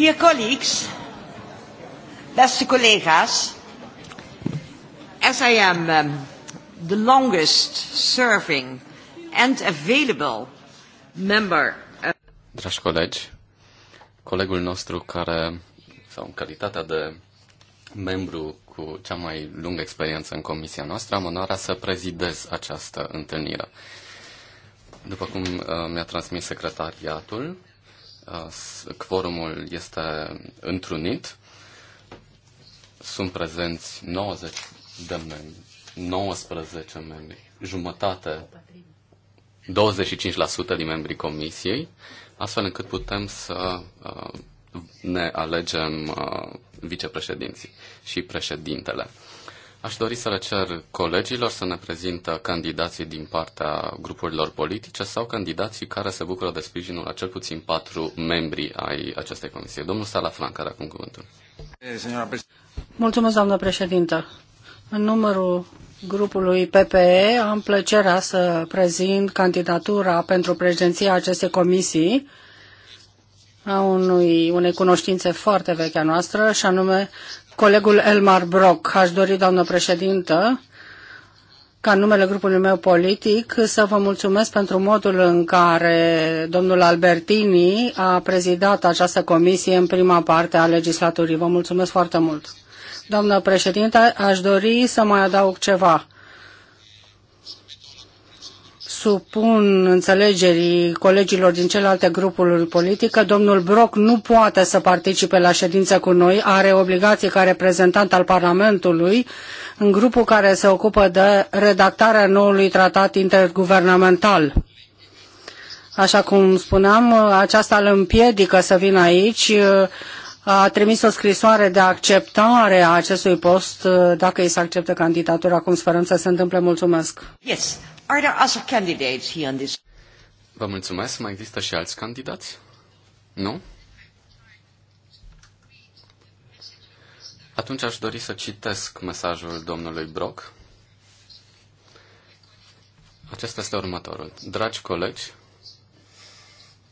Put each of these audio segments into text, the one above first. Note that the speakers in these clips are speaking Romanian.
Dear colleagues, beste collega's, as I am um, the longest serving and available member. Of... Dragi colegi, colegul nostru care, sau în calitatea de membru cu cea mai lungă experiență în comisia noastră, am onoarea să prezidez această întâlnire. După cum uh, mi-a transmis secretariatul, quorumul este întrunit. Sunt prezenți 90 de membri, 19 membri, jumătate, 25% din membrii comisiei, astfel încât putem să uh, ne alegem uh, vicepreședinții și președintele. Aș dori să le cer colegilor să ne prezintă candidații din partea grupurilor politice sau candidații care se bucură de sprijinul a cel puțin patru membri ai acestei comisii. Domnul Flan, care acum cuvântul. Mulțumesc, doamnă președintă. În numărul grupului PPE am plăcerea să prezint candidatura pentru președinția acestei comisii a unui, unei cunoștințe foarte veche a noastră, și anume colegul Elmar Brock. Aș dori, doamnă președintă, ca numele grupului meu politic, să vă mulțumesc pentru modul în care domnul Albertini a prezidat această comisie în prima parte a legislaturii. Vă mulțumesc foarte mult. Doamnă președinte, aș dori să mai adaug ceva supun înțelegerii colegilor din celelalte grupuri politică. Domnul Brock nu poate să participe la ședință cu noi, are obligații ca reprezentant al Parlamentului în grupul care se ocupă de redactarea noului tratat interguvernamental. Așa cum spuneam, aceasta îl împiedică să vină aici. A trimis o scrisoare de acceptare a acestui post, dacă îi se acceptă candidatura, cum sperăm să se întâmple. Mulțumesc. Yes. Are there other candidates here on this? Vă mulțumesc. Mai există și alți candidați? Nu? Atunci aș dori să citesc mesajul domnului Brock. Acesta este următorul. Dragi colegi,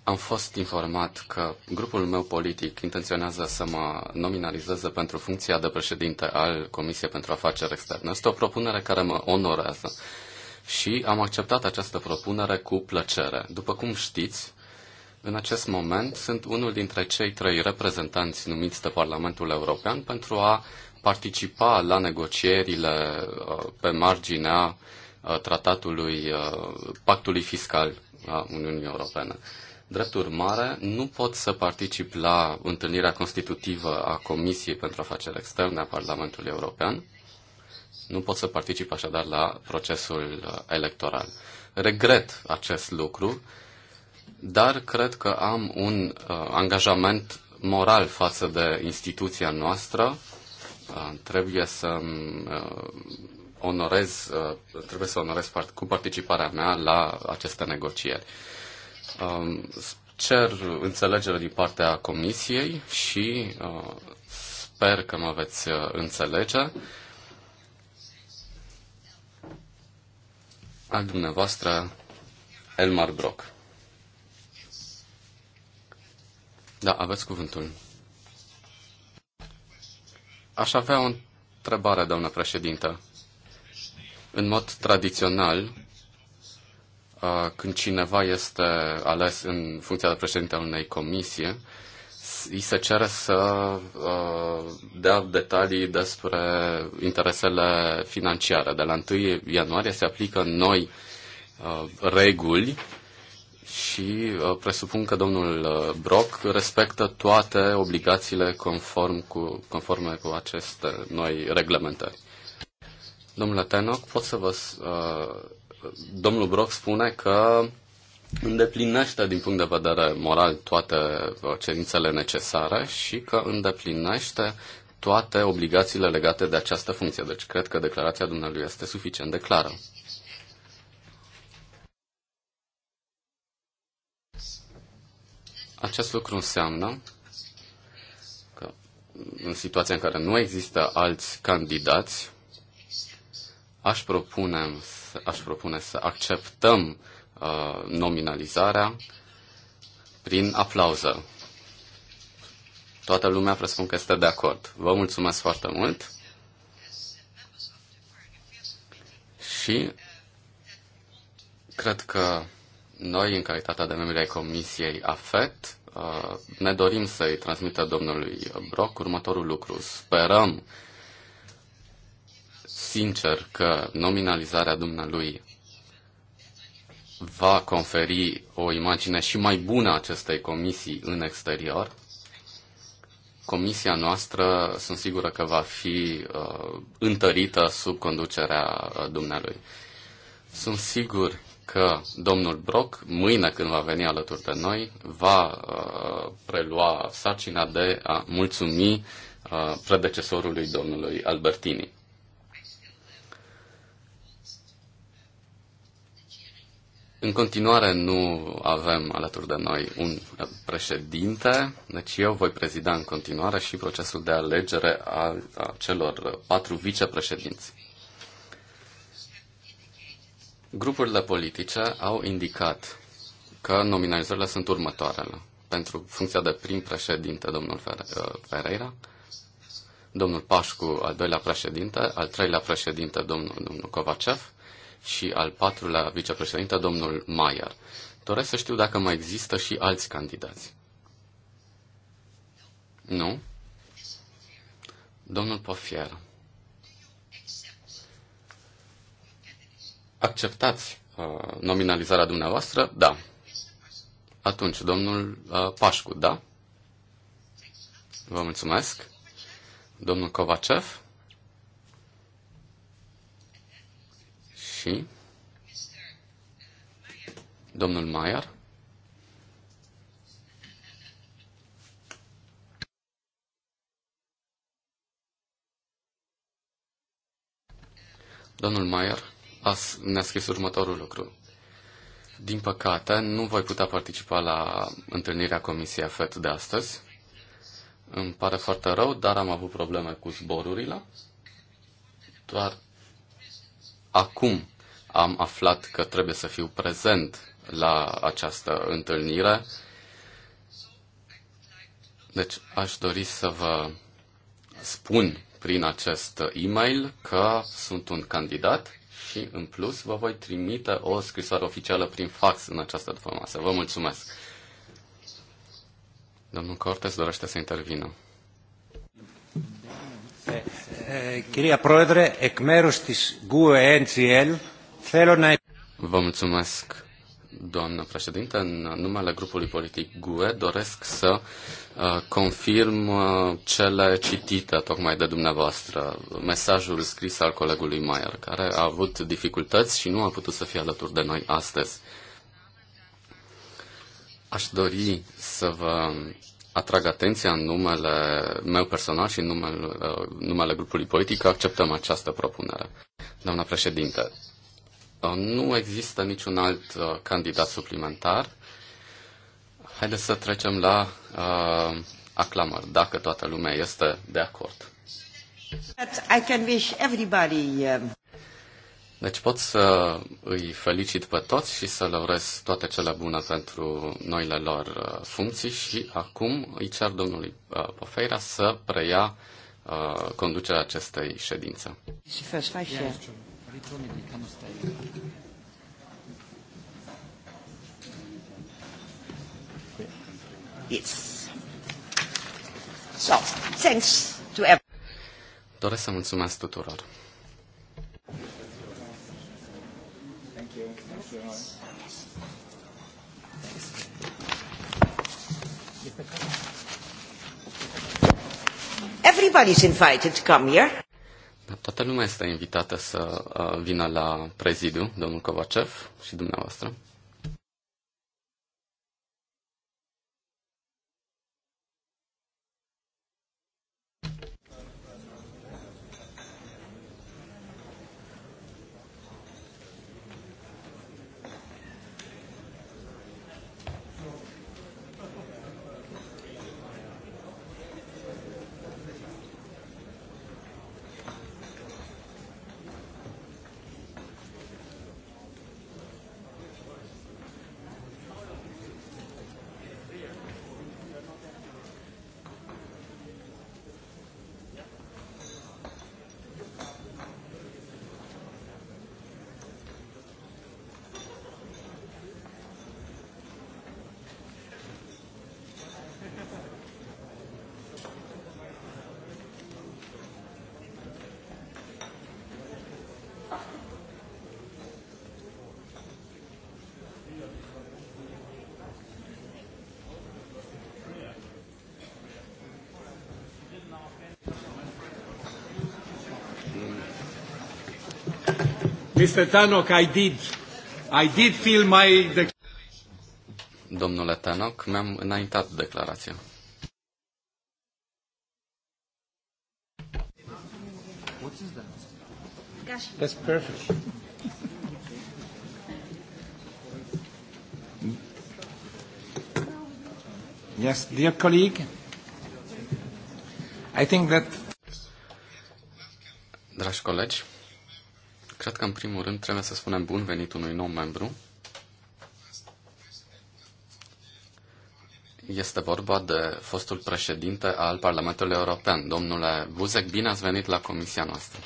am fost informat că grupul meu politic intenționează să mă nominalizeze pentru funcția de președinte al Comisiei pentru Afaceri Externe. Este o propunere care mă onorează și am acceptat această propunere cu plăcere. După cum știți, în acest moment sunt unul dintre cei trei reprezentanți numiți de Parlamentul European pentru a participa la negocierile uh, pe marginea uh, tratatului, uh, pactului fiscal a Uniunii Europene. Drept urmare, nu pot să particip la întâlnirea constitutivă a Comisiei pentru Afaceri Externe a Parlamentului European, nu pot să particip așadar la procesul uh, electoral. Regret acest lucru, dar cred că am un uh, angajament moral față de instituția noastră. Uh, trebuie să uh, onorez, uh, trebuie să onorez part- cu participarea mea la aceste negocieri. Uh, cer înțelegere din partea comisiei și uh, sper că mă veți uh, înțelege. al dumneavoastră, Elmar Brock. Da, aveți cuvântul. Aș avea o întrebare, doamnă președintă. În mod tradițional, uh, când cineva este ales în funcția de președinte al unei comisie, îi se cere să uh, dea detalii despre interesele financiare. De la 1 ianuarie se aplică noi uh, reguli și uh, presupun că domnul Brock respectă toate obligațiile conform cu, conforme cu aceste noi reglementări. Domnule Tenoc, pot să vă... Domnul Brock spune că îndeplinește din punct de vedere moral toate uh, cerințele necesare și că îndeplinește toate obligațiile legate de această funcție. Deci cred că declarația dumnealui este suficient de clară. Acest lucru înseamnă că în situația în care nu există alți candidați, aș propune, aș propune să acceptăm uh, Uh, nominalizarea prin aplauză. Toată lumea presupun că este de acord. Vă mulțumesc foarte mult și cred că noi, în calitatea de membri ai Comisiei AFET, uh, ne dorim să-i transmită domnului Brock următorul lucru. Sperăm sincer că nominalizarea dumnealui va conferi o imagine și mai bună acestei comisii în exterior. Comisia noastră sunt sigură că va fi uh, întărită sub conducerea uh, dumnealui. Sunt sigur că domnul Brock, mâine când va veni alături de noi, va uh, prelua sarcina de a mulțumi uh, predecesorului domnului Albertini. În continuare nu avem alături de noi un președinte, deci eu voi prezida în continuare și procesul de alegere a, a celor patru vicepreședinți. Grupurile politice au indicat că nominalizările sunt următoarele. Pentru funcția de prim președinte, domnul uh, Ferreira, domnul Pașcu, al doilea președinte, al treilea președinte, domnul, domnul Covacev, și al patrulea vicepreședinte, domnul Maier. Doresc să știu dacă mai există și alți candidați. Nu? Domnul Pofier. Acceptați uh, nominalizarea dumneavoastră? Da. Atunci, domnul uh, Pașcu, da? Vă mulțumesc. Domnul Kovacev? și domnul Maier. Domnul Maier ne-a scris următorul lucru. Din păcate, nu voi putea participa la întâlnirea Comisiei FET de astăzi. Îmi pare foarte rău, dar am avut probleme cu zborurile. Doar Acum am aflat că trebuie să fiu prezent la această întâlnire. Deci aș dori să vă spun prin acest e-mail că sunt un candidat și în plus vă voi trimite o scrisoare oficială prin fax în această dupămasă. Vă mulțumesc. Domnul Cortes dorește să intervină. Eh, GUE-NGL eh, Vă mulțumesc, doamnă președintă, În numele grupului politic GUE doresc să eh, confirm eh, cele citite tocmai de dumneavoastră, mesajul scris al colegului Maier, care a avut dificultăți și nu a putut să fie alături de noi astăzi. Aș dori să vă atrag atenția în numele meu personal și în numele, uh, numele grupului politic că acceptăm această propunere. Doamna președinte, uh, nu există niciun alt uh, candidat suplimentar. Haideți să trecem la uh, aclamări, dacă toată lumea este de acord. I can wish everybody, uh... Deci pot să îi felicit pe toți și să le urez toate cele bune pentru noile lor uh, funcții și acum îi cer domnului uh, Pofeira să preia uh, conducerea acestei ședințe. Yes. So, thanks to everyone. Doresc să mulțumesc tuturor. Everybody's invited to come here. Da, toată lumea este invitată să uh, vină la prezidiu, domnul Covacev și dumneavoastră. Mr. Tanok, I did. I did feel my Domnule Tanok, mi-am înaintat declarația. That's perfect. Yes, dear colleague, I think that... Dragi colegi, Cred că, în primul rând, trebuie să spunem bun venit unui nou membru. Este vorba de fostul președinte al Parlamentului European, domnule Buzek. Bine ați venit la comisia noastră.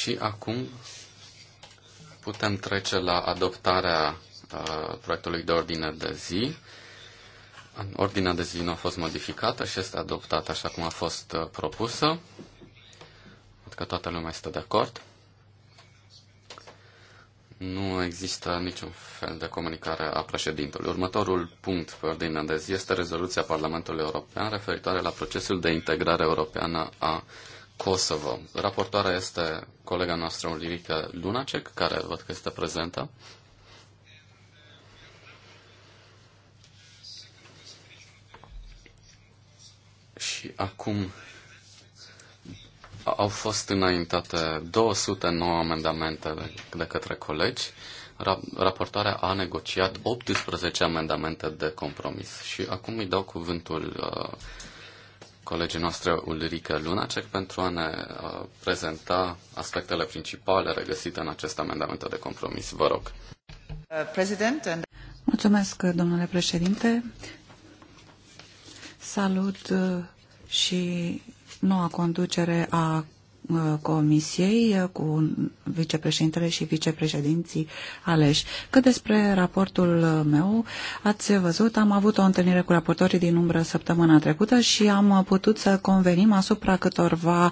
Și acum putem trece la adoptarea uh, proiectului de ordine de zi. Ordinea de zi nu a fost modificată și este adoptată așa cum a fost uh, propusă. Văd că toată lumea este de acord. Nu există niciun fel de comunicare a președintelui. Următorul punct pe ordinea de zi este rezoluția Parlamentului European referitoare la procesul de integrare europeană a Kosovo. Raportoarea este colega noastră Ulrike Lunacek, care văd că este prezentă. Și acum au fost înaintate 209 amendamente de către colegi. Raportoarea a negociat 18 amendamente de compromis. Și acum îi dau cuvântul uh, colegii noastre Ulrică Lunacek pentru a ne uh, prezenta aspectele principale regăsite în acest amendament de compromis. Vă rog. Mulțumesc, domnule președinte. Salut uh, și noua conducere a uh, Comisiei uh, cu vicepreședintele și vicepreședinții aleși. Cât despre raportul uh, meu, ați văzut, am avut o întâlnire cu raportorii din umbră săptămâna trecută și am putut să convenim asupra câtorva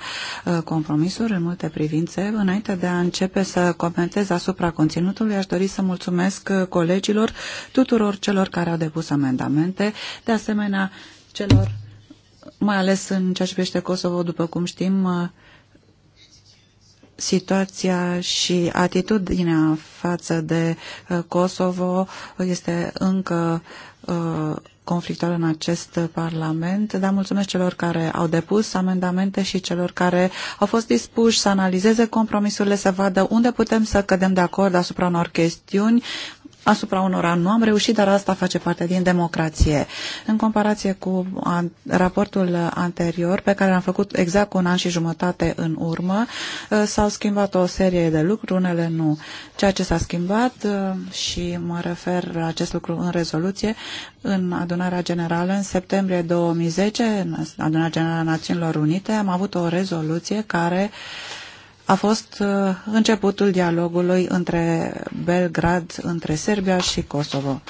compromisuri în multe privințe. Înainte de a începe să comentez asupra conținutului, aș dori să mulțumesc colegilor, tuturor celor care au depus amendamente, de asemenea celor mai ales în ceea ce privește Kosovo, după cum știm, uh, situația și atitudinea față de uh, Kosovo este încă uh, conflictual în acest Parlament, dar mulțumesc celor care au depus amendamente și celor care au fost dispuși să analizeze compromisurile, să vadă unde putem să cădem de acord asupra unor chestiuni asupra unora nu am reușit, dar asta face parte din democrație. În comparație cu an, raportul anterior, pe care l-am făcut exact cu un an și jumătate în urmă, ă, s-au schimbat o serie de lucruri, unele nu. Ceea ce s-a schimbat, ă, și mă refer la acest lucru în rezoluție, în adunarea generală, în septembrie 2010, în adunarea generală a Națiunilor Unite, am avut o rezoluție care uh, a fost uh, începutul dialogului între Belgrad, între Serbia și Kosovo,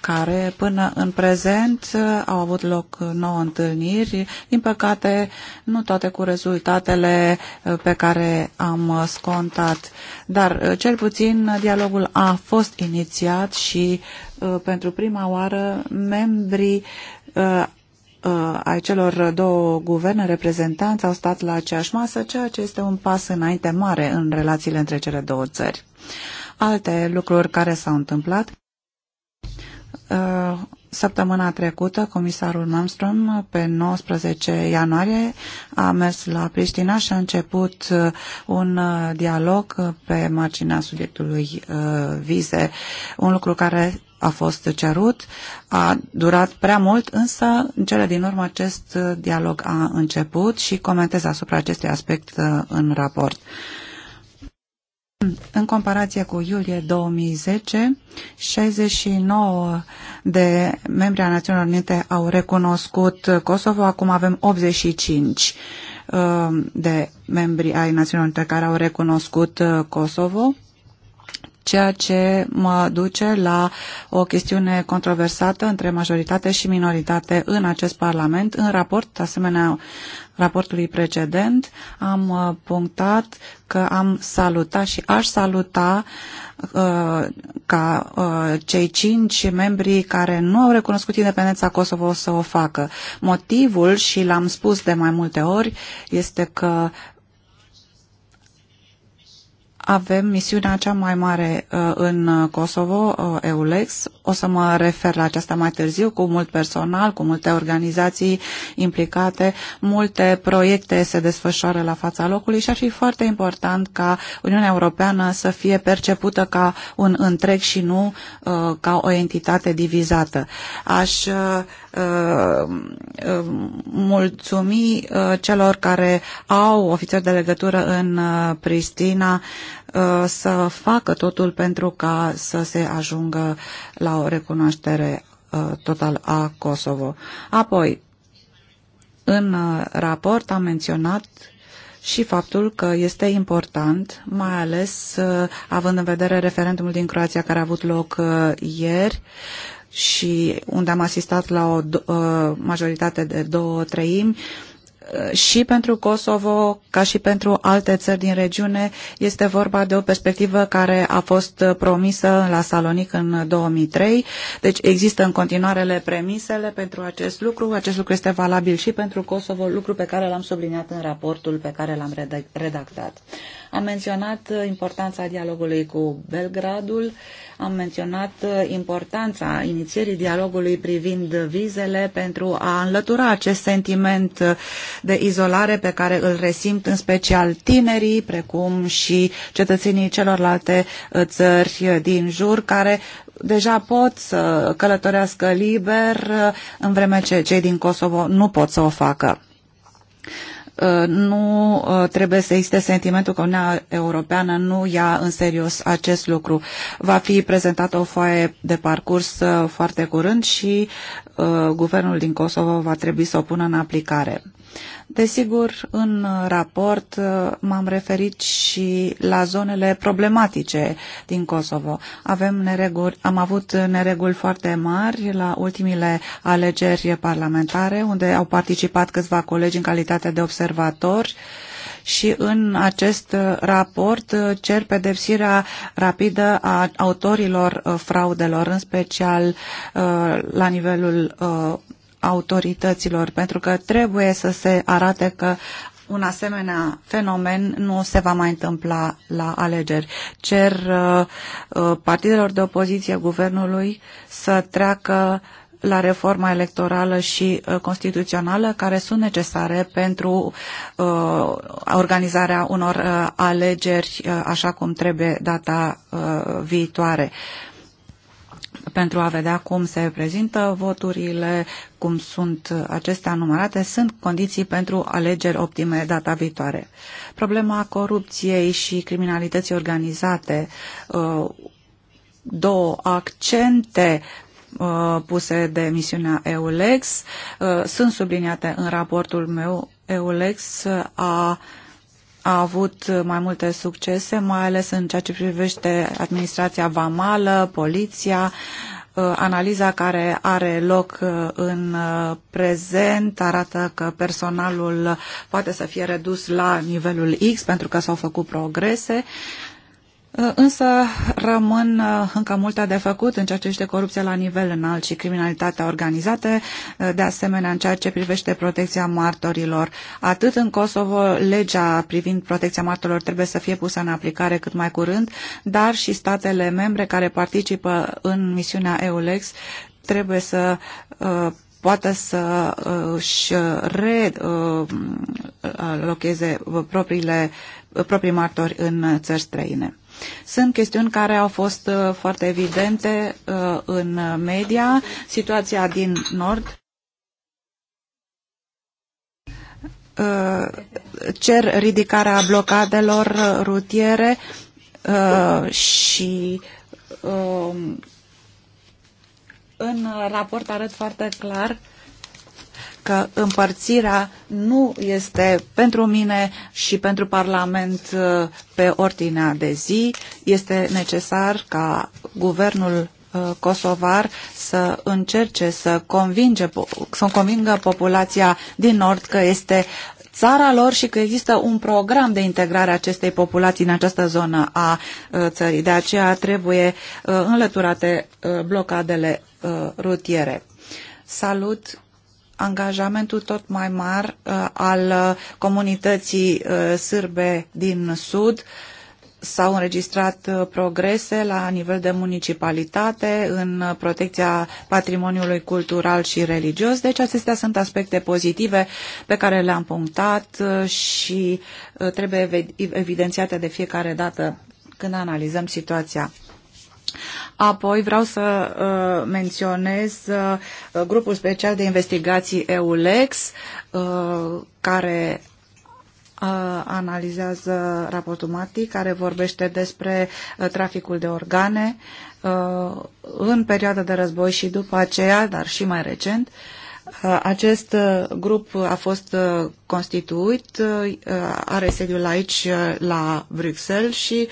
care până în prezent uh, au avut loc nouă întâlniri, din păcate nu toate cu rezultatele uh, pe care am scontat, dar cel puțin dialogul a fost inițiat și pentru prima oară membrii Uh, ai celor două guverne, reprezentanți au stat la aceeași masă, ceea ce este un pas înainte mare în relațiile între cele două țări. Alte lucruri care s-au întâmplat. Uh, săptămâna trecută, comisarul Malmström, pe 19 ianuarie, a mers la Pristina și a început uh, un dialog pe marginea subiectului vize, un lucru care a fost cerut, a durat prea mult, însă în cele din urmă acest dialog a început și comentez asupra acestui aspect uh, în raport. În comparație cu iulie 2010, 69 de membri a Națiunilor Unite au recunoscut Kosovo, acum avem 85 uh, de membri ai Națiunilor Unite care au recunoscut uh, Kosovo ceea ce mă duce la o chestiune controversată între majoritate și minoritate în acest Parlament. În raport, asemenea raportului precedent, am uh, punctat că am salutat și aș saluta uh, ca uh, cei cinci membri care nu au recunoscut independența Kosovo să o facă. Motivul, și l-am spus de mai multe ori, este că avem misiunea cea mai mare uh, în uh, Kosovo, uh, EULEX. O să mă refer la aceasta mai târziu, cu mult personal, cu multe organizații implicate, multe proiecte se desfășoară la fața locului și ar fi foarte important ca Uniunea Europeană să fie percepută ca un întreg și nu ca o entitate divizată. Aș mulțumi celor care au ofițeri de legătură în Pristina, Uh, să facă totul pentru ca să se ajungă la o recunoaștere uh, total a Kosovo. Apoi, în uh, raport am menționat și faptul că este important, mai ales având în vedere referendumul din Croația care a avut loc ieri și unde am asistat la o majoritate de două treimi, Uh, și pentru Kosovo, ca și pentru alte țări din regiune, este vorba de o perspectivă care a fost uh, promisă la Salonic în 2003. Uh, deci există în continuare premisele pentru acest lucru. Acest lucru este valabil și pentru Kosovo, lucru pe care l-am subliniat în raportul pe care l-am redactat. Am menționat uh, importanța dialogului cu Belgradul, am menționat uh, importanța inițierii dialogului privind vizele pentru a înlătura acest sentiment uh, de izolare pe care îl resimt în special tinerii, precum și cetățenii celorlalte țări din jur, care deja pot să călătorească liber, în vreme ce cei din Kosovo nu pot să o facă. Uh, nu uh, trebuie să existe sentimentul că Uniunea Europeană nu ia în serios acest lucru. Va fi prezentată o foaie de parcurs uh, foarte curând și guvernul din Kosovo va trebui să o pună în aplicare. Desigur, în raport uh, m-am referit și la zonele problematice din Kosovo. Avem nereguri, am avut nereguli foarte mari la ultimile alegeri parlamentare, unde au participat câțiva colegi în calitate de observatori și în acest uh, raport uh, cer pedepsirea rapidă a autorilor fraudelor, în special la nivelul autorităților, pentru că trebuie să se arate că un asemenea fenomen nu se va mai întâmpla la alegeri. Cer uh, uh, partidelor de opoziție guvernului să treacă la reforma electorală și uh, constituțională care sunt necesare pentru uh, organizarea unor uh, alegeri uh, așa cum trebuie data uh, viitoare. Uh, pentru a vedea cum se prezintă voturile, cum sunt acestea numărate, sunt condiții pentru alegeri optime data viitoare. Problema corupției și criminalității organizate, uh, două accente uh, puse de misiunea EULEX, uh, sunt subliniate în raportul meu. EULEX a a avut mai multe succese, mai ales în ceea ce privește administrația vamală, poliția, uh, analiza care are loc uh, în uh, prezent arată că personalul poate să fie redus la nivelul X pentru că s-au făcut progrese. Uh, însă rămân uh, încă multe de făcut în ceea ce privește corupția la nivel înalt și criminalitatea organizată, uh, de asemenea în ceea ce privește protecția martorilor. Atât în Kosovo, legea privind protecția martorilor trebuie să fie pusă în aplicare cât mai curând, dar și statele membre care participă în misiunea EULEX trebuie să poată să își relocheze propriile, proprii martori în țări străine. Sunt chestiuni care au fost uh, foarte evidente uh, în media. Situația din Nord uh, cer ridicarea blocadelor rutiere și în raport arăt foarte clar că împărțirea nu este pentru mine și pentru Parlament uh, pe ordinea de zi. Este necesar ca guvernul uh, kosovar să încerce să, convinge, să convingă populația din nord că este țara lor și că există un program de integrare a acestei populații în această zonă a uh, țării. De aceea trebuie înlăturate blocadele rutiere. Salut angajamentul tot mai mare uh, al uh, comunității uh, sârbe din Sud. S-au înregistrat progrese la nivel de municipalitate în protecția patrimoniului cultural și religios, deci acestea sunt aspecte pozitive pe care le-am punctat și trebuie evidențiate de fiecare dată când analizăm situația. Apoi vreau să uh, menționez uh, grupul special de investigații EULEX, uh, care uh, analizează raportul MATI, care vorbește despre uh, traficul de organe uh, în perioada de război și după aceea, dar și mai recent. Acest grup a fost constituit, are sediul aici la Bruxelles și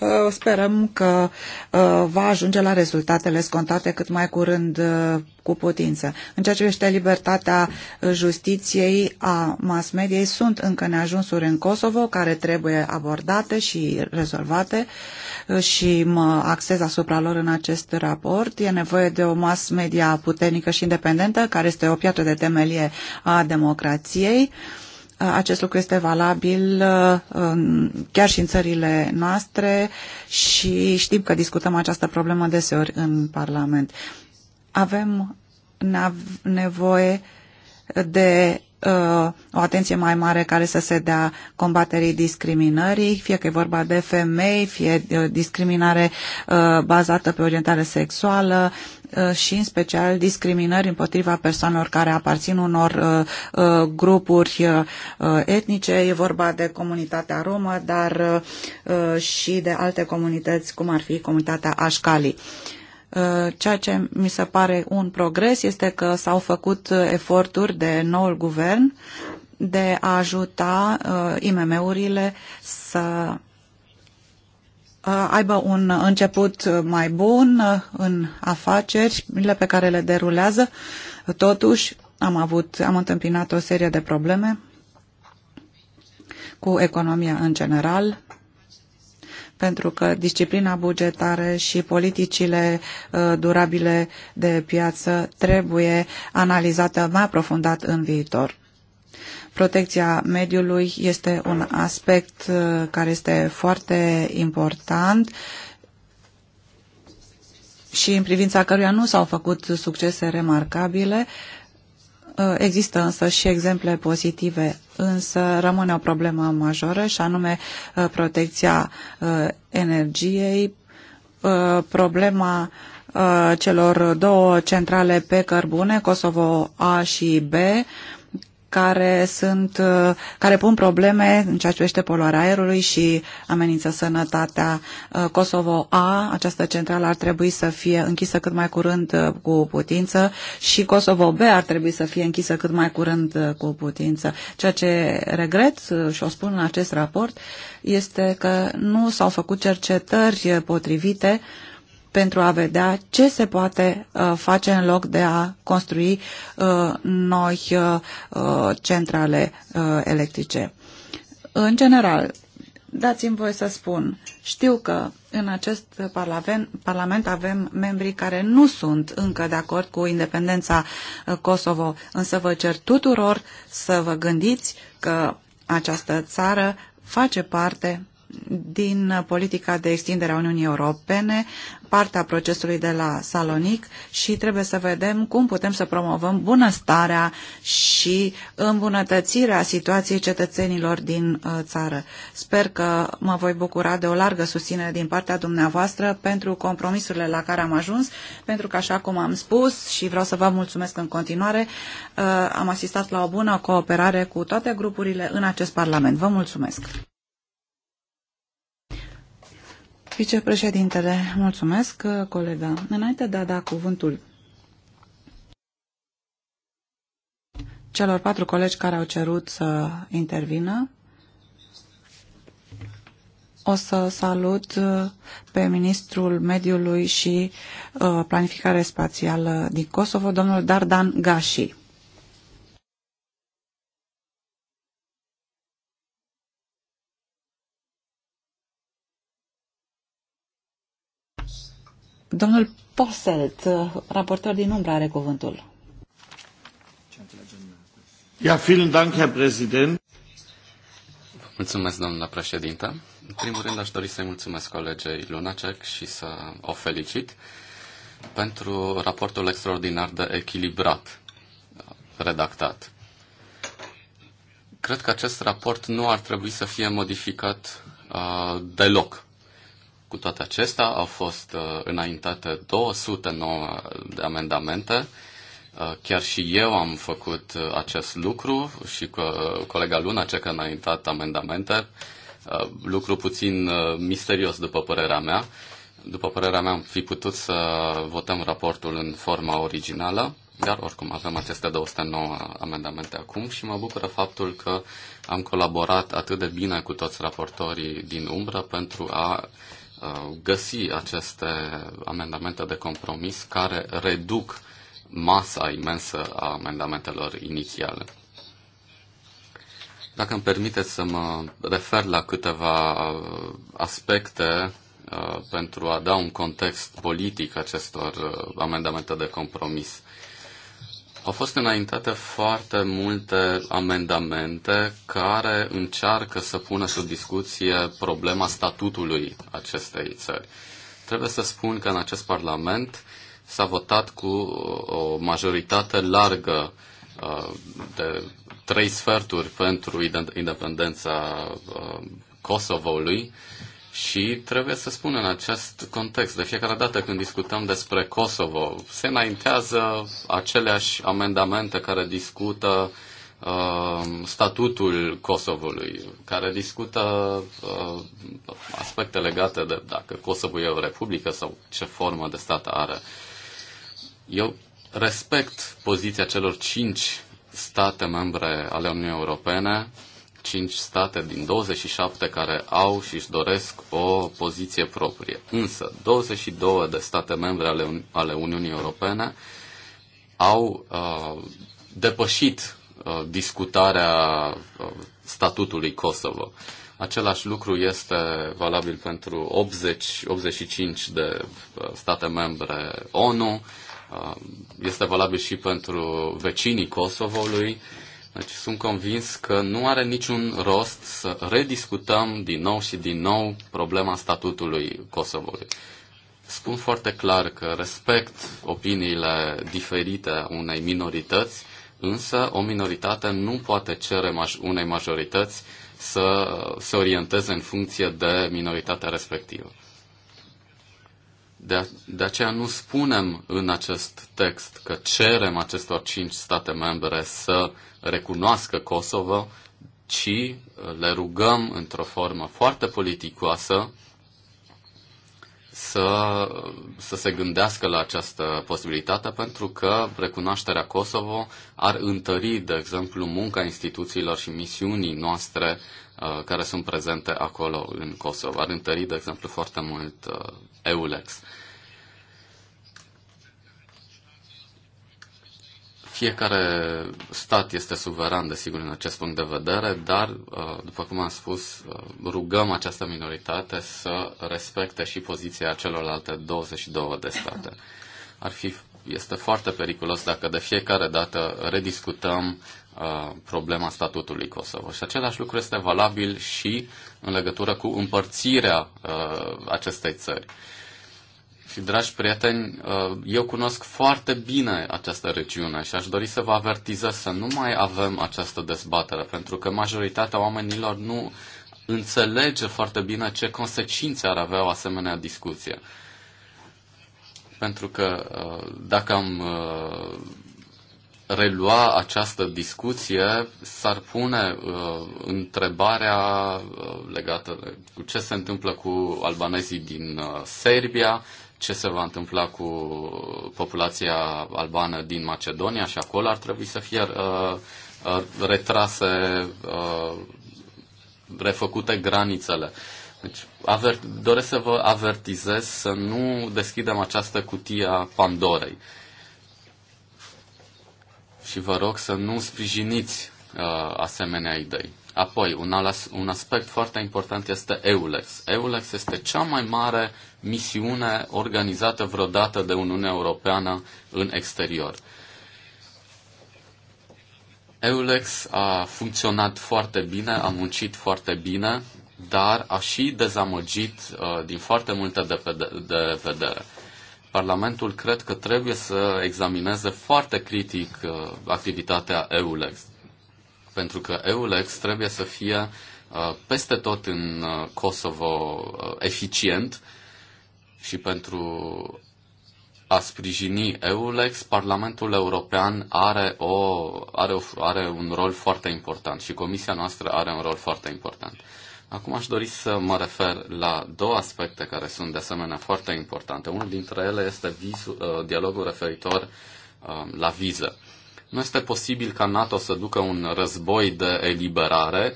Uh, sperăm că uh, va ajunge la rezultatele scontate cât mai curând uh, cu putință. În ceea ce privește libertatea justiției a mass mediei, sunt încă neajunsuri în Kosovo care trebuie abordate și rezolvate și mă axez asupra lor în acest raport. E nevoie de o mass media puternică și independentă care este o piatră de temelie a democrației. Uh, acest lucru este valabil uh, chiar și în țările noastre și știm că discutăm această problemă deseori în Parlament. Avem nevoie de uh, o atenție mai mare care să se dea combaterii discriminării, fie că e vorba de femei, fie uh, discriminare bazată pe orientare sexuală, Uh, și în special discriminări împotriva persoanelor care aparțin unor uh, uh, grupuri etnice. E vorba de comunitatea romă, dar și de alte comunități, cum ar fi comunitatea Așcali. Ceea ce mi se pare un progres este că s-au făcut eforturi de noul guvern de a ajuta uh, IMM-urile să Uh, aibă un început mai bun uh, în afacerile pe care le derulează. Totuși, am, avut, am întâmpinat o serie de probleme cu economia în general, pentru că disciplina bugetară și politicile uh, durabile de piață trebuie analizată mai aprofundat în viitor. Protecția mediului este un aspect uh, care este foarte important și în privința căruia nu s-au făcut succese remarcabile. Uh, există însă și exemple pozitive, însă rămâne o problemă majoră și anume uh, protecția energiei, problema celor două centrale pe cărbune, Kosovo A și B, care, sunt, uh, care pun probleme în ceea ce privește poluarea aerului și amenință sănătatea uh, Kosovo A. Această centrală ar trebui să fie închisă cât mai curând uh, cu putință și Kosovo B ar trebui să fie închisă cât mai curând cu putință. Ceea ce regret și o spun în acest raport este că nu s-au făcut cercetări potrivite uh, pentru a vedea ce se poate uh, face în loc de a construi uh, noi uh, centrale electrice. În general, dați-mi voie să spun, știu că în acest parlament, parlament avem membri care nu sunt încă de acord cu independența Kosovo, însă vă cer tuturor să vă gândiți că această țară face parte din politica de extindere a Uniunii Europene, partea procesului de la Salonic și trebuie să vedem cum putem să promovăm bunăstarea și îmbunătățirea situației cetățenilor din uh, țară. Sper că mă voi bucura de o largă susținere din partea dumneavoastră pentru compromisurile la care am ajuns, pentru că, așa cum am spus și vreau să vă mulțumesc în continuare, uh, am asistat la o bună cooperare cu toate grupurile în acest Parlament. Vă mulțumesc! Vicepreședintele, mulțumesc, colega. Înainte de a da cuvântul celor patru colegi care au cerut să intervină, o să salut uh, pe ministrul mediului și uh, planificare spațială din Kosovo, domnul Dardan Gashi. Domnul Poselt, raportor din umbră, are cuvântul. Ja, vielen Dank, Herr Präsident. Mulțumesc, doamna președintă. În primul rând, aș dori să-i mulțumesc colegei Lunacek și să o felicit pentru raportul extraordinar de echilibrat redactat. Cred că acest raport nu ar trebui să fie modificat uh, deloc cu toate acestea, au fost uh, înaintate 209 de amendamente. Uh, chiar și eu am făcut uh, acest lucru și colega Luna, ce că a înaintat amendamente, lucru puțin misterios după părerea mea. După părerea mea am fi putut să votăm raportul în forma originală, dar oricum avem aceste 209 amendamente acum și mă bucură faptul că am colaborat atât de bine cu toți raportorii din umbră pentru a Uh, găsi aceste amendamente de compromis care reduc masa imensă a amendamentelor inițiale. Dacă îmi permiteți să mă refer la câteva uh, aspecte uh, pentru a da un context politic acestor amendamente de compromis. Au fost înaintate foarte multe amendamente care încearcă să pună sub discuție problema statutului acestei țări. Trebuie să spun că în acest Parlament s-a votat cu o majoritate largă uh, de trei sferturi pentru independența uh, Kosovo-ului. Și trebuie să spun în acest context, de fiecare dată când discutăm despre Kosovo, se înaintează aceleași amendamente care discută uh, statutul Kosovului, care discută uh, aspecte legate de dacă Kosovo e o republică sau ce formă de stat are. Eu respect poziția celor cinci state membre ale Uniunii Europene 5 state din 27 care au și își doresc o poziție proprie. Însă, 22 de state membre ale, Uni ale Uniunii Europene au uh, depășit uh, discutarea uh, statutului Kosovo. Același lucru este valabil pentru 80-85 de uh, state membre ONU, uh, este valabil și pentru vecinii Kosovoului, deci sunt convins că nu are niciun rost să rediscutăm din nou și din nou problema statutului Kosovoului. Spun foarte clar că respect opiniile diferite unei minorități, însă o minoritate nu poate cere unei majorități să se orienteze în funcție de minoritatea respectivă. De, de aceea nu spunem în acest text că cerem acestor cinci state membre să recunoască Kosovo, ci uh, le rugăm într-o formă foarte politicoasă să, uh, să se gândească la această posibilitate, pentru că recunoașterea Kosovo ar întări, de exemplu, munca instituțiilor și misiunii noastre uh, care sunt prezente acolo în Kosovo. Ar întări, de exemplu, foarte mult uh, EULEX. Fiecare stat este suveran, desigur, în acest punct de vedere, dar, uh, după cum am spus, uh, rugăm această minoritate să respecte și poziția celorlalte 22 de state. Ar fi, este foarte periculos dacă de fiecare dată rediscutăm uh, problema statutului Kosovo. Și același lucru este valabil și în legătură cu împărțirea uh, acestei țări. Și, dragi prieteni, uh, eu cunosc foarte bine această regiune și aș dori să vă avertizez să nu mai avem această dezbatere, pentru că majoritatea oamenilor nu înțelege foarte bine ce consecințe ar avea o asemenea discuție. Pentru că uh, dacă am uh, relua această discuție, s-ar pune uh, întrebarea uh, legată de cu ce se întâmplă cu albanezii din uh, Serbia, ce se va întâmpla cu populația albană din Macedonia și acolo ar trebui să fie uh, uh, retrase, uh, refăcute granițele. Deci, aver, doresc să vă avertizez să nu deschidem această cutie a Pandorei. Și vă rog să nu sprijiniți uh, asemenea idei. Apoi, un, alas, un aspect foarte important este EULEX. EULEX este cea mai mare misiune organizată vreodată de Uniunea Europeană în exterior. EULEX a funcționat foarte bine, a muncit foarte bine, dar a și dezamăgit uh, din foarte multe de, de vedere. Parlamentul cred că trebuie să examineze foarte critic uh, activitatea EULEX pentru că EULEX trebuie să fie uh, peste tot în uh, Kosovo uh, eficient și pentru a sprijini EULEX, Parlamentul European are, o, are, o, are un rol foarte important și Comisia noastră are un rol foarte important. Acum aș dori să mă refer la două aspecte care sunt de asemenea foarte importante. Unul dintre ele este vizu, dialogul referitor la viză. Nu este posibil ca NATO să ducă un război de eliberare,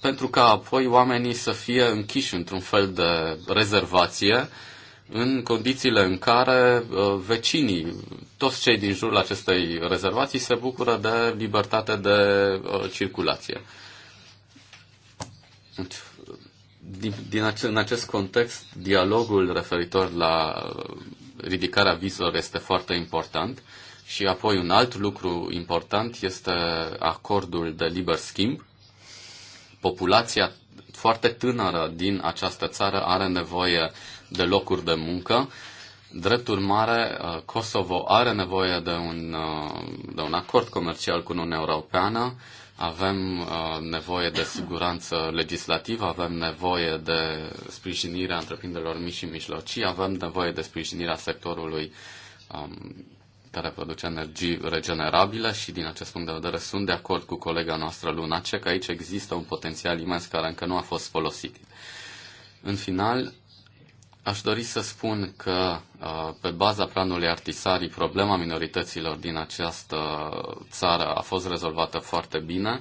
pentru ca apoi oamenii să fie închiși într-un fel de rezervație, în condițiile în care uh, vecinii, toți cei din jurul acestei rezervații, se bucură de libertate de uh, circulație. Deci, din, din ace- în acest context, dialogul referitor la uh, ridicarea vizor este foarte important. Și apoi un alt lucru important este acordul de liber schimb. Populația foarte tânără din această țară are nevoie de locuri de muncă. Drept urmare, uh, Kosovo are nevoie de un, uh, de un acord comercial cu Uniunea Europeană, avem uh, nevoie de siguranță legislativă, avem nevoie de sprijinirea întreprinderilor mici și mijlocii, avem nevoie de sprijinirea sectorului um, care produce energii regenerabile și din acest punct de vedere sunt de acord cu colega noastră Ce, că aici există un potențial imens care încă nu a fost folosit. În final, aș dori să spun că uh, pe baza planului Artisarii problema minorităților din această țară a fost rezolvată foarte bine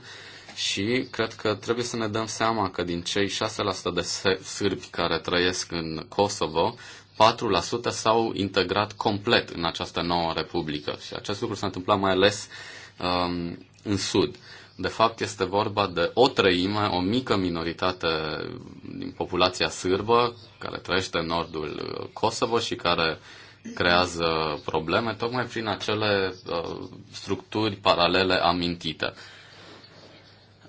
și cred că trebuie să ne dăm seama că din cei 6% de sârbi care trăiesc în Kosovo, 4% s-au integrat complet în această nouă republică și acest lucru s-a întâmplat mai ales um, în Sud. De fapt, este vorba de o treime, o mică minoritate din populația sârbă care trăiește în nordul uh, Kosovo și care creează probleme tocmai prin acele uh, structuri paralele amintite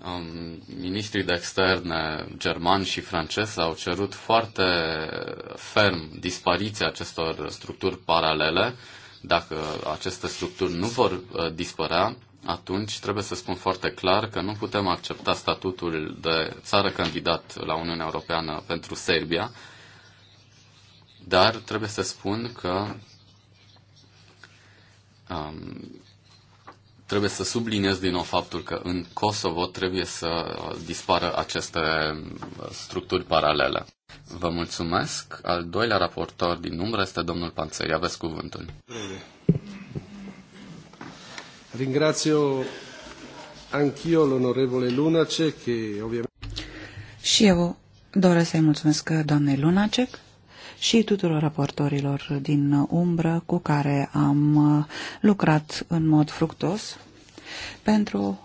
um, ministrii de externe german și francez au cerut foarte ferm dispariția acestor structuri paralele. Dacă aceste structuri nu vor uh, dispărea, atunci trebuie să spun foarte clar că nu putem accepta statutul de țară candidat la Uniunea Europeană pentru Serbia, dar trebuie să spun că um, trebuie să subliniez din nou faptul că în Kosovo trebuie să dispară aceste uh, structuri paralele. Vă mulțumesc. Al doilea raportor din umbră este domnul Panțeri. Aveți cuvântul. Ringrazio anch'io l'onorevole Lunace, che ovviamente... Și eu doresc să-i mulțumesc doamnei Lunacek și tuturor raportorilor din umbră cu care am lucrat în mod fructos pentru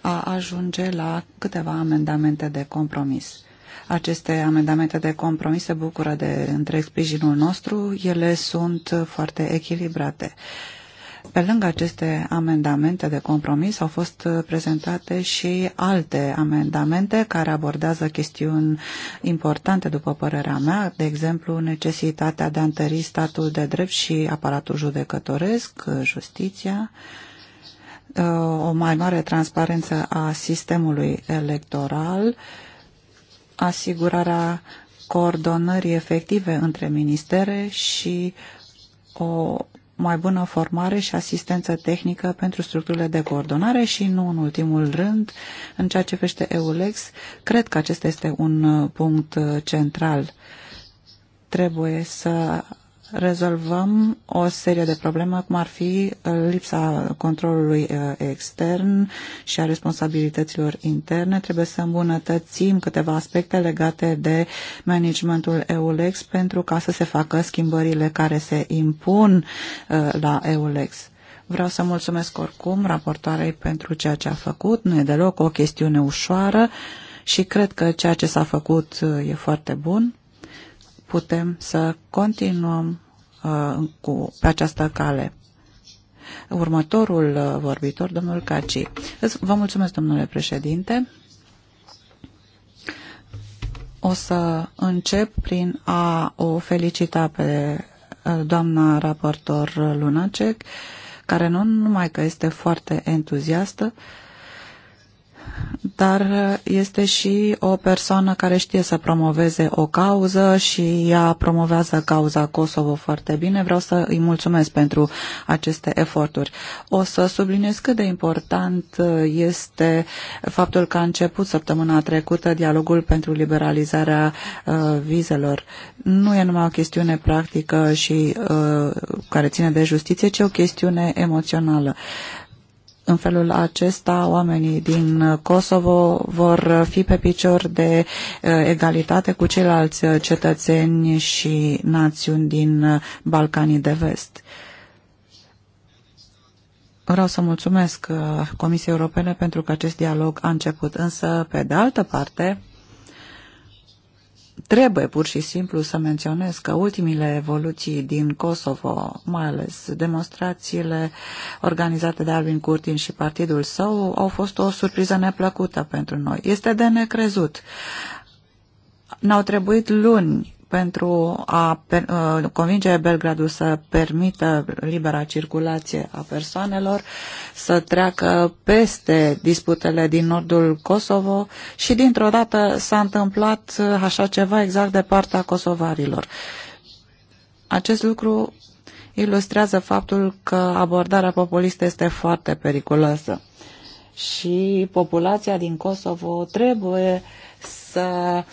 a ajunge la câteva amendamente de compromis. Aceste amendamente de compromis se bucură de întreg sprijinul nostru, ele sunt foarte echilibrate. Uh, pe lângă aceste amendamente de compromis au fost prezentate și alte amendamente care abordează chestiuni importante, după părerea mea, de exemplu necesitatea de a întări statul de drept și aparatul judecătoresc, justiția, uh, o mai mare transparență a sistemului electoral, asigurarea coordonării efective între ministere și o mai bună formare și asistență tehnică pentru structurile de coordonare și nu în ultimul rând, în ceea ce vește EULEX, cred că acesta este un uh, punct uh, central. Trebuie să rezolvăm o serie de probleme, cum ar fi uh, lipsa controlului uh, extern și a responsabilităților interne. Trebuie să îmbunătățim câteva aspecte legate de managementul EULEX pentru ca să se facă schimbările care se impun uh, la EULEX. Vreau să mulțumesc oricum raportoarei pentru ceea ce a făcut. Nu e deloc o chestiune ușoară și cred că ceea ce s-a făcut e foarte bun putem să continuăm uh, cu, pe această cale. Următorul uh, vorbitor, domnul Caci. Vă mulțumesc, domnule președinte. O să încep prin a o felicita pe uh, doamna raportor Lunacek, care nu numai că este foarte entuziastă, dar este și o persoană care știe să promoveze o cauză și ea promovează cauza Kosovo foarte bine. Vreau să îi mulțumesc pentru aceste eforturi. O să subliniez cât de important este faptul că a început săptămâna trecută dialogul pentru liberalizarea uh, vizelor. Nu e numai o chestiune practică și uh, care ține de justiție, ci o chestiune emoțională. În felul acesta, oamenii din uh, Kosovo vor fi pe picior de uh, egalitate cu ceilalți uh, cetățeni și națiuni din Balcanii de Vest. Vreau să mulțumesc Comisiei Europene pentru că acest dialog a început, însă, pe de altă parte, Trebuie pur și simplu să menționez că ultimile evoluții din Kosovo, mai ales demonstrațiile organizate de Alvin Curtin și partidul său, au fost o surpriză neplăcută pentru noi. Este de necrezut. Ne-au trebuit luni pentru a uh, convinge Belgradul să permită libera circulație a persoanelor, să treacă peste disputele din nordul Kosovo și dintr-o dată s-a întâmplat așa ceva exact de partea kosovarilor. Acest lucru ilustrează faptul că abordarea populistă este foarte periculoasă și populația din Kosovo trebuie să uh,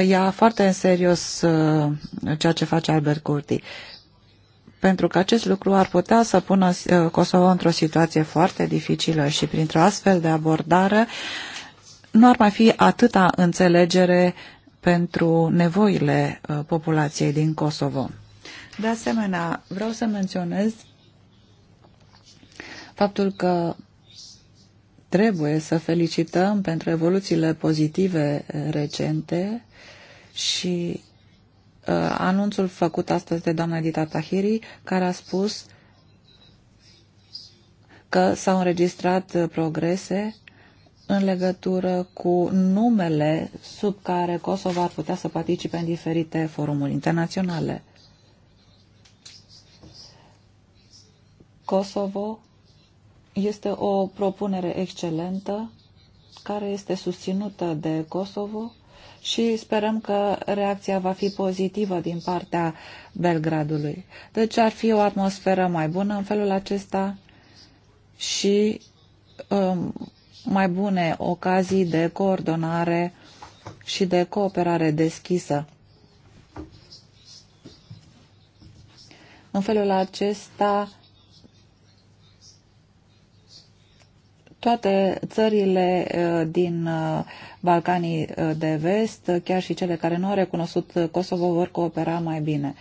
ia foarte în serios uh, ceea ce face Albert Curti pentru că acest lucru ar putea să pună uh, Kosovo într-o situație foarte dificilă și printr-o astfel de abordare nu ar mai fi atâta înțelegere pentru nevoile uh, populației din Kosovo. De asemenea, vreau să menționez faptul că Trebuie să felicităm pentru evoluțiile pozitive eh, recente și uh, anunțul făcut astăzi de doamna Edita Tahiri, care a spus că s-au înregistrat eh, progrese în legătură cu numele sub care Kosovo ar putea să participe în diferite forumuri internaționale. Kosovo este o propunere excelentă care este susținută de Kosovo și sperăm că reacția va fi pozitivă din partea Belgradului. Deci ar fi o atmosferă mai bună în felul acesta și um, mai bune ocazii de coordonare și de cooperare deschisă. În felul acesta toate țările uh, din uh, Balcanii uh, de vest, chiar și cele care nu au recunoscut Kosovo, vor coopera mai bine.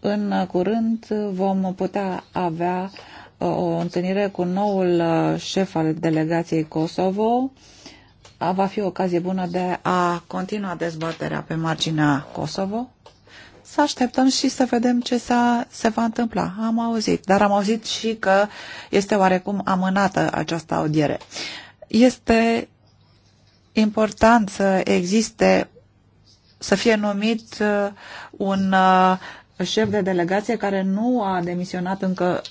În curând vom putea avea o întâlnire cu noul șef al delegației Kosovo. Va fi o ocazie bună de a continua dezbaterea pe marginea Kosovo să așteptăm și să vedem ce -a, se va întâmpla. Am auzit, dar am auzit și că este oarecum amânată această audiere. Este important să existe, să fie numit uh, un uh, șef de delegație care nu a demisionat încă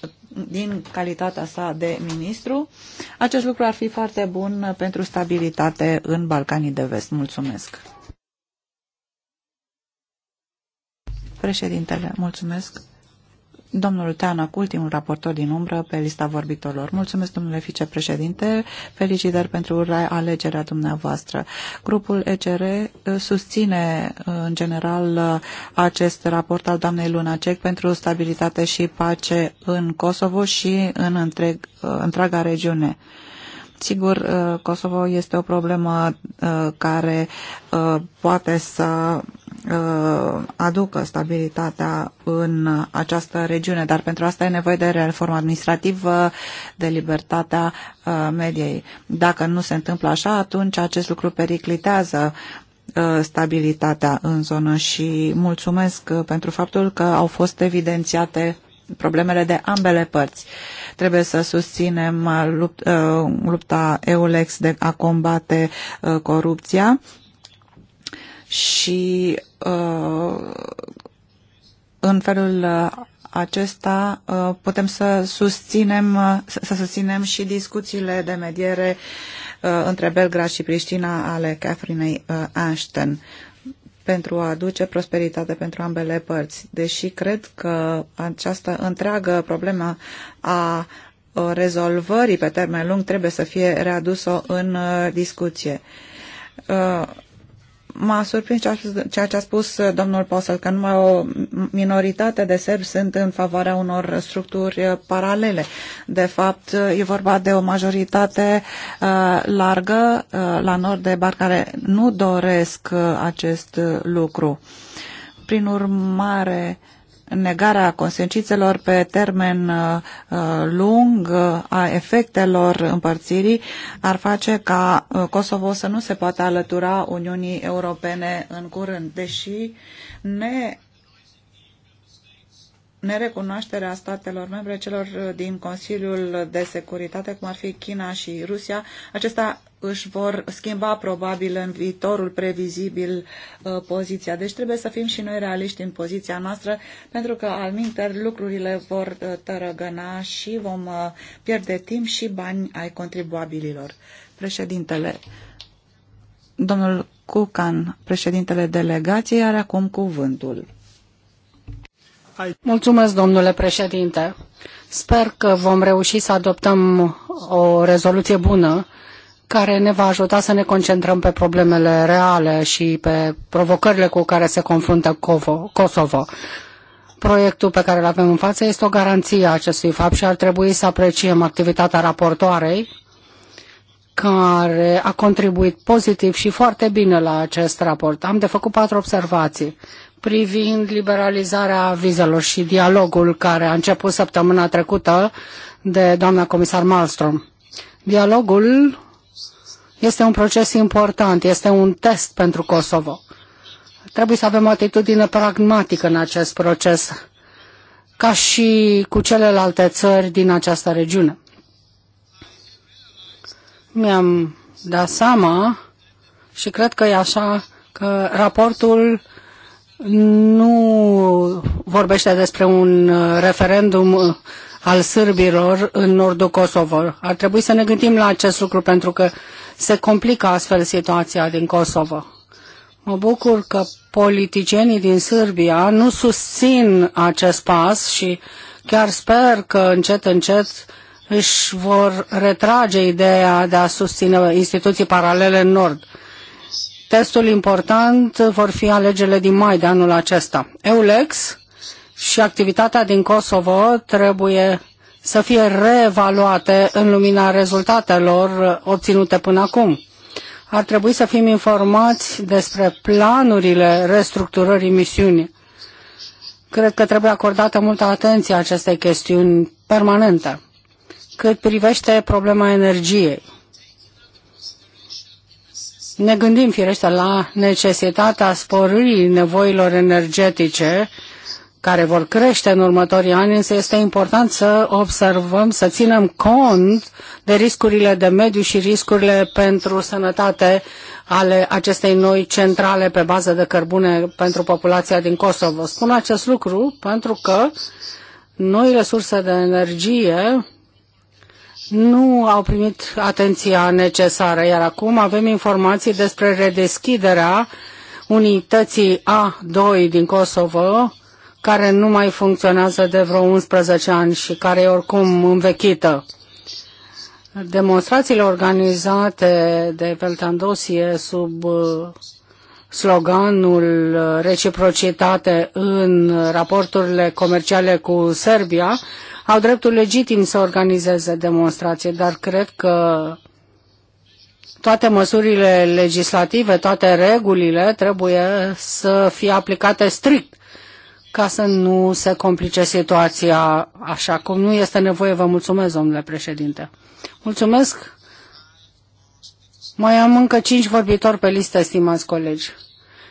din calitatea sa de ministru. Acest lucru ar fi foarte bun pentru stabilitate în Balcanii de Vest. Mulțumesc! Președintele, mulțumesc. Domnul Teanac, ultimul raportor din umbră pe lista vorbitorilor. Mulțumesc, domnule vicepreședinte, felicitări pentru alegerea dumneavoastră. Grupul ECR uh, susține, uh, în general, uh, acest raport al doamnei Lunacek pentru stabilitate și pace în Kosovo și în întreg, întreaga regiune. Sigur, Kosovo este o problemă care poate să Uh, aducă stabilitatea în această regiune, dar pentru asta e nevoie de reformă administrativă, de libertatea uh, mediei. Dacă nu se întâmplă așa, atunci acest lucru periclitează uh, stabilitatea în zonă și mulțumesc pentru faptul că au fost evidențiate problemele de ambele părți. Trebuie să susținem lupta EULEX de a combate corupția și uh, în felul uh, acesta uh, putem să susținem, să susținem și discuțiile de mediere între Belgrad și Priștina ale Catherinei Ashton pentru a aduce prosperitate pentru ambele părți. Deși cred că această întreagă problemă a rezolvării pe termen lung trebuie să fie readusă în discuție M-a surprins ceea ce a spus uh, domnul Posel, că numai o minoritate de serbi sunt în favoarea unor structuri uh, paralele. De fapt, uh, e vorba de o majoritate largă la nord de bar care nu doresc acest lucru. Prin urmare, negarea consecințelor pe termen uh, uh, lung uh, a efectelor împărțirii ar face ca Kosovo să nu se poată alătura Uniunii Europene în curând, deși ne nerecunoașterea statelor membre celor din Consiliul de Securitate, cum ar fi China și Rusia, acesta își vor schimba probabil în viitorul previzibil uh, poziția. Deci trebuie să fim și noi realiști în poziția noastră, pentru că al minter lucrurile vor uh, tărăgăna și vom uh, pierde timp și bani ai contribuabililor. Președintele, domnul Cucan, președintele delegației, are acum cuvântul. Mulțumesc, domnule președinte. Sper că vom reuși să adoptăm o rezoluție bună care ne va ajuta să ne concentrăm pe problemele reale și pe provocările cu care se confruntă Kosovo. Proiectul pe care îl avem în față este o garanție a acestui fapt și ar trebui să apreciem activitatea raportoarei care a contribuit pozitiv și foarte bine la acest raport. Am de făcut patru observații privind liberalizarea vizelor și dialogul care a început săptămâna trecută de doamna comisar Malmström. Dialogul este un proces important, este un test pentru Kosovo. Trebuie să avem o atitudine pragmatică în acest proces, ca și cu celelalte țări din această regiune. Mi-am dat seama și cred că e așa că raportul nu vorbește despre un referendum al sârbilor în nordul Kosovo. Ar trebui să ne gândim la acest lucru pentru că se complică astfel situația din Kosovo. Mă bucur că politicienii din Sârbia nu susțin acest pas și chiar sper că încet, încet își vor retrage ideea de a susține instituții paralele în Nord. Testul important vor fi alegerile din mai de anul acesta. EULEX și activitatea din Kosovo trebuie să fie reevaluate în lumina rezultatelor obținute până acum. Ar trebui să fim informați despre planurile restructurării misiunii. Cred că trebuie acordată multă atenție acestei chestiuni permanente. Cât privește problema energiei, ne gândim firește la necesitatea sporirii nevoilor energetice care vor crește în următorii ani, însă este important să observăm, să ținem cont de riscurile de mediu și riscurile pentru sănătate ale acestei noi centrale pe bază de cărbune pentru populația din Kosovo. Spun acest lucru pentru că noi resurse de energie nu au primit atenția necesară, iar acum avem informații despre redeschiderea unității A2 din Kosovo, care nu mai funcționează de vreo 11 ani și care e oricum învechită. Demonstrațiile organizate de Peltandosie sub uh, sloganul uh, reciprocitate în raporturile comerciale cu Serbia au dreptul legitim să organizeze demonstrații, dar cred că toate măsurile legislative, toate regulile trebuie să fie aplicate strict ca să nu se complice situația așa cum nu este nevoie. Vă mulțumesc, domnule președinte. Mulțumesc. Mai am încă cinci vorbitori pe listă, stimați colegi.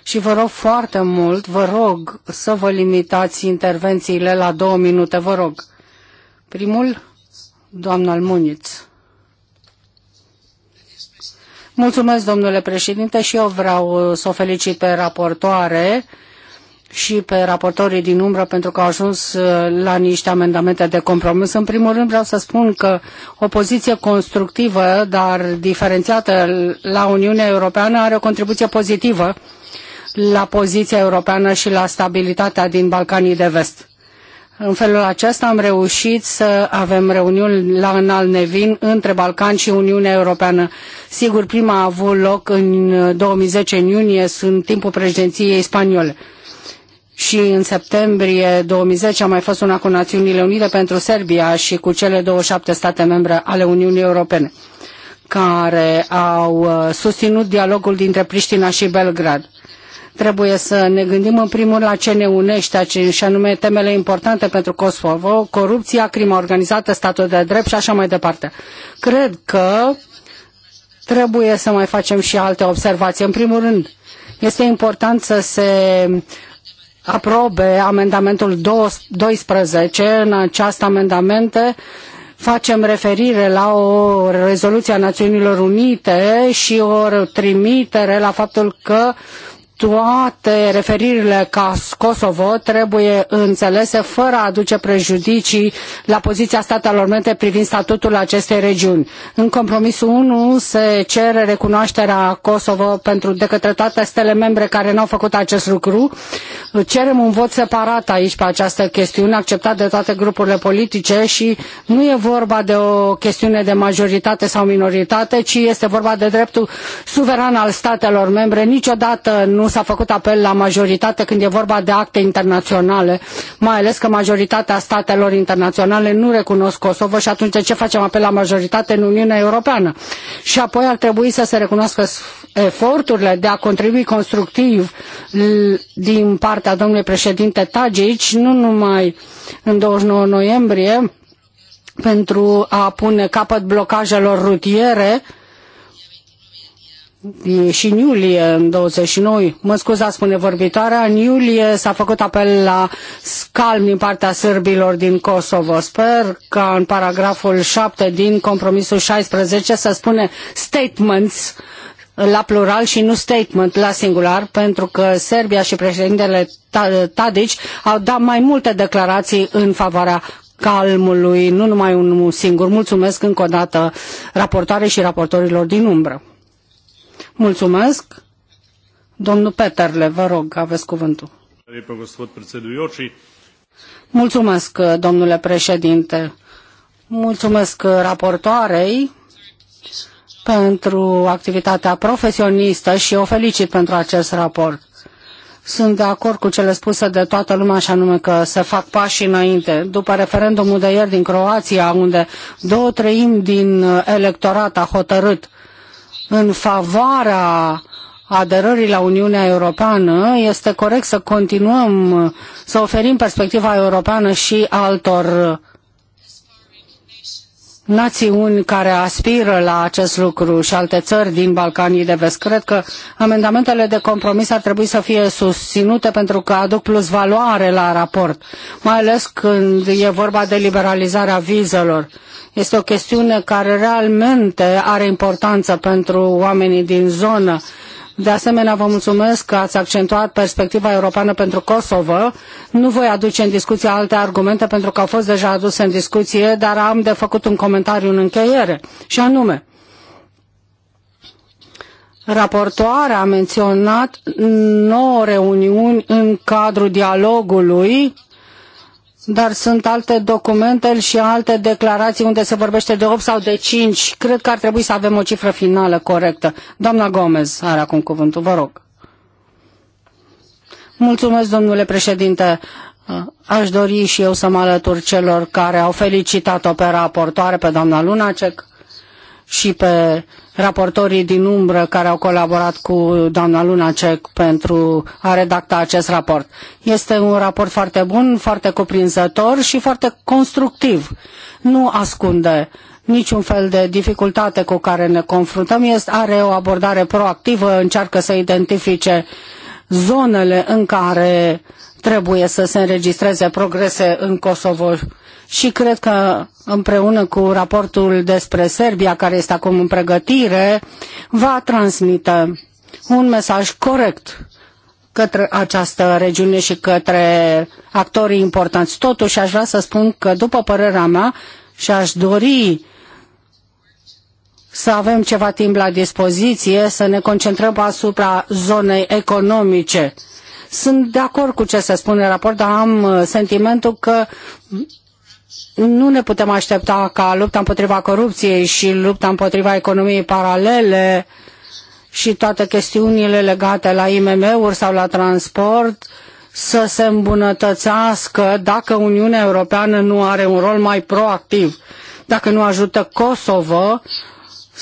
Și vă rog foarte mult, vă rog să vă limitați intervențiile la două minute, vă rog. Primul, doamna Almuniț. Mulțumesc, domnule președinte, și eu vreau să o felicit pe raportoare și pe raportorii din umbră pentru că au ajuns uh, la niște amendamente de compromis. În primul rând vreau să spun că o poziție constructivă, dar diferențiată la Uniunea Europeană are o contribuție pozitivă la poziția europeană și la stabilitatea din Balcanii de Vest. În felul acesta am reușit să avem reuniuni la înalt nevin între Balcan și Uniunea Europeană. Sigur, prima a avut loc în 2010, în iunie, în timpul președinției spaniole și în septembrie 2010 a mai fost una cu Națiunile Unite pentru Serbia și cu cele 27 state membre ale Uniunii Europene care au uh, susținut dialogul dintre Priștina și Belgrad. Trebuie să ne gândim în primul rând la ce ne unește, și anume temele importante pentru Kosovo, corupția, crima organizată, statul de drept și așa mai departe. Cred că trebuie să mai facem și alte observații. În primul rând, este important să se aprobe amendamentul 12. În acest amendament facem referire la o rezoluție a Națiunilor Unite și o trimitere la faptul că toate referirile ca Kosovo trebuie înțelese fără a aduce prejudicii la poziția statelor membre privind statutul acestei regiuni. În compromisul 1 se cere recunoașterea Kosovo pentru, de către toate stele membre care nu au făcut acest lucru. Cerem un vot separat aici pe această chestiune, acceptat de toate grupurile politice și nu e vorba de o chestiune de majoritate sau minoritate, ci este vorba de dreptul suveran al statelor membre. Niciodată nu s-a făcut apel la majoritate când e vorba de acte internaționale, mai ales că majoritatea statelor internaționale nu recunosc Kosovo și atunci de ce facem apel la majoritate în Uniunea Europeană? Și apoi ar trebui să se recunoască eforturile de a contribui constructiv din partea domnului președinte Tagici, nu numai în 29 noiembrie, pentru a pune capăt blocajelor rutiere, și în iulie, în 29, mă scuza, spune vorbitoarea, în iulie s-a făcut apel la scalm din partea sârbilor din Kosovo. Sper că în paragraful 7 din compromisul 16 să spune statements la plural și nu statement la singular, pentru că Serbia și președintele Tadic au dat mai multe declarații în favoarea calmului, nu numai unul singur. Mulțumesc încă o dată raportoare și raportorilor din umbră. Mulțumesc. Domnul Peterle, vă rog, aveți cuvântul. Mulțumesc, domnule președinte. Mulțumesc raportoarei pentru activitatea profesionistă și o felicit pentru acest raport. Sunt de acord cu cele spuse de toată lumea, așa nume că se fac pași înainte. După referendumul de ieri din Croația, unde două treimi din electorat a hotărât în favoarea aderării la Uniunea Europeană, este corect să continuăm să oferim perspectiva europeană și altor națiuni care aspiră la acest lucru și alte țări din Balcanii de Vest. Cred că amendamentele de compromis ar trebui să fie susținute pentru că aduc plus valoare la raport, mai ales când e vorba de liberalizarea vizelor. Este o chestiune care realmente are importanță pentru oamenii din zonă de asemenea, vă mulțumesc că ați accentuat perspectiva europeană pentru Kosovo. Nu voi aduce în discuție alte argumente pentru că au fost deja aduse în discuție, dar am de făcut un comentariu în încheiere. Și anume, raportoarea a menționat nouă reuniuni în cadrul dialogului dar sunt alte documente și alte declarații unde se vorbește de 8 sau de 5. Cred că ar trebui să avem o cifră finală corectă. Doamna Gomez are acum cuvântul, vă rog. Mulțumesc, domnule președinte. Aș dori și eu să mă alătur celor care au felicitat-o pe raportoare, pe doamna Lunacek și pe raportorii din umbră care au colaborat cu doamna Lunacek pentru a redacta acest raport. Este un raport foarte bun, foarte cuprinzător și foarte constructiv. Nu ascunde niciun fel de dificultate cu care ne confruntăm. Este, are o abordare proactivă, încearcă să identifice zonele în care trebuie să se înregistreze progrese în Kosovo și cred că împreună cu raportul despre Serbia, care este acum în pregătire, va transmite un mesaj corect către această regiune și către actorii importanți. Totuși, aș vrea să spun că, după părerea mea, și aș dori să avem ceva timp la dispoziție, să ne concentrăm asupra zonei economice. Sunt de acord cu ce se spune în raport, dar am sentimentul că nu ne putem aștepta ca lupta împotriva corupției și lupta împotriva economiei paralele și toate chestiunile legate la IMM-uri sau la transport să se îmbunătățească dacă Uniunea Europeană nu are un rol mai proactiv, dacă nu ajută Kosovo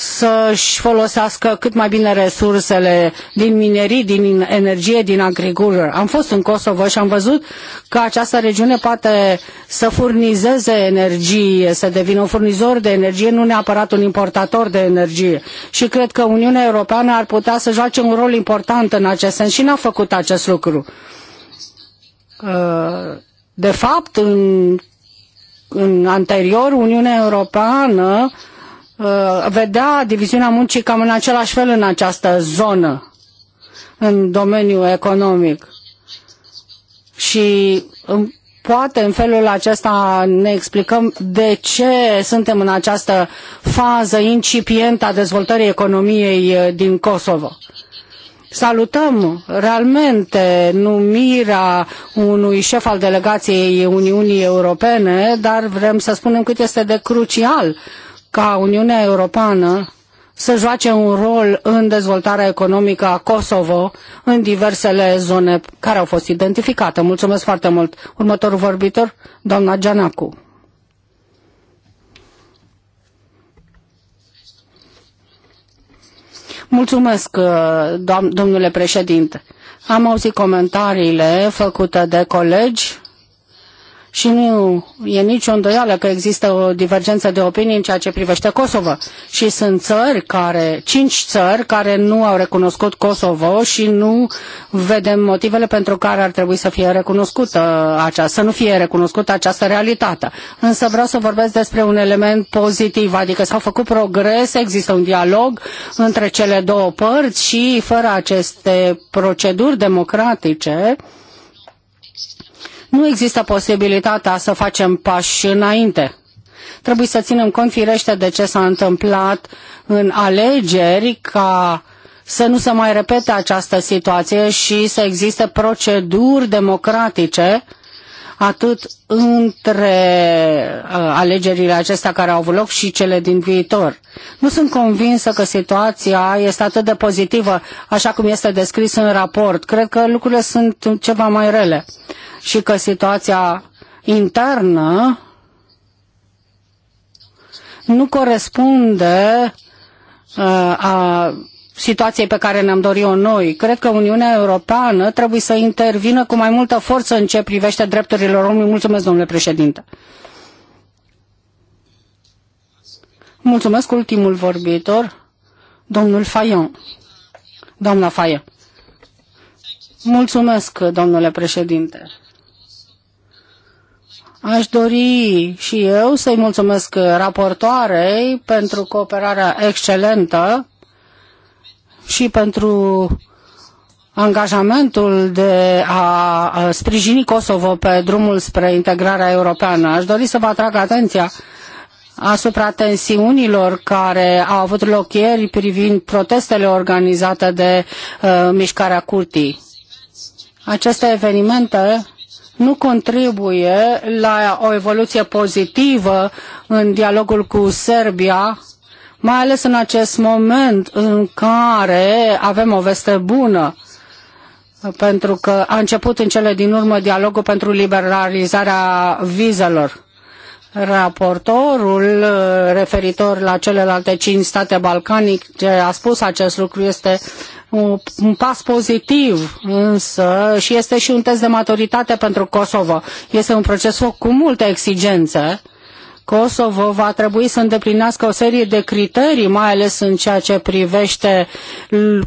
să-și folosească cât mai bine resursele din minerii, din energie, din agricultură. Am fost în Kosovo și am văzut că această regiune poate să furnizeze energie, să devină un furnizor de energie, nu neapărat un importator de energie. Și cred că Uniunea Europeană ar putea să joace un rol important în acest sens și n-a făcut acest lucru. Uh, de fapt, în, în anterior, Uniunea Europeană uh, Uh, vedea diviziunea muncii cam în același fel în această zonă, în domeniul economic. Și poate în felul acesta ne explicăm de ce suntem în această fază incipientă a dezvoltării economiei uh, din Kosovo. Salutăm realmente numirea unui șef al delegației Uniunii Europene, dar vrem să spunem cât este de crucial uh, ca Uniunea Europeană să joace un rol în dezvoltarea economică a Kosovo în diversele zone care au fost identificate. Mulțumesc foarte mult. Următorul vorbitor, doamna Gianacu. Mulțumesc, uh, domnule președinte. Am auzit comentariile făcute de colegi și nu e nicio îndoială că există o divergență de opinii în ceea ce privește Kosovo. Și sunt țări care, cinci țări care nu au recunoscut Kosovo și nu vedem motivele pentru care ar trebui să fie recunoscută această, să nu fie recunoscută această realitate. Însă vreau să vorbesc despre un element pozitiv, adică s-au făcut progrese, există un dialog între cele două părți și fără aceste proceduri democratice, nu există posibilitatea să facem pași înainte. Trebuie să ținem cont firește de ce s-a întâmplat în alegeri ca să nu se mai repete această situație și să existe proceduri democratice atât între uh, alegerile acestea care au avut loc și cele din viitor. Nu sunt convinsă că situația este atât de pozitivă, așa cum este descris în raport. Cred că lucrurile sunt ceva mai rele și că situația internă nu corespunde uh, a situației pe care ne-am dorit-o noi. Cred că Uniunea Europeană trebuie să intervină cu mai multă forță în ce privește drepturile omului. Mulțumesc, domnule președinte. Mulțumesc, ultimul vorbitor, domnul Fayon. Doamna Fayon. Mulțumesc, domnule președinte. Aș dori și eu să-i mulțumesc raportoarei pentru cooperarea excelentă și pentru angajamentul de a sprijini Kosovo pe drumul spre integrarea europeană. Aș dori să vă atrag atenția asupra tensiunilor care au avut loc ieri privind protestele organizate de uh, mișcarea Curtii. Aceste evenimente nu contribuie la o evoluție pozitivă în dialogul cu Serbia, mai ales în acest moment în care avem o veste bună pentru că a început în cele din urmă dialogul pentru liberalizarea vizelor. Raportorul uh, referitor la celelalte cinci state balcanice a spus acest lucru, este un pas pozitiv, însă și este și un test de maturitate pentru Kosovo. Este un proces cu multe exigențe Kosovo va trebui să îndeplinească o serie de criterii, mai ales în ceea ce privește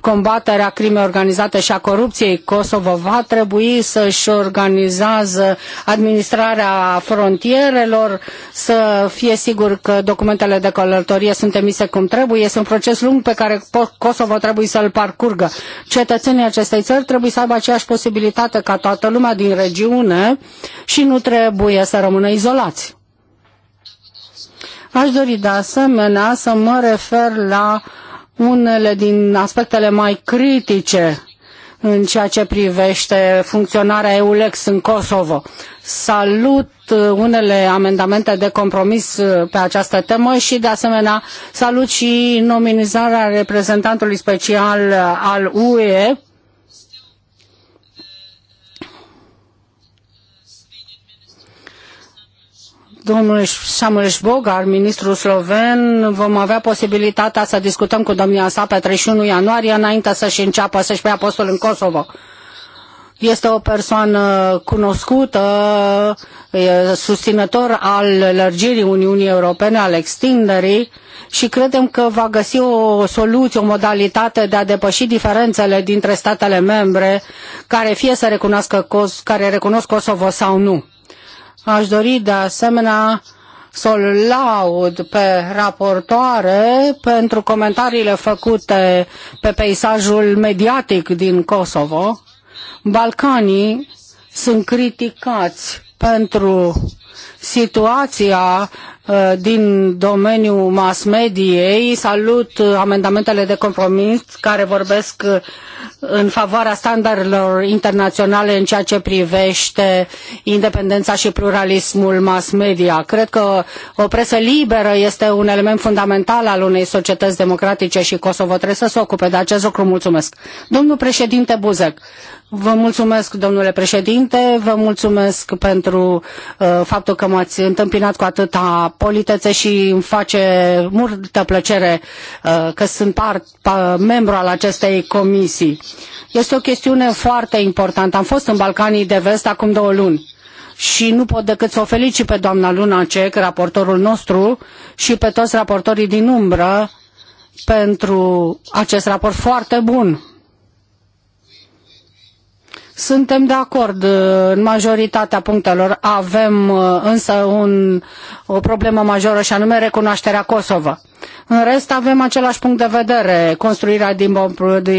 combaterea crimei organizate și a corupției. Kosovo va trebui să-și organizează administrarea frontierelor, să fie sigur că documentele de călătorie sunt emise cum trebuie. Este un proces lung pe care Kosovo trebuie să-l parcurgă. Cetățenii acestei țări trebuie să aibă aceeași posibilitate ca toată lumea din regiune și nu trebuie să rămână izolați. Aș dori de asemenea să mă refer la unele din aspectele mai critice în ceea ce privește funcționarea EULEX în Kosovo. Salut uh, unele amendamente de compromis uh, pe această temă și, de asemenea, salut și nominizarea reprezentantului special uh, al UE Domnule Samuel Bogar, ministrul sloven, vom avea posibilitatea să discutăm cu domnia sa pe 31 ianuarie înainte să-și înceapă să-și preia postul în Kosovo. Este o persoană cunoscută, susținător al lărgirii Uniunii Europene, al extinderii și credem că va găsi o soluție, o modalitate de a depăși diferențele dintre statele membre care fie să recunoască, care recunosc Kosovo sau nu Aș dori de asemenea să l laud pe raportoare pentru comentariile făcute pe peisajul mediatic din Kosovo. Balcanii sunt criticați pentru situația Uh, din domeniul mass mediei. Salut uh, amendamentele de compromis care vorbesc uh, în favoarea standardelor internaționale în ceea ce privește independența și pluralismul mass media. Cred că o presă liberă este un element fundamental al unei societăți democratice și Kosovo trebuie să se ocupe de acest lucru. Mulțumesc. Domnul președinte Buzek, Vă mulțumesc, domnule președinte, vă mulțumesc pentru uh, faptul că m-ați întâmpinat cu atâta la politețe și îmi face multă plăcere uh, că sunt part, membru al acestei comisii. Este o chestiune foarte importantă. Am fost în Balcanii de Vest acum două luni și nu pot decât să o felicit pe doamna Lunacek, raportorul nostru, și pe toți raportorii din umbră pentru acest raport foarte bun suntem de acord uh, în majoritatea punctelor. Avem uh, însă un, o problemă majoră și anume recunoașterea Kosovo. În rest avem același punct de vedere, construirea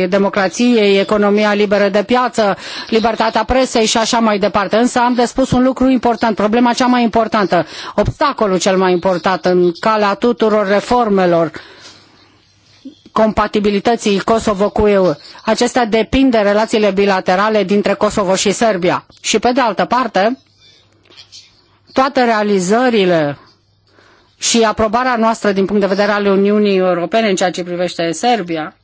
democrației, economia liberă de piață, libertatea presei și așa mai departe. Însă am de spus un lucru important, problema cea mai importantă, obstacolul cel mai important în calea tuturor reformelor uh, compatibilității Kosovo cu EU. Acestea depind de relațiile bilaterale dintre Kosovo și Serbia. Și pe de altă parte, toate realizările și aprobarea noastră din punct de vedere al Uniunii Europene în ceea ce privește Serbia,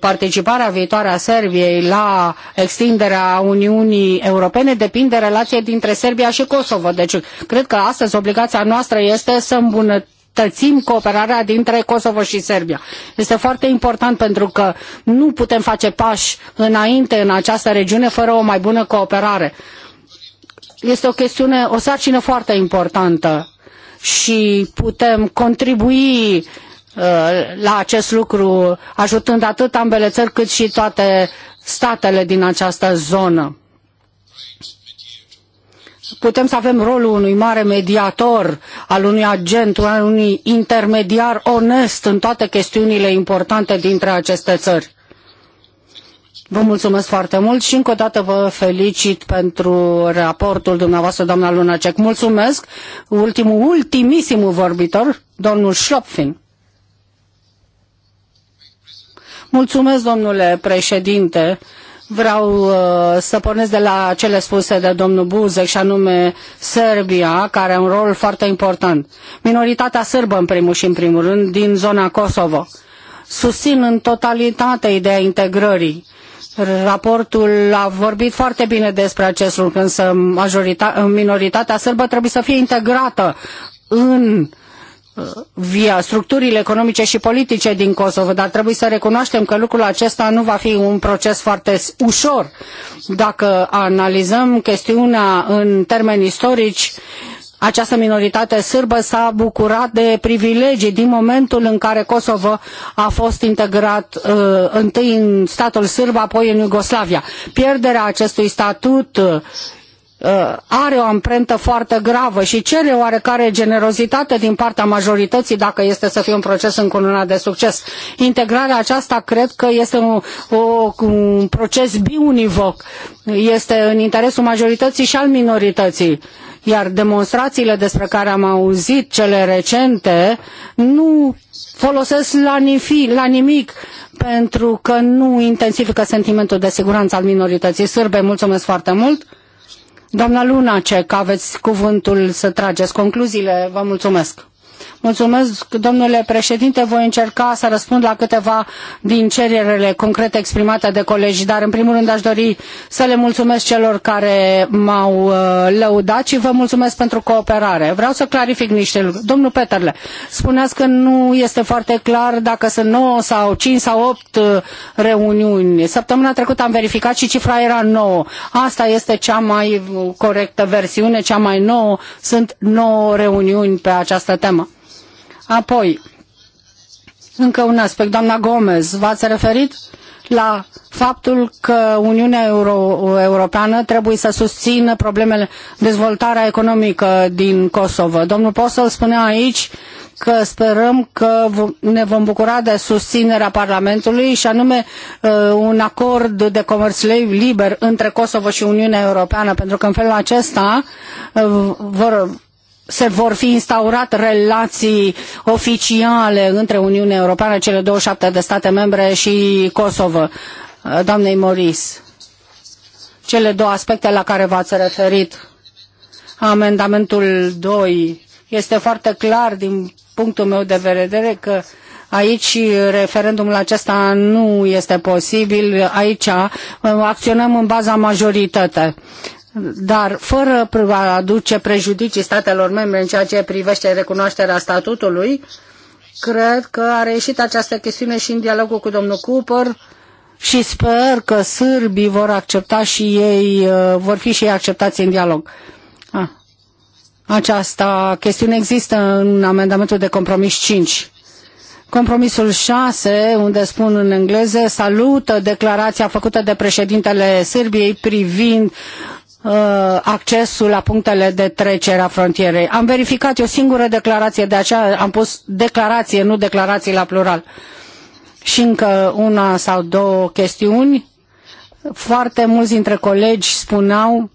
participarea viitoare a Serbiei la extinderea Uniunii Europene depinde de relației dintre Serbia și Kosovo. Deci, cred că astăzi obligația noastră este să îmbunătățim îmbunătățim cooperarea dintre Kosovo și Serbia. Este foarte important pentru că nu putem face pași înainte în această regiune fără o mai bună cooperare. Este o chestiune, o sarcină foarte importantă și putem contribui uh, la acest lucru, ajutând atât ambele țări cât și toate statele din această zonă putem să avem rolul unui mare mediator, al unui agent, al unui intermediar onest în toate chestiunile importante dintre aceste țări. Vă mulțumesc foarte mult și încă o dată vă felicit pentru raportul dumneavoastră, doamna Lunacek. Mulțumesc. Ultimul, ultimisimul vorbitor, domnul Șlopfin. Mulțumesc, domnule președinte. Vreau uh, să pornesc de la cele spuse de domnul Buzek și anume Serbia, care are un rol foarte important. Minoritatea sârbă, în primul și în primul rând, din zona Kosovo. Susțin în totalitate ideea integrării. Raportul a vorbit foarte bine despre acest lucru, însă majorita- minoritatea sârbă trebuie să fie integrată în via structurile economice și politice din Kosovo, dar trebuie să recunoaștem că lucrul acesta nu va fi un proces foarte ușor. Dacă analizăm chestiunea în termeni istorici, această minoritate sârbă s-a bucurat de privilegii din momentul în care Kosovo a fost integrat uh, întâi în statul sârb, apoi în Iugoslavia. Pierderea acestui statut uh, Uh, are o amprentă foarte gravă și cere oarecare generozitate din partea majorității dacă este să fie un proces încununat de succes. Integrarea aceasta cred că este un, o, un proces biunivoc, este în interesul majorității și al minorității. Iar demonstrațiile despre care am auzit cele recente nu folosesc la, nifi, la nimic pentru că nu intensifică sentimentul de siguranță al minorității sârbe. Mulțumesc foarte mult! Doamna Lunacek, aveți cuvântul să trageți concluziile. Vă mulțumesc. Mulțumesc, domnule președinte. Voi încerca să răspund la câteva din cererile concrete exprimate de colegi, dar în primul rând aș dori să le mulțumesc celor care m-au uh, lăudat și vă mulțumesc pentru cooperare. Vreau să clarific niște lucruri. Domnul Peterle, spuneați că nu este foarte clar dacă sunt 9 sau 5 sau 8 uh, reuniuni. Săptămâna trecută am verificat și cifra era 9. Asta este cea mai corectă versiune, cea mai nouă. Sunt 9 reuniuni pe această temă. Apoi, încă un aspect, doamna Gomez, v-ați referit la faptul că Uniunea Euro Europeană trebuie să susțină problemele dezvoltarea economică din Kosovo. Domnul Postol spunea aici că sperăm că ne vom bucura de susținerea Parlamentului și anume uh, un acord de comerț liber între Kosovo și Uniunea Europeană, pentru că în felul acesta uh, vor se vor fi instaurat relații oficiale între Uniunea Europeană, cele 27 de state membre și Kosovo. Doamnei Moris, cele două aspecte la care v-ați referit, amendamentul 2, este foarte clar din punctul meu de vedere că Aici referendumul acesta nu este posibil, aici acționăm în baza majorității dar fără a aduce prejudicii statelor membre în ceea ce privește recunoașterea statutului, cred că a reieșit această chestiune și în dialogul cu domnul Cooper și sper că sârbii vor accepta și ei, uh, vor fi și ei acceptați în dialog. A. Ah. Această chestiune există în amendamentul de compromis 5. Compromisul 6, unde spun în engleză, salută declarația făcută de președintele Sârbiei privind uh, Uh, accesul la punctele de trecere a frontierei. Am verificat o singură declarație, de aceea am pus declarație, nu declarații la plural. Și încă una sau două chestiuni. Foarte mulți dintre colegi spuneau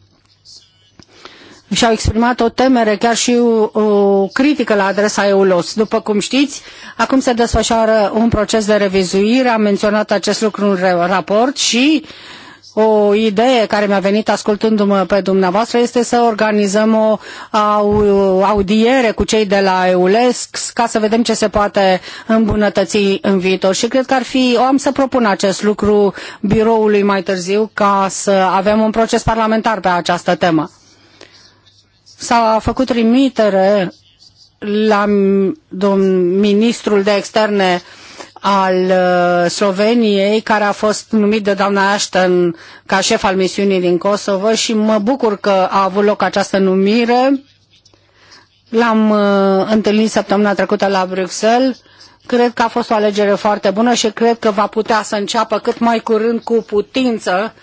și-au exprimat o temere, chiar și o, o critică la adresa EULOS. După cum știți, acum se desfășoară un proces de revizuire, am menționat acest lucru în raport și uh, o idee care mi-a venit ascultându-mă pe dumneavoastră este să organizăm o audiere cu cei de la EULESC ca să vedem ce se poate îmbunătăți în viitor și cred că ar fi, o am să propun acest lucru biroului mai târziu ca să avem un proces parlamentar pe această temă. S-a făcut trimitere la domn ministrul de externe uh, al uh, Sloveniei, care a fost numit de doamna Ashton ca șef al misiunii din Kosovo și mă bucur că a avut loc această numire. L-am uh, întâlnit săptămâna trecută la Bruxelles. Cred că a fost o alegere foarte bună și cred că va putea să înceapă cât mai curând cu putință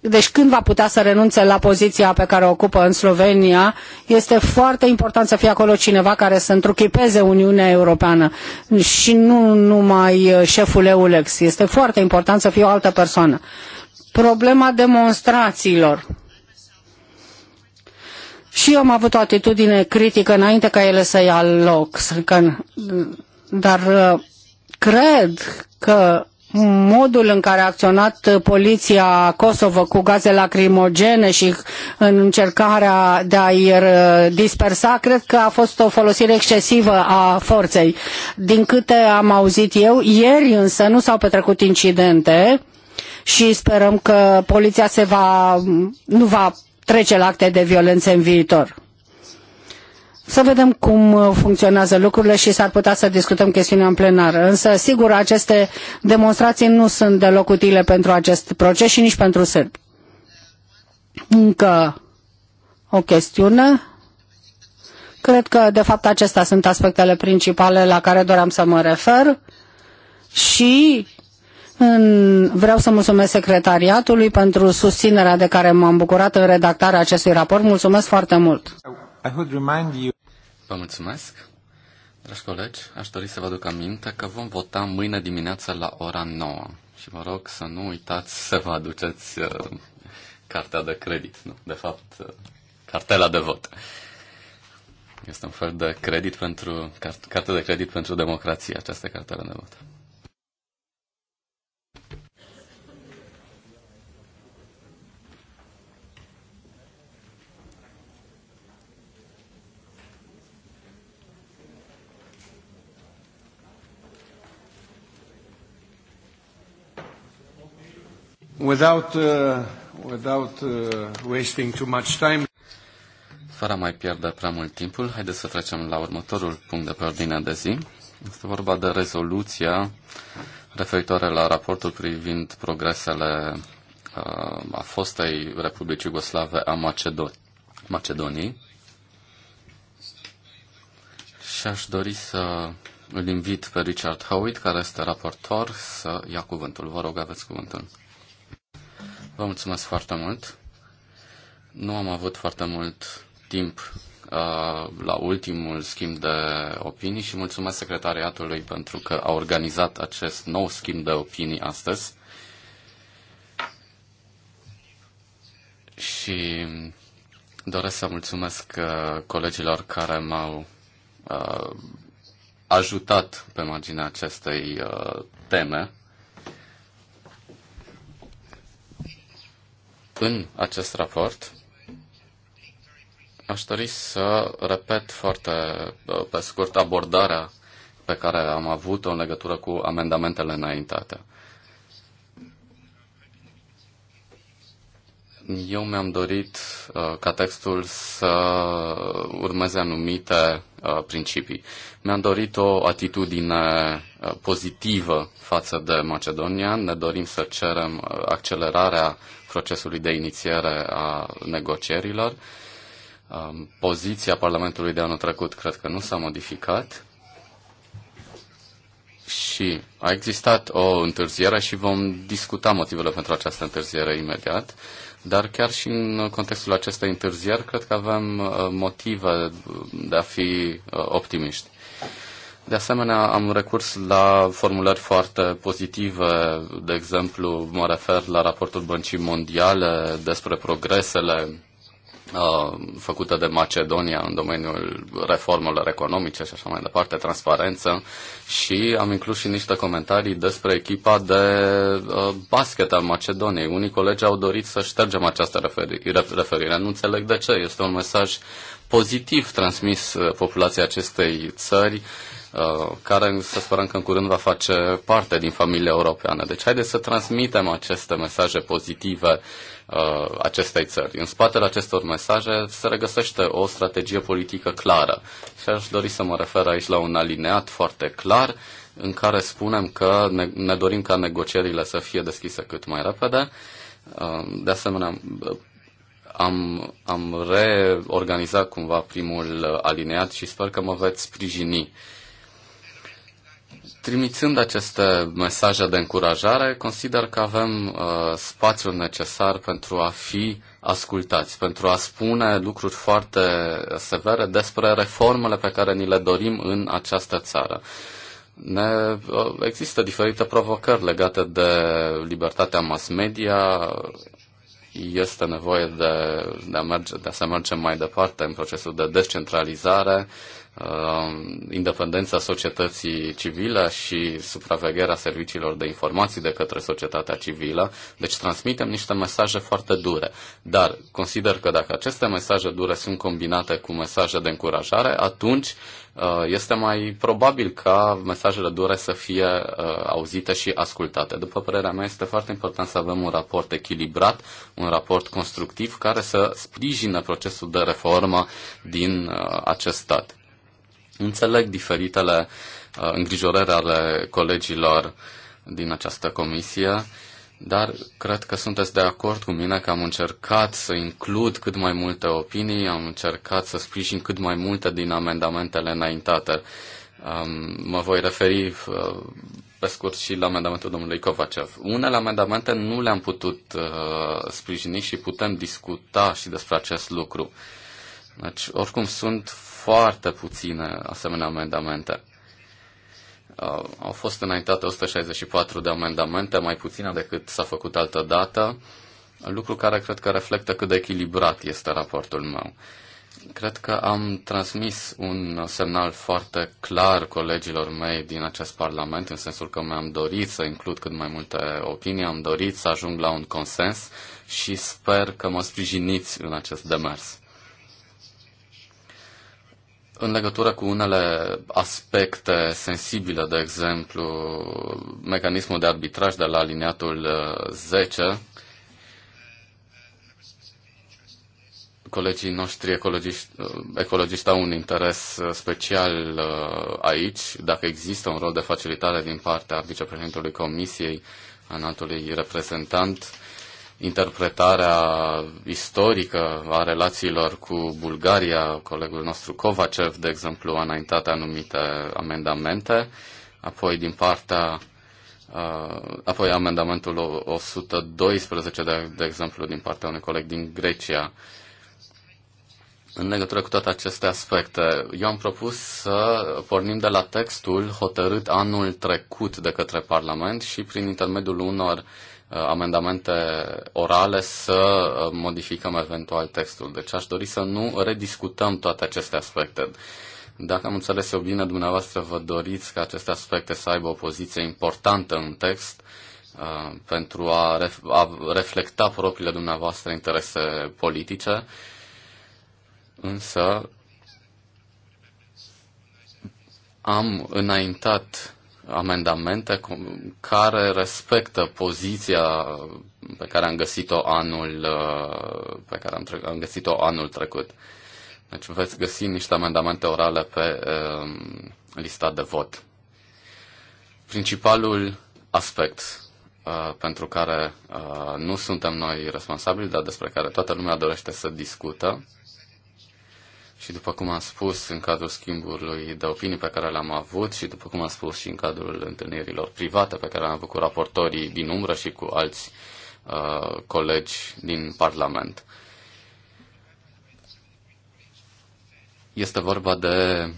deci când va putea să renunțe la poziția pe care o ocupă în Slovenia, este foarte important să fie acolo cineva care să întruchipeze Uniunea Europeană și nu numai uh, șeful EULEX. Este foarte important să fie o altă persoană. Problema demonstrațiilor. Și eu am avut o atitudine critică înainte ca ele să ia loc, dar uh, cred că modul în care a acționat uh, poliția Kosovo cu gaze lacrimogene și uh, în încercarea de a-i uh, dispersa, cred că a fost o folosire excesivă a forței. Din câte am auzit eu, ieri însă nu s-au petrecut incidente și sperăm că poliția se va, nu va trece la acte de violență în viitor să vedem cum uh, funcționează lucrurile și s-ar putea să discutăm chestiunea în plenar. Însă, sigur, aceste demonstrații nu sunt deloc utile pentru acest proces și nici pentru sârbi. Încă o chestiune. Cred că, de fapt, acestea sunt aspectele principale la care doream să mă refer și în... vreau să mulțumesc secretariatului pentru susținerea de care m-am bucurat în redactarea acestui raport. Mulțumesc foarte mult! Vă mulțumesc. Dragi colegi, aș dori să vă aduc aminte că vom vota mâine dimineață la ora 9 și vă rog să nu uitați să vă aduceți uh, cartea de credit, nu, de fapt, uh, cartela de vot. Este un fel de credit pentru, cart, carte de credit pentru democrație, această cartelă de vot. Without, uh, without uh, wasting too much time. Fără a mai pierde prea mult timpul, haideți să trecem la următorul punct de pe ordinea de zi. Este vorba de rezoluția referitoare la raportul privind progresele uh, a fostei Republicii Iugoslave a Macedo- Macedoniei. Și aș dori să îl invit pe Richard Howitt, care este raportor, să ia cuvântul. Vă rog, aveți cuvântul. Vă mulțumesc foarte mult. Nu am avut foarte mult timp uh, la ultimul schimb de opinii și mulțumesc secretariatului pentru că a organizat acest nou schimb de opinii astăzi. Și doresc să mulțumesc uh, colegilor care m-au uh, ajutat pe marginea acestei teme. în acest raport. Aș dori să repet foarte pe scurt abordarea pe care am avut-o în legătură cu amendamentele înaintate. Eu mi-am dorit uh, ca textul să urmeze anumite uh, principii. Mi-am dorit o atitudine uh, pozitivă față de Macedonia. Ne dorim să cerem uh, accelerarea procesului de inițiere a negocierilor. Um, poziția Parlamentului de anul trecut cred că nu s-a modificat și a existat o întârziere și vom discuta motivele pentru această întârziere imediat, dar chiar și în contextul acestei întârzieri cred că avem uh, motive de a fi uh, optimiști. De asemenea, am recurs la formulări foarte pozitive, de exemplu, mă refer la raportul Băncii Mondiale despre progresele uh, făcute de Macedonia în domeniul reformelor economice și așa mai departe, transparență și am inclus și niște comentarii despre echipa de uh, basket al Macedoniei. Unii colegi au dorit să ștergem această referire, referire. Nu înțeleg de ce. Este un mesaj pozitiv transmis uh, populației acestei țări Uh, care să sperăm că în curând va face parte din familia europeană. Deci haideți să transmitem aceste mesaje pozitive uh, acestei țări. În spatele acestor mesaje se regăsește o strategie politică clară. Și aș dori să mă refer aici la un alineat foarte clar în care spunem că ne, ne dorim ca negocierile să fie deschise cât mai repede. Uh, de asemenea, am, am reorganizat cumva primul alineat și sper că mă veți sprijini Trimițând aceste mesaje de încurajare, consider că avem uh, spațiul necesar pentru a fi ascultați, pentru a spune lucruri foarte severe despre reformele pe care ni le dorim în această țară. Ne, uh, există diferite provocări legate de libertatea mass media, este nevoie de, de, a, merge, de a se merge mai departe în procesul de descentralizare, uh, Uh, independența societății civile și supravegherea serviciilor de informații de către societatea civilă. Deci transmitem niște mesaje foarte dure. Dar consider că dacă aceste mesaje dure sunt combinate cu mesaje de încurajare, atunci uh, este mai probabil ca mesajele dure să fie uh, auzite și ascultate. După părerea mea, este foarte important să avem un raport echilibrat, un raport constructiv care să sprijină procesul de reformă din acest stat. Înțeleg diferitele uh, îngrijorări ale colegilor din această comisie, dar cred că sunteți de acord cu mine că am încercat să includ cât mai multe opinii, am încercat să sprijin cât mai multe din amendamentele înaintate. Um, mă voi referi uh, pe scurt și la amendamentul domnului Kovacev. Unele amendamente nu le-am putut uh, sprijini și putem discuta și despre acest lucru. Deci, oricum, sunt foarte puține asemenea amendamente. Uh, au fost înaintate 164 de amendamente, mai puține decât s-a făcut altă dată, lucru care cred că reflectă cât de echilibrat este raportul meu. Cred că am transmis un semnal foarte clar colegilor mei din acest Parlament, în sensul că mi-am dorit să includ cât mai multe opinii, am dorit să ajung la un consens și sper că mă sprijiniți în acest demers în legătură cu unele aspecte sensibile, de exemplu, mecanismul de arbitraj de la aliniatul 10, uh, colegii noștri ecologiști, uh, ecologiști au un interes uh, special aici. Dacă există un rol de facilitare din partea vicepreședintelui Comisiei, înaltului reprezentant, interpretarea istorică a relațiilor cu Bulgaria. Colegul nostru Kovacev, de exemplu, a înaintat anumite amendamente, apoi din partea uh, apoi amendamentul 112, de, de exemplu, din partea unui coleg din Grecia. În legătură cu toate aceste aspecte, eu am propus să pornim de la textul hotărât anul trecut de către Parlament și prin intermediul unor uh, Uh, amendamente orale să uh, modificăm eventual textul. Deci aș dori să nu rediscutăm toate aceste aspecte. Dacă am înțeles eu bine, dumneavoastră vă doriți ca aceste aspecte să aibă o poziție importantă în text uh, pentru a, ref- a reflecta propriile dumneavoastră interese politice, însă am înaintat amendamente care respectă poziția pe care am găsit-o anul, uh, pe care am, am găsit-o anul trecut. Deci veți găsi niște amendamente orale pe uh, lista de vot. Principalul aspect uh, pentru care uh, nu suntem noi responsabili, dar despre care toată lumea dorește să discută, și după cum am spus în cadrul schimbului de opinii pe care le-am avut și după cum am spus și în cadrul întâlnirilor private pe care le-am avut cu raportorii din umbră și cu alți uh, colegi din Parlament. Este vorba de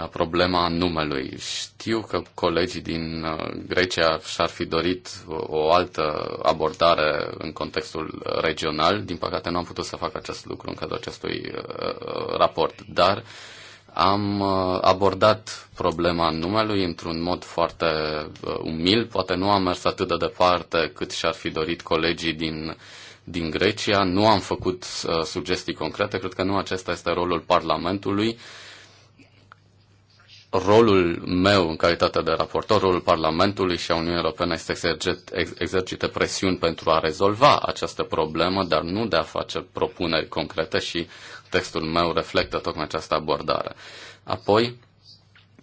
Uh, problema numelui. Știu că colegii din uh, Grecia și-ar fi dorit o altă abordare în contextul regional. Din păcate nu am putut să fac acest lucru în cadrul acestui uh, raport, dar am abordat problema numelui într-un mod foarte umil. Poate nu am mers atât de departe cât și-ar fi dorit colegii din din Grecia, nu am făcut uh, sugestii concrete, cred că nu acesta este rolul Parlamentului. Uh, rolul meu în calitate de raportor, rolul Parlamentului și a Uniunii Europene este să exercite presiuni pentru a rezolva această problemă, dar nu de a face propuneri concrete și textul meu reflectă tocmai această abordare. Apoi,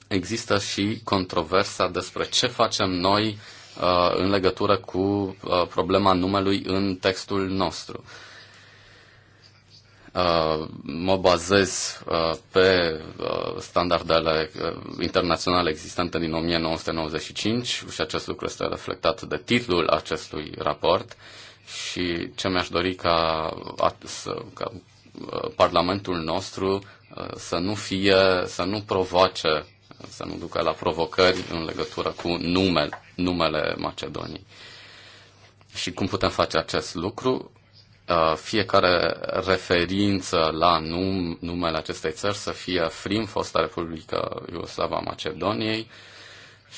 există și controversa despre ce facem noi uh, în legătură cu uh, problema numelui în textul nostru. Uh, Uh, mă bazez uh, pe uh, standardele internaționale existente din 1995 și acest lucru este reflectat de titlul acestui raport și ce mi-aș dori ca, ca Parlamentul nostru să nu fie, să nu provoace, să nu ducă la provocări în legătură cu numele, numele Macedoniei. Și cum putem face acest lucru? Uh, fiecare referință la num, numele acestei țări să fie Frim, fosta Republică Iugoslava Macedoniei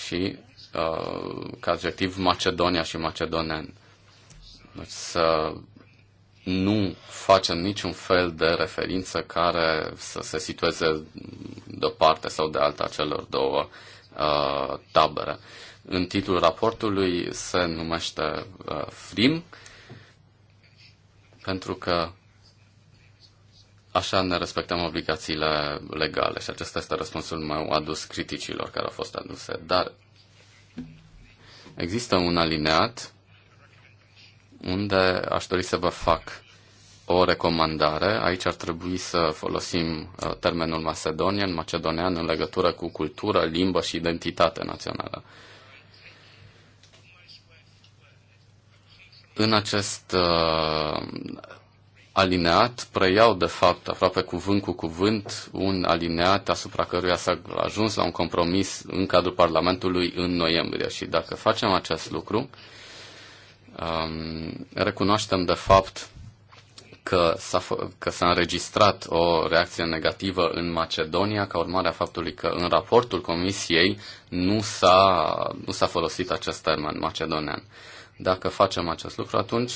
și uh, ca adjectiv Macedonia și Macedonen. Deci să nu facem niciun fel de referință care să se situeze de o parte sau de alta celor două uh, tabere. În titlul raportului se numește uh, FRIM, pentru că așa ne respectăm obligațiile legale și acesta este răspunsul meu adus criticilor care au fost aduse. Dar există un alineat unde aș dori să vă fac o recomandare. Aici ar trebui să folosim uh, termenul macedonian, macedonean în legătură cu cultură, limbă și identitate națională. Uh, În acest uh, alineat preiau, de fapt, aproape cuvânt cu cuvânt, un alineat asupra căruia s-a ajuns la un compromis în cadrul Parlamentului în noiembrie. Și dacă facem acest lucru, um, recunoaștem, de fapt, că s-a, că s-a înregistrat o reacție negativă în Macedonia ca urmare a faptului că în raportul Comisiei nu s-a, nu s-a folosit acest termen macedonian. Dacă facem acest lucru, atunci,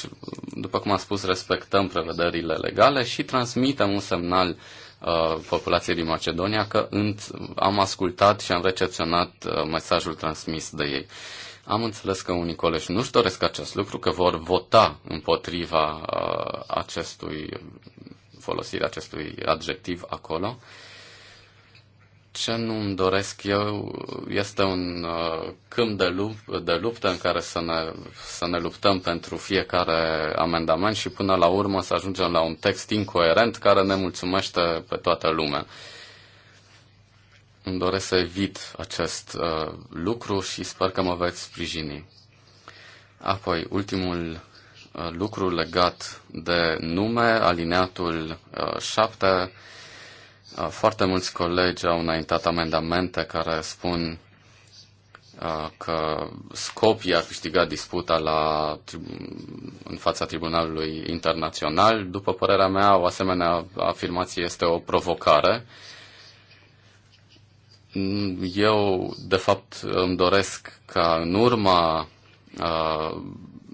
după cum am spus, respectăm prevederile legale și transmitem un semnal uh, populației din Macedonia că am ascultat și am recepționat uh, mesajul transmis de ei. Am înțeles că unii colegi nu-și doresc acest lucru, că vor vota împotriva uh, acestui folosirea acestui adjectiv acolo. Uh, ce nu îmi doresc eu este un uh, câmp de, lup- de luptă în care să ne, să ne luptăm pentru fiecare amendament și până la urmă să ajungem la un text incoerent care ne mulțumește pe toată lumea. Îmi doresc să evit acest uh, lucru și sper că mă veți sprijini. Apoi, ultimul uh, lucru legat de nume, alineatul uh, 7 Uh, foarte mulți colegi au înaintat amendamente care spun uh, că Scopia a câștigat disputa la, în fața Tribunalului Internațional. După părerea mea, o asemenea afirmație este o provocare. Eu, de fapt, îmi doresc ca în urma uh,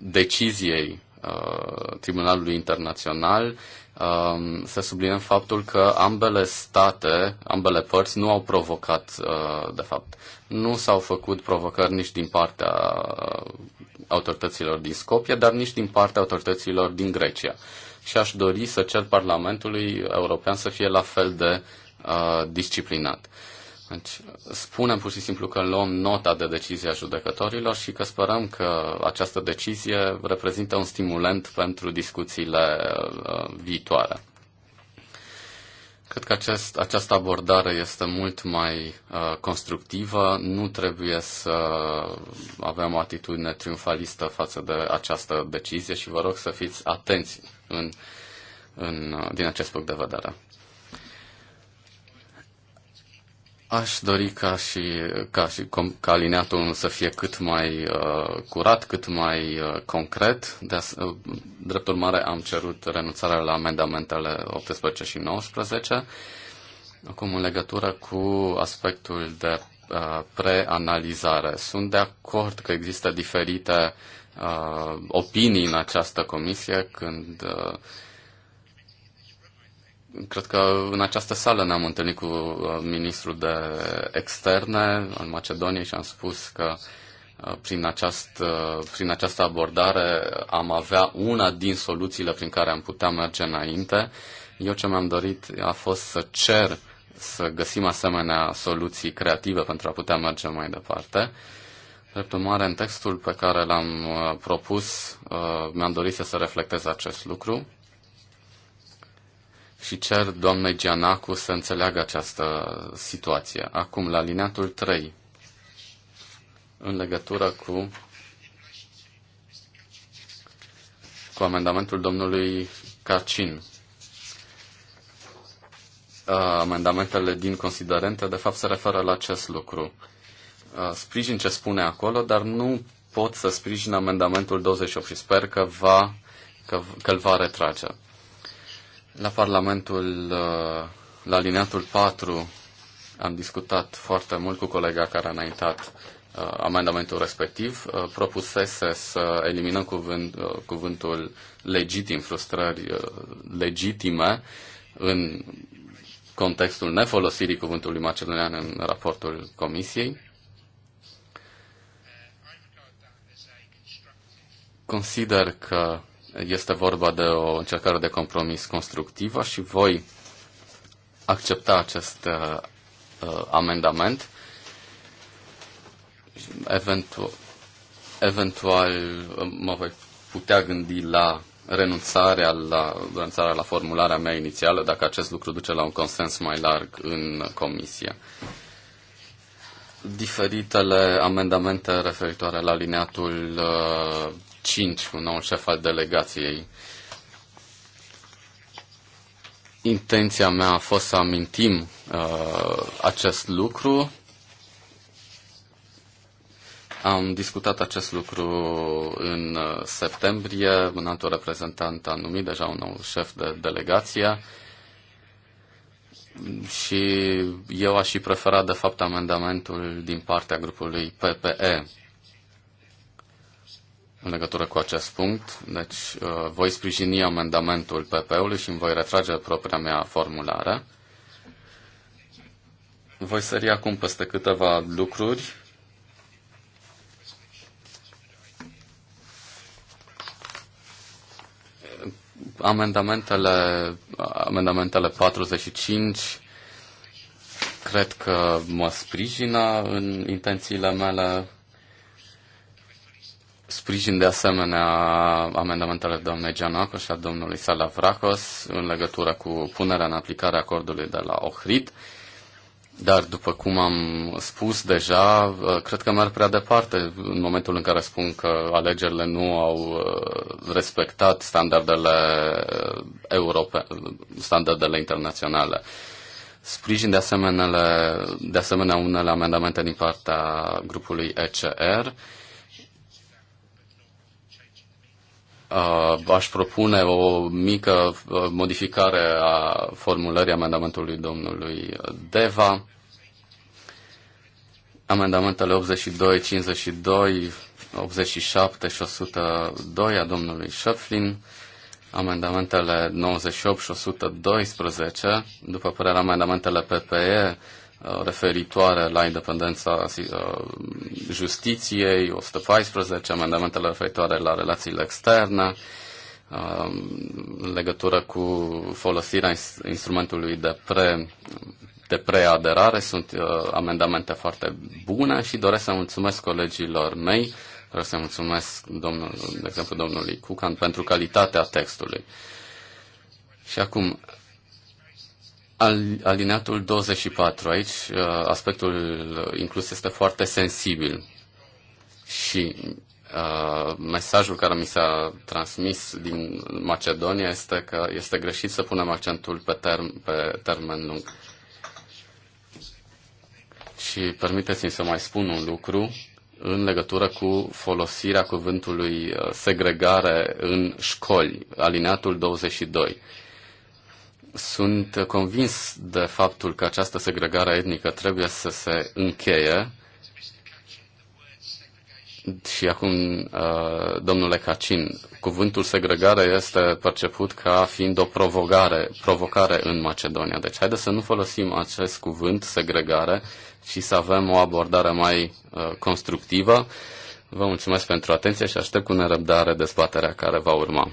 deciziei Uh, Tribunalului Internațional, um, să subliniem faptul că ambele state, ambele părți nu au provocat, uh, de fapt, nu s-au făcut provocări nici din partea uh, autorităților din Scopia, dar nici din partea autorităților din Grecia. Și aș dori să cer Parlamentului European să fie la fel de disciplinat. Deci, spunem pur și simplu că luăm nota de decizie a judecătorilor și că sperăm că această decizie reprezintă un stimulant pentru discuțiile uh, viitoare. Cred că acest, această abordare este mult mai uh, constructivă. Nu trebuie să avem o atitudine triumfalistă față de această decizie și vă rog să fiți atenți în, în, uh, din acest punct de vedere. Aș dori ca și, ca și ca alineatul să fie cât mai uh, curat, cât mai uh, concret. De as- uh, drept urmare, am cerut renunțarea la amendamentele 18 și 19. Acum, în legătură cu aspectul de uh, preanalizare, sunt de acord că există diferite uh, opinii în această comisie când. Uh, Cred că în această sală ne-am întâlnit cu uh, ministrul de externe al Macedoniei și am spus că uh, prin, aceast, uh, prin această abordare am avea una din soluțiile prin care am putea merge înainte. Eu ce mi-am dorit a fost să cer să găsim asemenea soluții creative pentru a putea merge mai departe. Drept urmare, în textul pe care l-am propus, mi-am dorit să se reflecteze acest lucru și cer doamnei Gianacu să înțeleagă această situație. Acum, la lineatul 3, în legătură cu, cu amendamentul domnului Carcin, Amendamentele din considerente, de fapt, se referă la acest lucru. Sprijin ce spune acolo, dar nu pot să sprijin amendamentul 28 și sper că va, că, că îl va retrage. La Parlamentul, uh, la alineatul 4, am discutat foarte mult cu colega care a înaintat uh, amendamentul respectiv. Uh, propusese să eliminăm cuvânt, cuvântul legitim, frustrări legitime în contextul nefolosirii cuvântului macedonian în raportul Comisiei. Consider că este vorba de o încercare de compromis constructivă și voi accepta acest uh, uh amendament. Eventu- eventual uh, mă voi putea gândi la renunțarea la, renunțarea la formularea mea inițială dacă acest lucru duce la un consens mai larg în comisie. Diferitele amendamente referitoare la lineatul uh, 5, un nou șef al delegației. Intenția mea a fost să amintim uh, acest lucru. Am discutat acest lucru în uh, septembrie. Un alt reprezentant a numit deja un nou șef de delegație. Și eu aș și prefera, de fapt, amendamentul din partea grupului PPE în legătură cu acest punct. Deci uh, voi sprijini amendamentul PP-ului și îmi voi retrage propria mea formulare. Voi sări acum peste câteva lucruri. Amendamentele, amendamentele 45 cred că mă sprijină în intențiile mele Sprijin de asemenea amendamentele doamnei Gianaco și a domnului Salavracos în legătură cu punerea în aplicare a acordului de la Ohrid. Dar, după cum am spus deja, uh, cred că merg prea departe în momentul în care spun că alegerile nu au uh, respectat standardele, uh, europe, standardele internaționale. Sprijin de asemenea, de asemenea unele amendamente din partea grupului ECR Uh, aș propune o mică uh, modificare a formulării amendamentului domnului Deva. Amendamentele 82, 52, 87 și 102 a domnului Schöpflin, amendamentele 98 și 112, după părerea amendamentele PPE, Uh, referitoare la independența uh, justiției, 114, amendamentele referitoare la relațiile externe, uh, în legătură cu folosirea instrumentului de pre de preaderare. Sunt uh, amendamente foarte bune și doresc să mulțumesc colegilor mei, doresc să mulțumesc, domnul, de exemplu, domnului Cucan, pentru calitatea textului. Și acum, alineatul 24. Aici uh, aspectul inclus este foarte sensibil și uh, mesajul care mi s-a transmis din Macedonia este că este greșit să punem accentul pe, term- pe termen lung. Și permiteți-mi să mai spun un lucru în legătură cu folosirea cuvântului uh, segregare în școli, alineatul 22 sunt convins de faptul că această segregare etnică trebuie să se încheie. Și acum, uh, domnule Cacin, cuvântul segregare este perceput ca fiind o provocare, provocare în Macedonia. Deci haideți să nu folosim acest cuvânt segregare, și să avem o abordare mai uh, constructivă. Vă mulțumesc pentru atenție și aștept cu nerăbdare dezbaterea care va urma.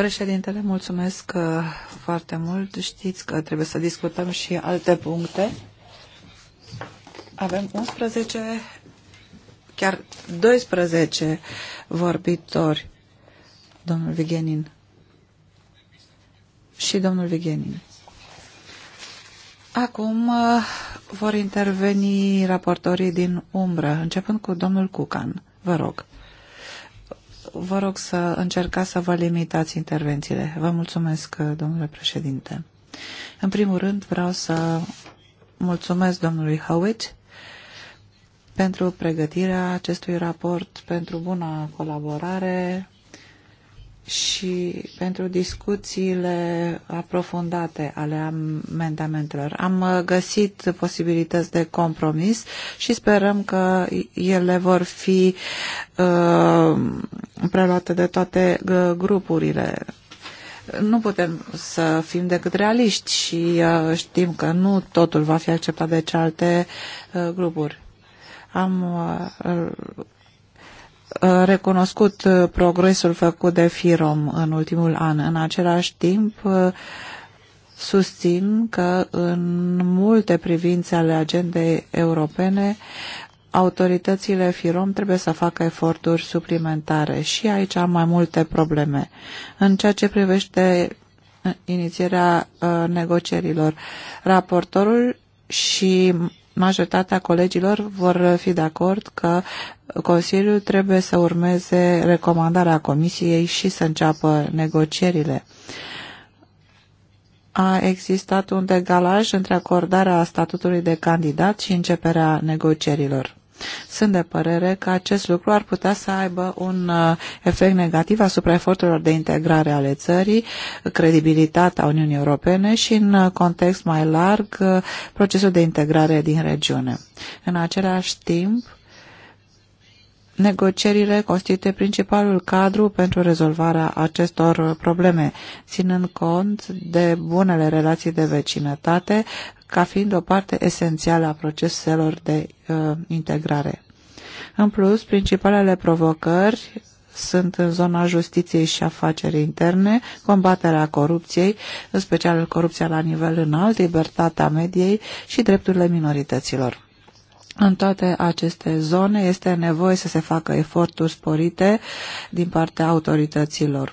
Președintele, mulțumesc uh, foarte mult. Știți că trebuie să discutăm și alte puncte. Avem 11, chiar 12 vorbitori, domnul Vigenin și domnul Vigenin. Acum uh, vor interveni raportorii din umbră, începând cu domnul Cucan. Vă rog vă rog să încercați să vă limitați intervențiile. Vă mulțumesc, domnule președinte. În primul rând, vreau să mulțumesc domnului Howitt pentru pregătirea acestui raport, pentru buna colaborare, și pentru discuțiile aprofundate ale amendamentelor. Am uh, găsit posibilități de compromis și sperăm că ele vor fi uh, preluate de toate uh, grupurile. Nu putem să fim decât realiști și uh, știm că nu totul va fi acceptat de cealte uh, grupuri. Am uh, recunoscut uh, progresul făcut de FIROM în ultimul an. În același timp, uh, susțin că în multe privințe ale agendei europene, autoritățile FIROM trebuie să facă eforturi suplimentare și aici am mai multe probleme. În ceea ce privește uh, inițierea negocierilor, raportorul și majoritatea colegilor vor fi de acord că Consiliul trebuie să urmeze recomandarea Comisiei și să înceapă negocierile. A existat un degalaj între acordarea statutului de candidat și începerea negocierilor. Sunt de părere că acest lucru ar putea să aibă un uh, efect negativ asupra eforturilor de integrare ale țării, credibilitatea Uniunii Europene și în uh, context mai larg uh, procesul de integrare din regiune. În același timp, Negocierile constituie principalul cadru pentru rezolvarea acestor probleme, ținând cont de bunele relații de vecinătate, ca fiind o parte esențială a proceselor de uh, integrare. În plus, principalele provocări sunt în zona justiției și afacerii interne, combaterea corupției, în special corupția la nivel înalt, libertatea mediei și drepturile minorităților. În toate aceste zone este nevoie să se facă eforturi sporite din partea autorităților.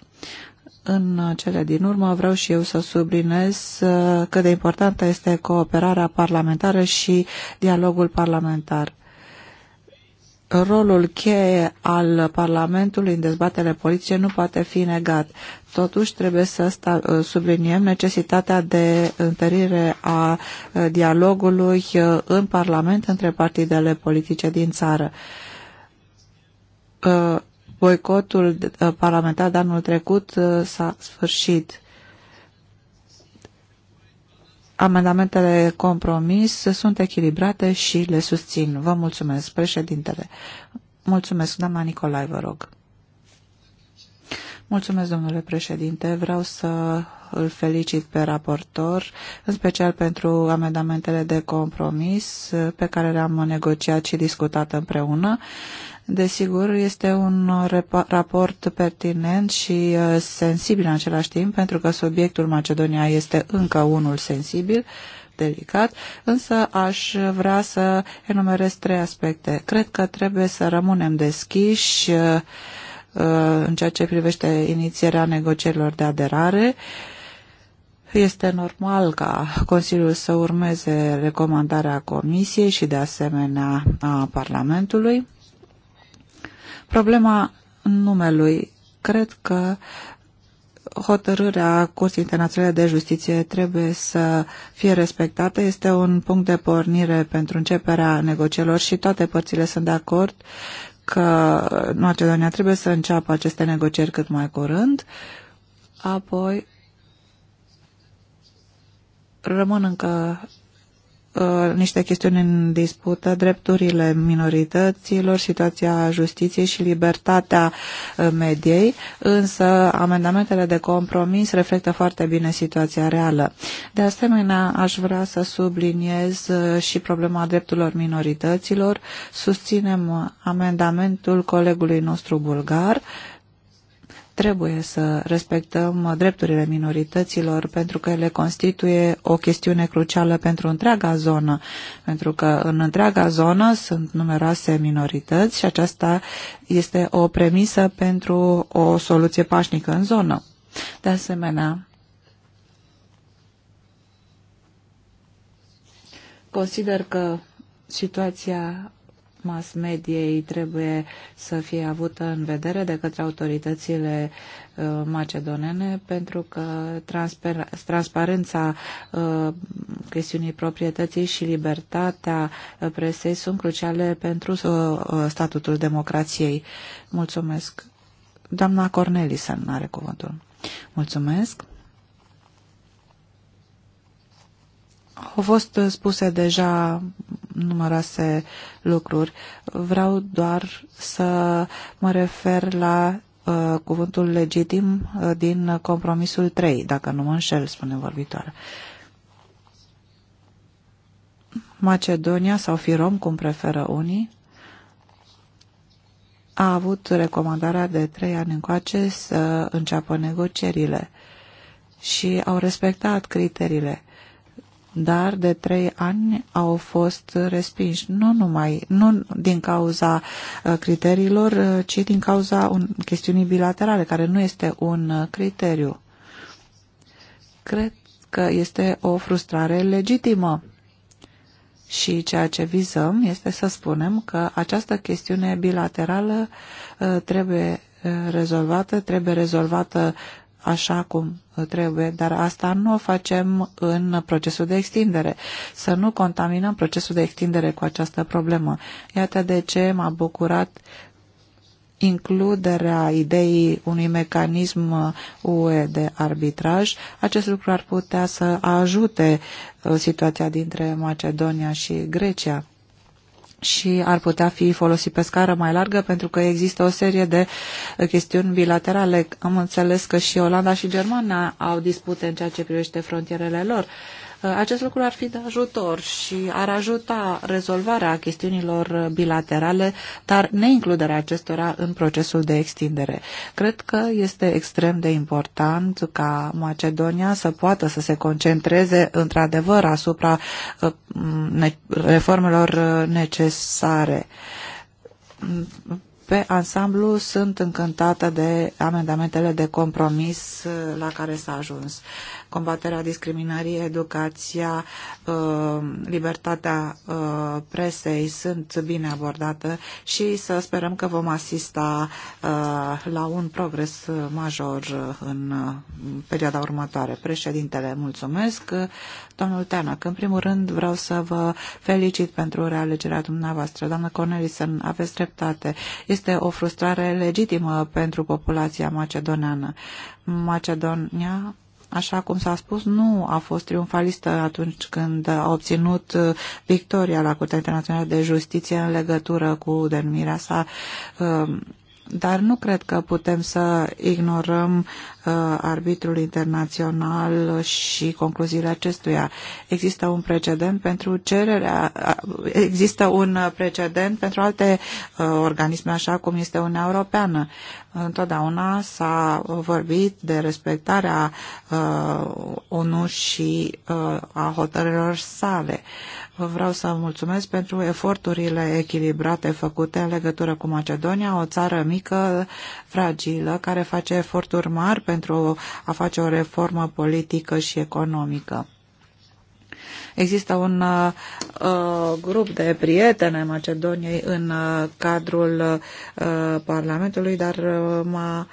În cele din urmă vreau și eu să subliniez uh, cât de importantă este cooperarea parlamentară și dialogul parlamentar rolul cheie al Parlamentului în dezbatele politice nu poate fi negat. Totuși trebuie să uh, subliniem necesitatea de întărire a uh, dialogului în Parlament între partidele politice din țară. Boicotul uh, parlamentar de anul trecut uh, s-a sfârșit. Amendamentele compromis sunt echilibrate și le susțin. Vă mulțumesc, președintele. Mulțumesc, doamna Nicolai, vă rog. Mulțumesc, domnule președinte. Vreau să îl felicit pe raportor, în special pentru amendamentele de compromis pe care le-am negociat și discutat împreună. Desigur, este un raport pertinent și uh, sensibil în același timp, pentru că subiectul Macedonia este încă unul sensibil, delicat, însă aș vrea să enumerez trei aspecte. Cred că trebuie să rămânem deschiși uh, uh, în ceea ce privește inițierea negocierilor de aderare. Este normal ca Consiliul să urmeze recomandarea Comisiei și de asemenea a Parlamentului Problema numelui. Cred că hotărârea Curții Internaționale de Justiție trebuie să fie respectată. Este un punct de pornire pentru începerea negocierilor și toate părțile sunt de acord că Macedonia trebuie să înceapă aceste negocieri cât mai curând. Apoi rămân încă Uh, niște chestiuni în dispută, drepturile minorităților, situația justiției și libertatea uh, mediei, însă amendamentele de compromis reflectă foarte bine situația reală. De asemenea, aș vrea să subliniez uh, și problema drepturilor minorităților. Susținem amendamentul colegului nostru bulgar, Trebuie să respectăm drepturile minorităților pentru că ele constituie o chestiune crucială pentru întreaga zonă, pentru că în întreaga zonă sunt numeroase minorități și aceasta este o premisă pentru o soluție pașnică în zonă. De asemenea, consider că situația mass mediei trebuie să fie avută în vedere de către autoritățile uh, macedonene pentru că transparența uh, chestiunii proprietății și libertatea uh, presei sunt cruciale pentru statutul democrației. Mulțumesc. Doamna Cornelisen are cuvântul. Mulțumesc. Au fost spuse deja numeroase lucruri. Vreau doar să mă refer la uh, cuvântul legitim uh, din compromisul 3, dacă nu mă înșel, spune vorbitoare. Macedonia sau Firom, cum preferă unii, a avut recomandarea de trei ani încoace să înceapă negocierile și au respectat criteriile dar de trei ani au fost respinși, nu numai nu din cauza uh, criteriilor, uh, ci din cauza un, chestiunii bilaterale, care nu este un uh, criteriu. Cred că este o frustrare legitimă. Și ceea ce vizăm este să spunem că această chestiune bilaterală trebuie rezolvată, trebuie rezolvată așa cum trebuie, dar asta nu o facem în procesul de extindere. Să nu contaminăm procesul de extindere cu această problemă. Iată de ce m-a bucurat includerea ideii unui mecanism UE de arbitraj. Acest lucru ar putea să ajute uh, situația dintre Macedonia și Grecia și ar putea fi folosit pe scară mai largă pentru că există o serie de chestiuni bilaterale. Am înțeles că și Olanda și Germania au dispute în ceea ce privește frontierele lor. Uh, Uh, acest lucru ar fi de ajutor și ar ajuta rezolvarea chestiunilor bilaterale, dar neincluderea acestora în procesul de extindere. Cred că este extrem de important ca Macedonia să poată să se concentreze într-adevăr asupra uh, reformelor uh, necesare pe ansamblu sunt încântată de amendamentele de compromis la care s-a ajuns combaterea discriminării, educația, uh, libertatea uh, presei sunt bine abordate și să sperăm că vom asista uh, la un progres major în perioada următoare. Președintele, mulțumesc. Domnul Teanac, în primul rând vreau să vă felicit pentru realegerea dumneavoastră. Doamnă Cornelison, aveți dreptate. Este o frustrare legitimă pentru populația macedoneană. Macedonia așa cum s-a spus, nu a fost triumfalistă atunci când a obținut uh, victoria la Curtea Internațională de Justiție în legătură cu denumirea sa um, dar nu cred că putem să ignorăm uh, arbitrul internațional și concluziile acestuia. Există un precedent pentru cererea, uh, există un precedent pentru alte uh, organisme, așa cum este Uniunea Europeană. Întotdeauna s-a vorbit de respectarea uh, ONU și uh, a hotărârilor sale. Uh, Vă vreau să mulțumesc pentru eforturile echilibrate făcute în legătură cu Macedonia, o țară mică, fragilă, care face eforturi mari pentru a face o reformă politică și economică. Există un uh, grup de prietene Macedoniei în uh, cadrul uh, Parlamentului, dar uh, m-a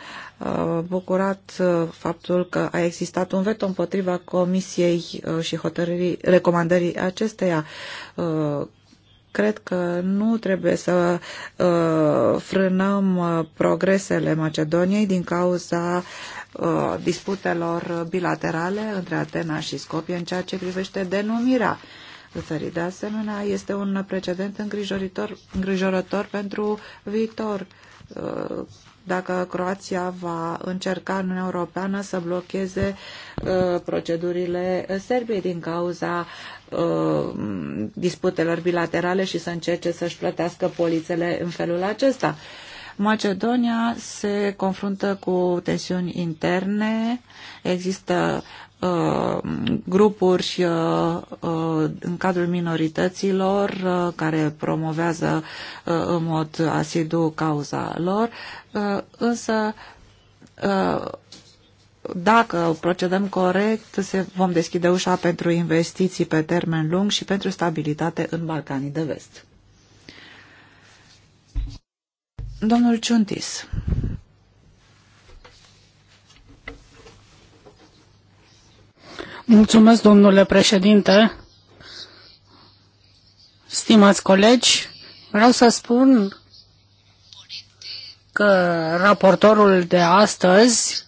bucurat uh, faptul că a existat un veto împotriva Comisiei uh, și hotărârii, recomandării acesteia. Uh, cred că nu trebuie să frânăm progresele Macedoniei din cauza disputelor bilaterale între Atena și Scopie în ceea ce privește denumirea țării. De asemenea, este un precedent îngrijorător pentru viitor dacă Croația va încerca în Uniunea Europeană să blocheze uh, procedurile Serbiei din cauza uh, disputelor bilaterale și să încerce să-și plătească polițele în felul acesta. Macedonia se confruntă cu tensiuni interne, există Uh, grupuri uh, uh, în cadrul minorităților care promovează în mod asidu cauza lor, însă dacă procedăm corect, se vom deschide ușa pentru investiții pe termen lung și pentru stabilitate în Balcanii de Vest. Domnul Ciuntis. Mulțumesc, domnule președinte. Stimați colegi, vreau să spun că raportorul de astăzi,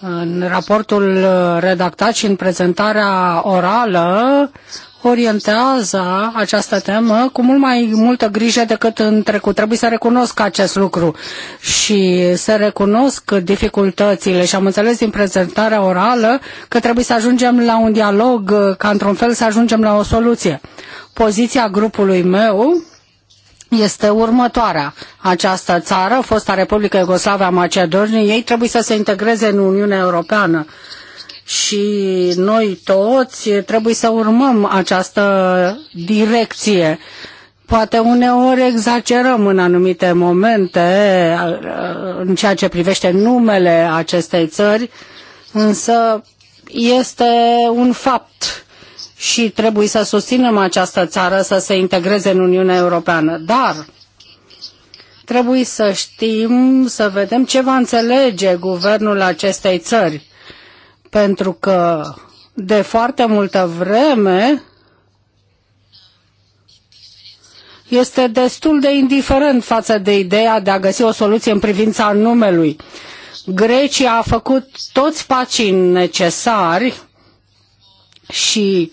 în raportul redactat și în prezentarea orală, orientează această temă cu mult mai multă grijă decât în trecut. Trebuie să recunosc acest lucru și să recunosc dificultățile și am înțeles din prezentarea orală că trebuie să ajungem la un dialog, ca într-un fel să ajungem la o soluție. Poziția grupului meu este următoarea. Această țară, fosta Republică Iugoslavia Macedoniei, ei trebuie să se integreze în Uniunea Europeană și noi toți trebuie să urmăm această direcție. Poate uneori exagerăm în anumite momente în ceea ce privește numele acestei țări, însă este un fapt și trebuie să susținem această țară să se integreze în Uniunea Europeană. Dar trebuie să știm, să vedem ce va înțelege guvernul acestei țări pentru că de foarte multă vreme este destul de indiferent față de ideea de a găsi o soluție în privința numelui. Grecia a făcut toți pacii necesari și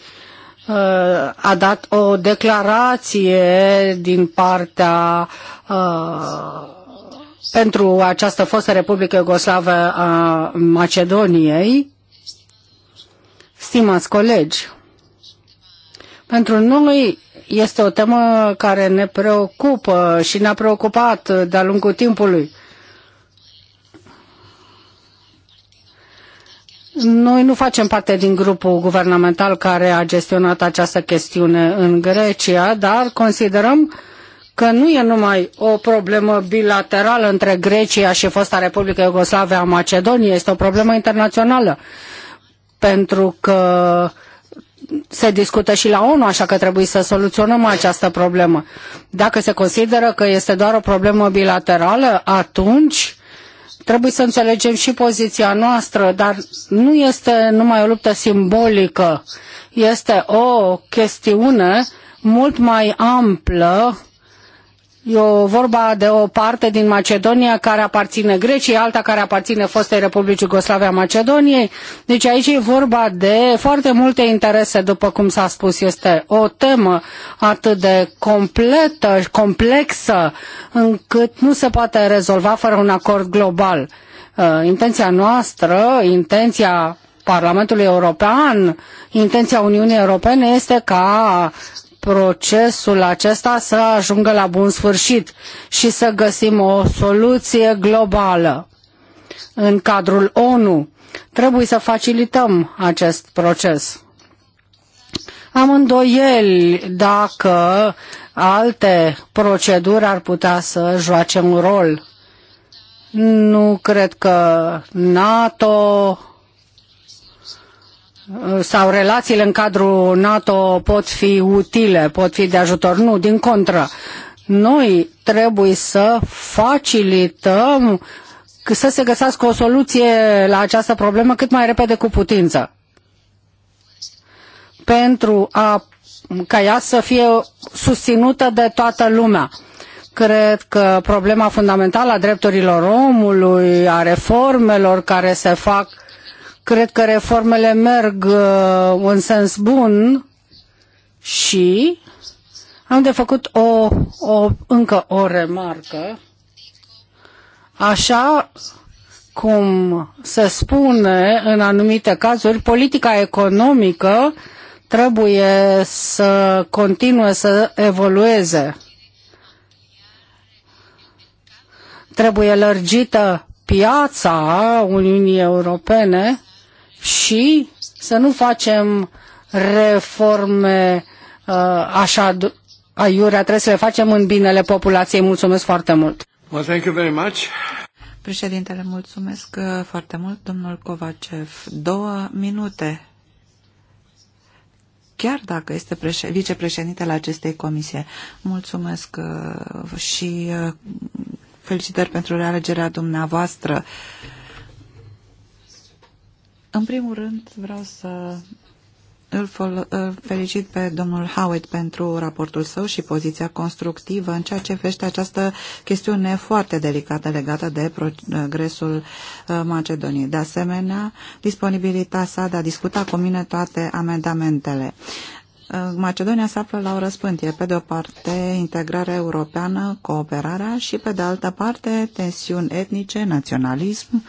uh, a dat o declarație din partea uh, pentru această fostă Republică Iugoslavă a Macedoniei stimați colegi, pentru noi este o temă care ne preocupă și ne-a preocupat de-a lungul timpului. Noi nu facem parte din grupul guvernamental care a gestionat această chestiune în Grecia, dar considerăm că nu e numai o problemă bilaterală între Grecia și fosta Republică Iugoslavia a Macedoniei, este o problemă internațională pentru că se discută și la ONU, așa că trebuie să soluționăm această problemă. Dacă se consideră că este doar o problemă bilaterală, atunci trebuie să înțelegem și poziția noastră, dar nu este numai o luptă simbolică, este o chestiune mult mai amplă E o vorba de o parte din Macedonia care aparține Greciei, alta care aparține fostei Republici Iugoslavia Macedoniei. Deci aici e vorba de foarte multe interese, după cum s-a spus. Este o temă atât de completă, complexă, încât nu se poate rezolva fără un acord global. Uh, intenția noastră, intenția Parlamentului European, intenția Uniunii Europene este ca procesul acesta să ajungă la bun sfârșit și să găsim o soluție globală în cadrul ONU. Trebuie să facilităm acest proces. Am îndoieli dacă alte proceduri ar putea să joace un rol. Nu cred că NATO sau relațiile în cadrul NATO pot fi utile, pot fi de ajutor. Nu, din contră. Noi trebuie să facilităm să se găsească o soluție la această problemă cât mai repede cu putință. Pentru a, ca ea să fie susținută de toată lumea cred că problema fundamentală a drepturilor omului, a reformelor care se fac Cred că reformele merg uh, în sens bun și am de făcut o, o, încă o remarcă. Așa cum se spune în anumite cazuri, politica economică trebuie să continue să evolueze. Trebuie lărgită piața Uniunii Europene și să nu facem reforme uh, așa aiurea, trebuie să le facem în binele populației. Mulțumesc foarte mult! Well, thank you very much. Președintele, mulțumesc uh, foarte mult, domnul Kovacev. Două minute. Chiar dacă este vicepreședintele acestei comisie, mulțumesc uh, și felicitări pentru realegerea dumneavoastră. În primul rând vreau să îl, felicit pe domnul Howitt pentru raportul său și poziția constructivă în ceea ce vește această chestiune foarte delicată legată de progresul uh, Macedoniei. De asemenea, disponibilitatea sa de a discuta cu mine toate amendamentele. Uh, Macedonia se află la o răspântie. Pe de o parte, integrarea europeană, cooperarea și, pe de altă parte, tensiuni etnice, naționalism,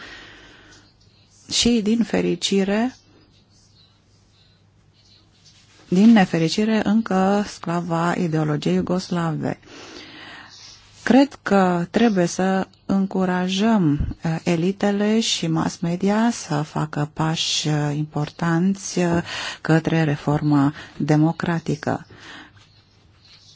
și, din fericire, din nefericire, încă sclava ideologiei iugoslave. Cred că trebuie să încurajăm uh, elitele și mass media să facă pași uh, importanți uh, către reforma democratică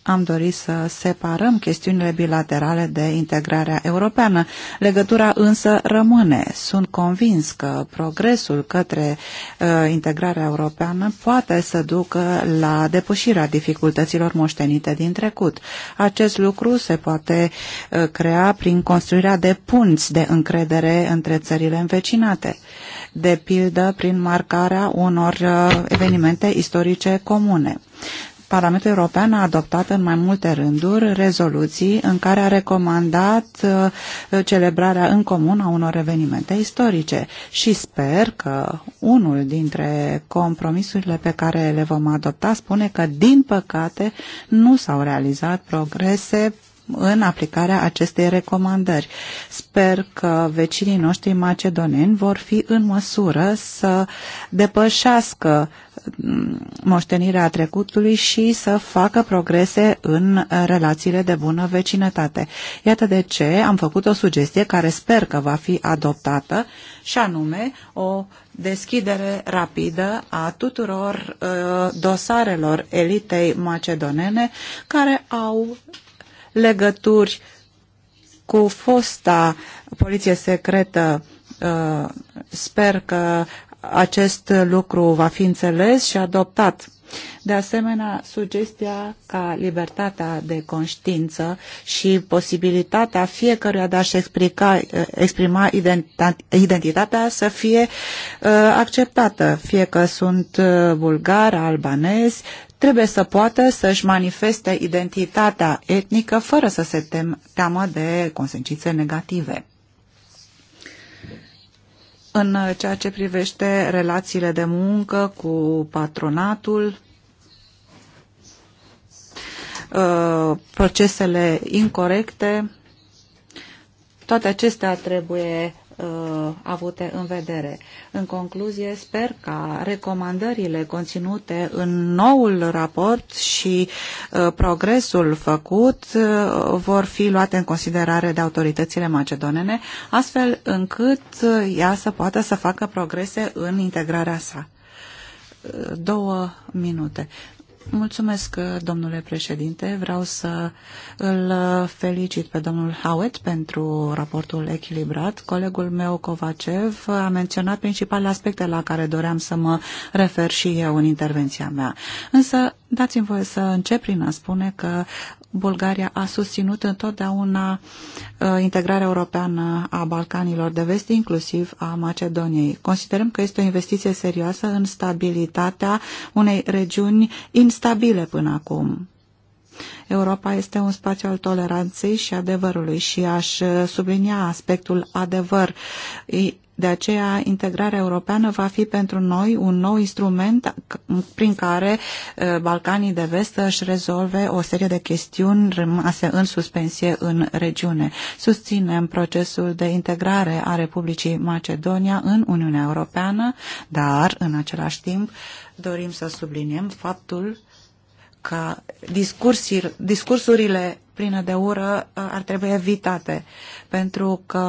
am dorit să separăm chestiunile bilaterale de integrarea europeană. Legătura însă rămâne. Sunt convins că progresul către uh, integrarea europeană poate să ducă la depășirea dificultăților moștenite din trecut. Acest lucru se poate uh, crea prin construirea de punți de încredere între țările învecinate, de pildă prin marcarea unor uh, evenimente istorice comune. Parlamentul European a adoptat în mai multe rânduri rezoluții în care a recomandat uh, celebrarea în comun a unor evenimente istorice și sper că unul dintre compromisurile pe care le vom adopta spune că, din păcate, nu s-au realizat progrese în aplicarea acestei recomandări. Sper că vecinii noștri macedoneni vor fi în măsură să depășească moștenirea trecutului și să facă progrese în uh, relațiile de bună vecinătate. Iată de ce am făcut o sugestie care sper că va fi adoptată și anume o deschidere rapidă a tuturor uh, dosarelor elitei macedonene care au legături cu fosta poliție secretă. Uh, sper că acest lucru va fi înțeles și adoptat. De asemenea, sugestia ca libertatea de conștiință și posibilitatea fiecăruia de a-și exprima identitatea să fie uh, acceptată, fie că sunt uh, bulgari, albanezi, trebuie să poată să-și manifeste identitatea etnică fără să se teamă de consecințe negative în ceea ce privește relațiile de muncă cu patronatul, uh, procesele incorrecte, toate acestea trebuie uh, avute în vedere. În concluzie, sper ca recomandările conținute în noul raport și uh, progresul făcut uh, vor fi luate în considerare de autoritățile macedonene, astfel încât uh, ea să poată să facă progrese în integrarea sa uh, două minute. Mulțumesc, domnule președinte. Vreau să îl felicit pe domnul Howet pentru raportul echilibrat. Colegul meu, Covacev, a menționat principalele aspecte la care doream să mă refer și eu în intervenția mea. Însă, dați-mi voie să încep prin a spune că Bulgaria a susținut întotdeauna uh, integrarea europeană a Balcanilor de Vest, inclusiv a Macedoniei. Considerăm că este o investiție serioasă în stabilitatea unei regiuni instabile până acum. Europa este un spațiu al toleranței și adevărului și aș uh, sublinia aspectul adevăr. De aceea, integrarea europeană va fi pentru noi un nou instrument prin care uh, Balcanii de Vest își rezolve o serie de chestiuni rămase în suspensie în regiune. Susținem procesul de integrare a Republicii Macedonia în Uniunea Europeană, dar, în același timp, dorim să subliniem faptul că discursurile pline de ură uh, ar trebui evitate, pentru că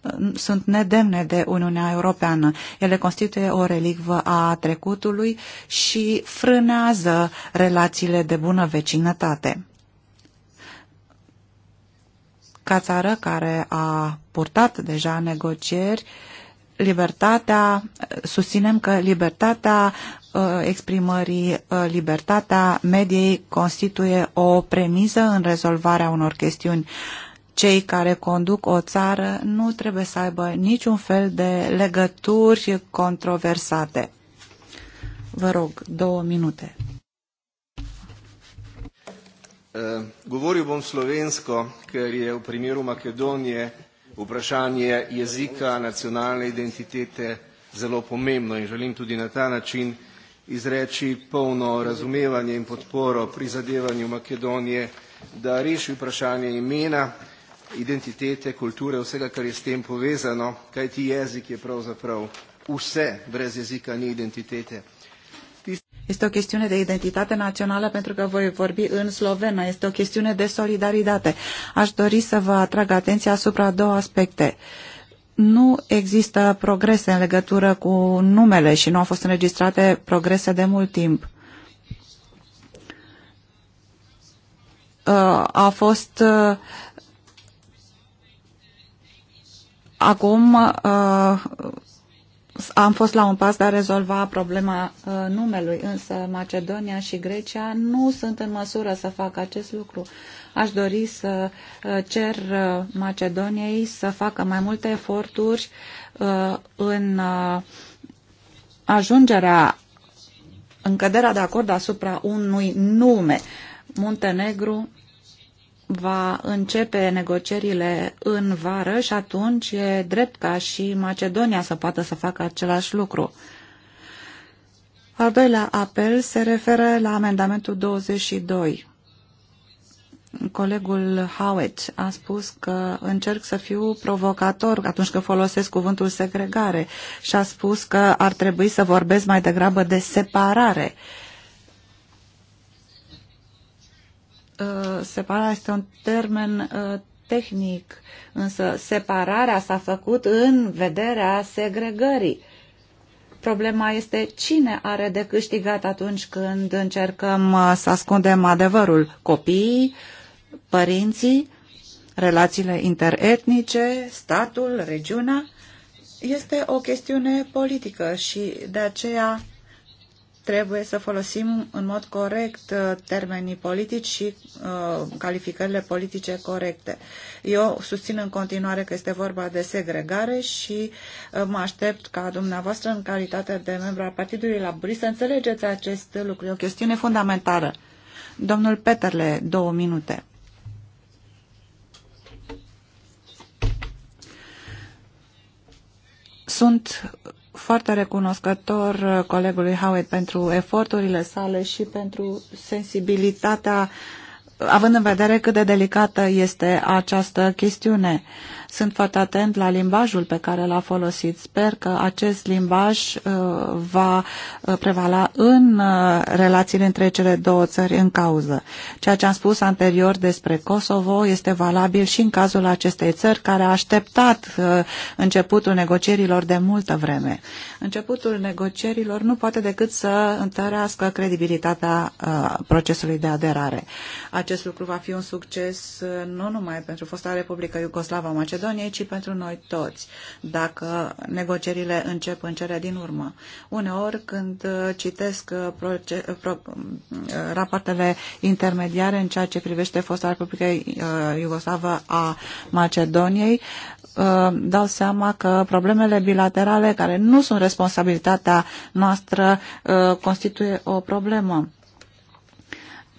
uh, sunt nedemne de Uniunea Europeană. Ele constituie o relicvă a trecutului și frânează relațiile de bună vecinătate. Ca țară care a purtat deja negocieri, libertatea, susținem că libertatea Uh, exprimării, uh, libertatea mediei constituie o premisă în rezolvarea unor chestiuni. Cei care conduc o țară nu trebuie să aibă niciun fel de legături controversate. Vă rog, două minute. Uh, bom slovensko, ker je v primeru Makedonije vprašanje jezika, nacionalne identitete zelo pomembno in želim tudi na ta način izreći polno razumevanje in podporo prizadevanju Makedonije, da reši vprašanje imena, identitete, kulture, vsega, kar je s tem povezano, kajti jezik je pravzaprav vse, brez jezika ni identitete. Este o chestiune de identitate națională pentru că voi vorbi în slovenă. Este o chestiune de solidaritate. Aș dori să vă atrag atenția asupra două aspecte. Uh, nu există progrese în legătură cu numele și nu au fost înregistrate progrese de mult timp. Uh, a fost uh, acum uh, am fost la un pas de a rezolva problema numelui, însă Macedonia și Grecia nu sunt în măsură să facă acest lucru. Aș dori să uh, cer uh, Macedoniei să facă mai multe eforturi uh, în ajungerea, în căderea de acord asupra unui nume. Muntenegru va începe negocierile în vară și atunci e drept ca și Macedonia să poată să facă același lucru. Al doilea apel se referă la amendamentul 22. Colegul Howitt a spus că încerc să fiu provocator atunci când folosesc cuvântul segregare și a spus că ar trebui să vorbesc mai degrabă de separare. Uh, separarea este un termen uh, tehnic, însă separarea s-a făcut în vederea segregării. Problema este cine are de câștigat atunci când încercăm uh, să ascundem adevărul, copiii, părinții, relațiile interetnice, statul, regiunea, este o chestiune politică și de aceea trebuie să folosim în mod corect uh, termenii politici și uh, calificările politice corecte. Eu susțin în continuare că este vorba de segregare și uh, mă aștept ca dumneavoastră, în calitate de membru al Partidului la Buri, să înțelegeți acest lucru. E o chestiune fundamentală. Domnul Peterle, două minute. Sunt foarte recunoscător colegului Howard pentru eforturile sale și pentru sensibilitatea, având în vedere cât de delicată este această chestiune. Uh, sunt foarte atent la limbajul pe care l-a folosit. Sper că acest limbaj uh, va uh, prevala în uh, relațiile între cele două țări în cauză. Ceea ce am spus anterior despre Kosovo este valabil și în cazul acestei țări care a așteptat începutul negocierilor de multă vreme. Începutul negocierilor nu poate decât să întărească credibilitatea procesului de aderare. Acest lucru va fi un succes nu numai pentru fosta Republică Iugoslavă, Macedonia, Macedoniei, ci pentru noi toți, dacă negocierile încep în cele din urmă. Uneori, când uh, citesc uh, uh, rapoartele intermediare în ceea ce privește fosta Republică Iugoslavă a Macedoniei, dau seama că problemele bilaterale, care nu sunt responsabilitatea noastră, constituie o problemă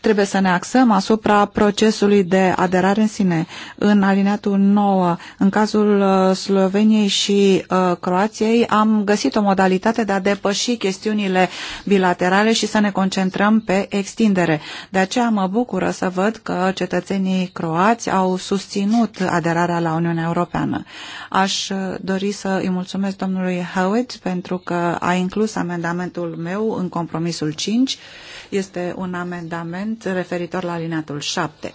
trebuie să ne axăm asupra procesului de aderare în sine. În alineatul 9, în cazul uh, Sloveniei și uh, Croației, am găsit o modalitate de a depăși chestiunile bilaterale și să ne concentrăm pe extindere. De aceea mă bucură să văd că cetățenii croați au susținut aderarea la Uniunea Europeană. Aș uh, dori să îi mulțumesc domnului Howitt pentru că a inclus amendamentul meu în compromisul 5 este un amendament referitor la alineatul 7.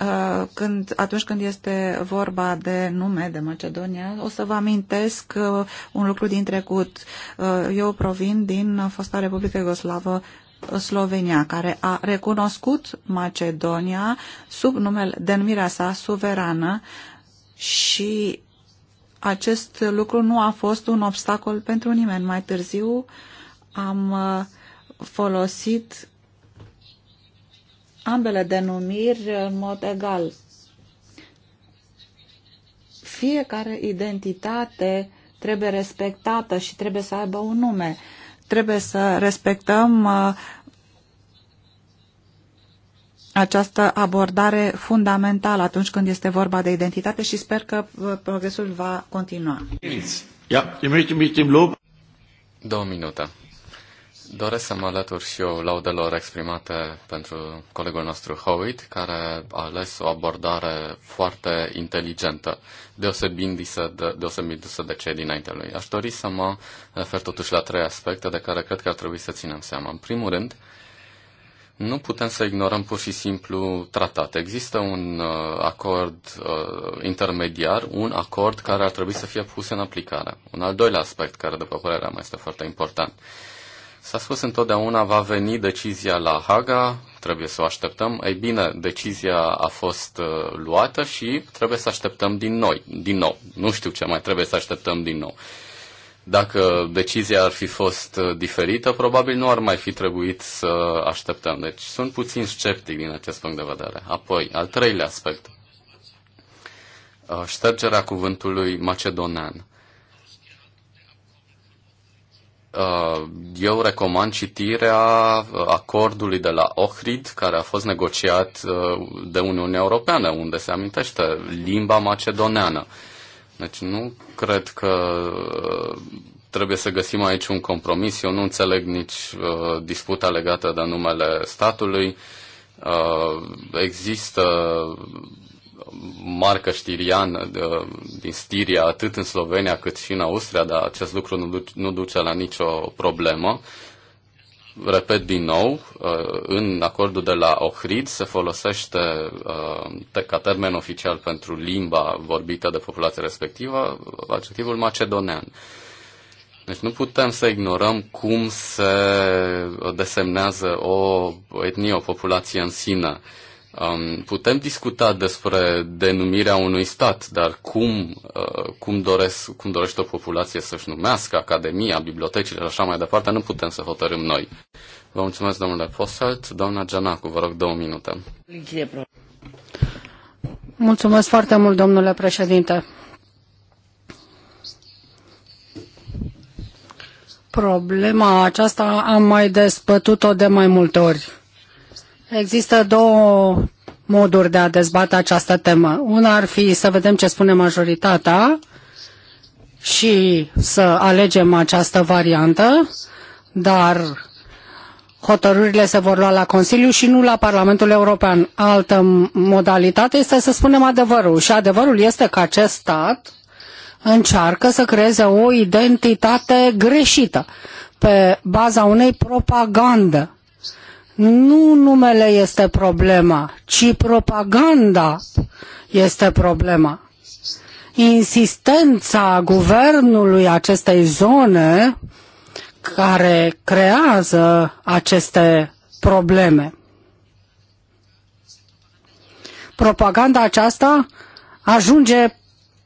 Uh, când, atunci când este vorba de nume de Macedonia, o să vă amintesc uh, un lucru din trecut. Uh, eu provin din fosta Republică Iugoslavă Slovenia, care a recunoscut Macedonia sub numele, denumirea sa suverană și acest lucru nu a fost un obstacol pentru nimeni. Mai târziu uh, am uh, folosit ambele denumiri în mod egal. Fiecare identitate trebuie respectată și trebuie să aibă un nume. Trebuie să respectăm uh, această abordare fundamentală atunci când este vorba de identitate și sper că uh, progresul va continua. Două minute. Doresc să mă alătur și eu laudelor exprimate pentru colegul nostru Howitt, care a ales o abordare foarte inteligentă, deosebindu-se de, deosebindu de cei dinainte lui. Aș dori să mă refer totuși la trei aspecte de care cred că ar trebui să ținem seama. În primul rând, nu putem să ignorăm pur și simplu tratat. Există un uh, acord uh, intermediar, un acord care ar trebui să fie pus în aplicare. Un al doilea aspect, care, după părerea mea, este foarte important. Uh, S-a spus întotdeauna va veni decizia la Haga, trebuie să o așteptăm. Ei bine, decizia a fost uh, luată și trebuie să așteptăm din noi, din nou. Nu știu ce mai trebuie să așteptăm din nou. Dacă decizia ar fi fost uh, diferită, probabil nu ar mai fi trebuit să așteptăm. Deci sunt puțin sceptic din acest punct de vedere. Apoi, al treilea aspect. Uh, ștergerea cuvântului macedonean. Uh, eu recomand citirea uh, acordului de la Ohrid, care a fost negociat uh, de Uniunea Europeană, unde se amintește limba macedoneană. Deci nu cred că trebuie să găsim aici un compromis. Eu nu înțeleg nici disputa legată de numele statului. Există marcă știrian uh, din Stiria, atât în Slovenia cât și în Austria, dar acest lucru nu, nu duce la nicio problemă. Repet din nou, uh, în acordul de la Ohrid se folosește uh, ca termen oficial pentru limba vorbită de populația respectivă adjectivul macedonean. Deci nu putem să ignorăm cum se desemnează o etnie, o populație în sine. Uh, Putem discuta despre denumirea unui stat, dar cum, uh, cum, doresc, cum dorește o populație să-și numească Academia, bibliotecile și așa mai departe, nu putem să hotărâm noi. Vă mulțumesc, domnule Posselt. Doamna Gianacu, vă rog două minute. Mulțumesc foarte mult, domnule președinte. Problema aceasta am mai despătut-o de mai multe ori Există două moduri de a dezbate această temă. Una ar fi să vedem ce spune majoritatea și să alegem această variantă, dar hotărârile se vor lua la Consiliu și nu la Parlamentul European. Altă modalitate este să spunem adevărul și adevărul este că acest stat încearcă să creeze o identitate greșită pe baza unei propagandă nu numele este problema, ci propaganda este problema. Insistența guvernului acestei zone care creează aceste probleme. Propaganda aceasta ajunge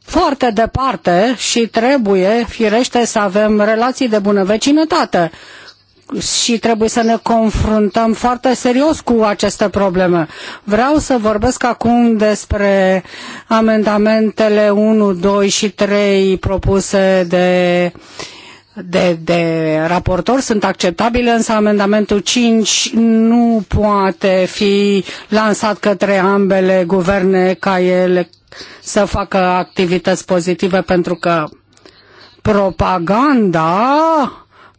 foarte departe și trebuie, firește, să avem relații de bună vecinătate și trebuie să ne confruntăm foarte serios cu aceste probleme. Vreau să vorbesc acum despre amendamentele 1, 2 și 3 propuse de de, de raportor sunt acceptabile, însă amendamentul 5 nu poate fi lansat către ambele guverne ca ele să facă activități pozitive pentru că propaganda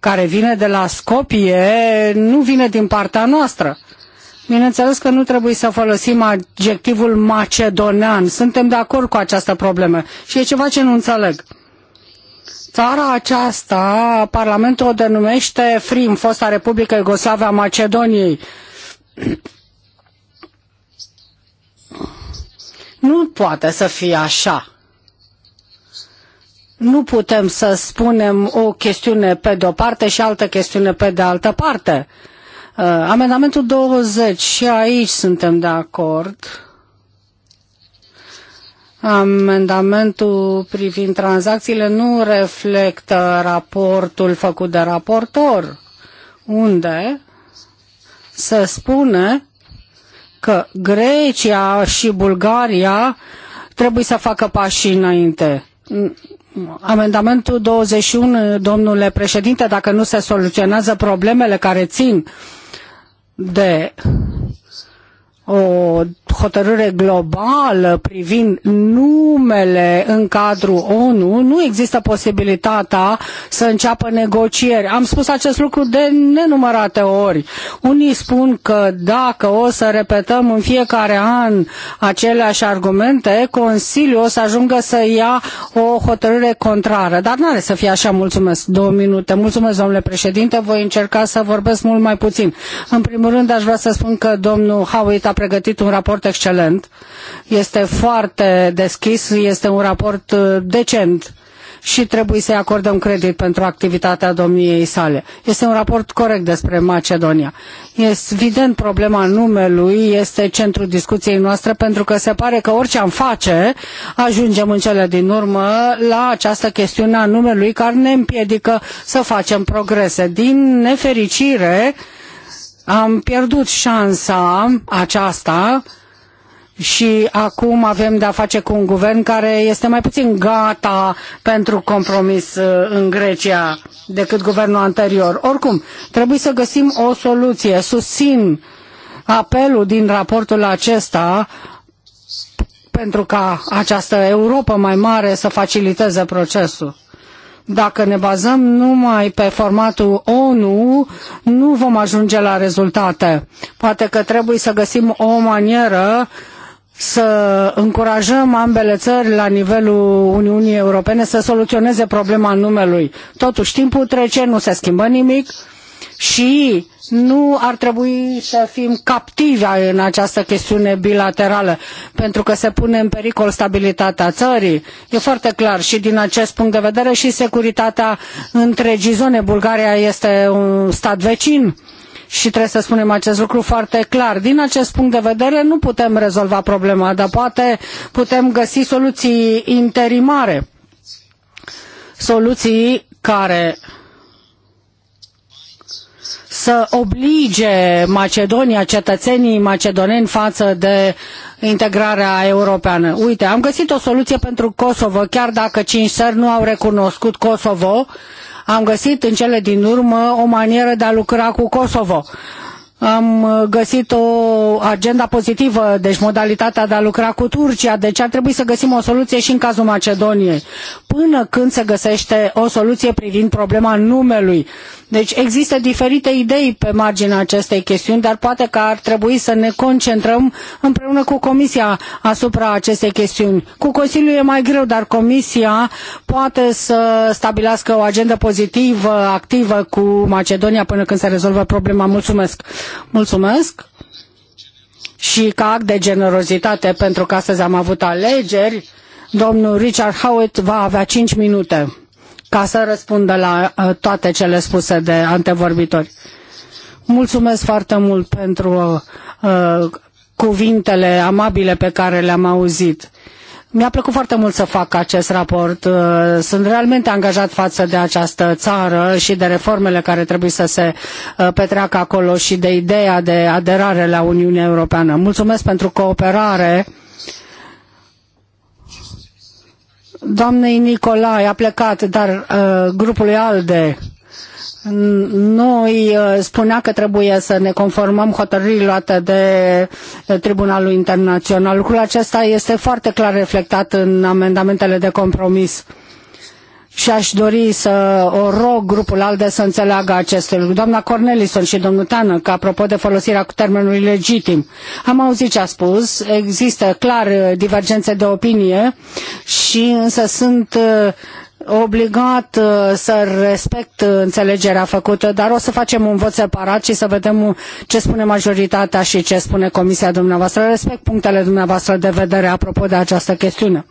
care vine de la Scopie nu vine din partea noastră. Bineînțeles că nu trebuie să folosim adjectivul macedonean. Suntem de acord cu această problemă și e ceva ce nu înțeleg. Țara aceasta, Parlamentul o denumește Frim, fosta Republică Iugoslavia Macedoniei. Nu poate să fie așa. Nu putem să spunem o chestiune pe de-o parte și altă chestiune pe de altă parte. Uh, amendamentul 20 și aici suntem de acord. Amendamentul privind tranzacțiile nu reflectă raportul făcut de raportor, unde se spune că Grecia și Bulgaria trebuie să facă pași înainte. Amendamentul 21, domnule președinte, dacă nu se soluționează problemele care țin de o hotărâre globală privind numele în cadrul ONU, nu există posibilitatea să înceapă negocieri. Am spus acest lucru de nenumărate ori. Unii spun că dacă o să repetăm în fiecare an aceleași argumente, Consiliul o să ajungă să ia o hotărâre contrară. Dar nu are să fie așa. Mulțumesc. Două minute. Mulțumesc, domnule președinte. Voi încerca să vorbesc mult mai puțin. În primul rând, aș vrea să spun că domnul Howitt a pregătit un raport excelent, este foarte deschis, este un raport uh, decent și trebuie să-i acordăm credit pentru activitatea domniei sale. Este un raport corect despre Macedonia. Este evident problema numelui este centrul discuției noastre pentru că se pare că orice am face ajungem în cele din urmă la această chestiune a numelui care ne împiedică să facem progrese. Din nefericire, am pierdut șansa aceasta și acum avem de-a face cu un guvern care este mai puțin gata pentru compromis uh, în Grecia decât guvernul anterior. Oricum, trebuie să găsim o soluție. Susțin apelul din raportul acesta pentru ca această Europa mai mare să faciliteze procesul. Dacă ne bazăm numai pe formatul ONU, nu vom ajunge la rezultate. Poate că trebuie să găsim o manieră să încurajăm ambele țări la nivelul Uniunii Europene să soluționeze problema numelui. Totuși, timpul trece, nu se schimbă nimic și nu ar trebui să fim captivi în această chestiune bilaterală, pentru că se pune în pericol stabilitatea țării. E foarte clar și din acest punct de vedere și securitatea întregii zone. Bulgaria este un stat vecin și trebuie să spunem acest lucru foarte clar. Din acest punct de vedere nu putem rezolva problema, dar poate putem găsi soluții interimare. Soluții care să oblige Macedonia, cetățenii macedoneni față de integrarea europeană. Uite, am găsit o soluție pentru Kosovo, chiar dacă cinci țări nu au recunoscut Kosovo, am găsit în cele din urmă o manieră de a lucra cu Kosovo. Am găsit o agenda pozitivă, deci modalitatea de a lucra cu Turcia, deci ar trebui să găsim o soluție și în cazul Macedoniei, până când se găsește o soluție privind problema numelui deci există diferite idei pe marginea acestei chestiuni, dar poate că ar trebui să ne concentrăm împreună cu Comisia asupra acestei chestiuni. Cu Consiliul e mai greu, dar Comisia poate să stabilească o agendă pozitivă, activă cu Macedonia până când se rezolvă problema. Mulțumesc! Mulțumesc! Și ca act de generozitate, pentru că astăzi am avut alegeri, domnul Richard Howitt va avea 5 minute ca să răspundă la uh, toate cele spuse de antevorbitori. Mulțumesc foarte mult pentru uh, cuvintele amabile pe care le-am auzit. Mi-a plăcut foarte mult să fac acest raport. Uh, sunt realmente angajat față de această țară și de reformele care trebuie să se uh, petreacă acolo și de ideea de aderare la Uniunea Europeană. Mulțumesc pentru cooperare doamnei Nicolae a plecat, dar uh, grupului ALDE noi uh, spunea că trebuie să ne conformăm hotărârii luate de Tribunalul Internațional. Lucrul acesta este foarte clar reflectat în amendamentele de compromis. Uh, și aș dori să o rog grupul ALDE să înțeleagă acest lucru. Doamna Cornelison și domnul Tană, că apropo de folosirea cu termenului legitim, am auzit ce a spus, există clar uh, divergențe de opinie și însă sunt uh, obligat uh, să respect înțelegerea făcută, dar o să facem un vot separat și să vedem ce spune majoritatea și ce spune comisia dumneavoastră. Respect punctele dumneavoastră de vedere apropo de această chestiune.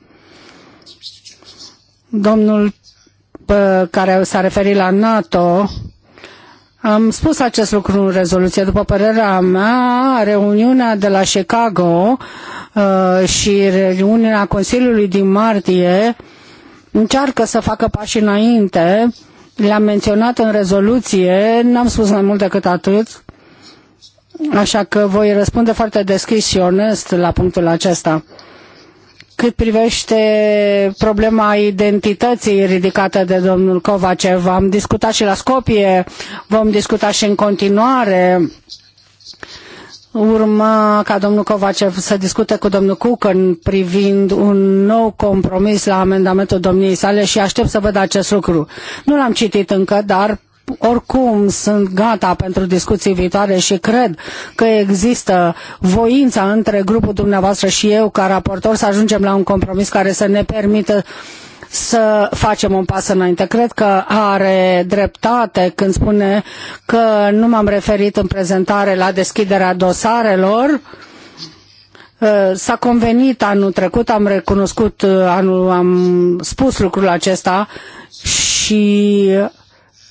Domnul care s-a referit la NATO, am spus acest lucru în rezoluție. După părerea mea, reuniunea de la Chicago uh, și reuniunea Consiliului din martie încearcă să facă pași înainte. Le-am menționat în rezoluție, n-am spus mai mult decât atât, așa că voi răspunde foarte deschis și onest la punctul acesta. Cât privește problema identității ridicată de domnul Kovacev, am discutat și la Scopie, vom discuta și în continuare urma ca domnul Kovacev să discute cu domnul în privind un nou compromis la amendamentul domniei sale și aștept să văd acest lucru. Nu l-am citit încă, dar oricum, sunt gata pentru discuții viitoare și cred că există voința între grupul dumneavoastră și eu, ca raportor, să ajungem la un compromis care să ne permită să facem un pas înainte. Cred că are dreptate când spune că nu m-am referit în prezentare la deschiderea dosarelor. Uh, s-a convenit anul trecut, am recunoscut, uh, anul, am spus lucrul acesta și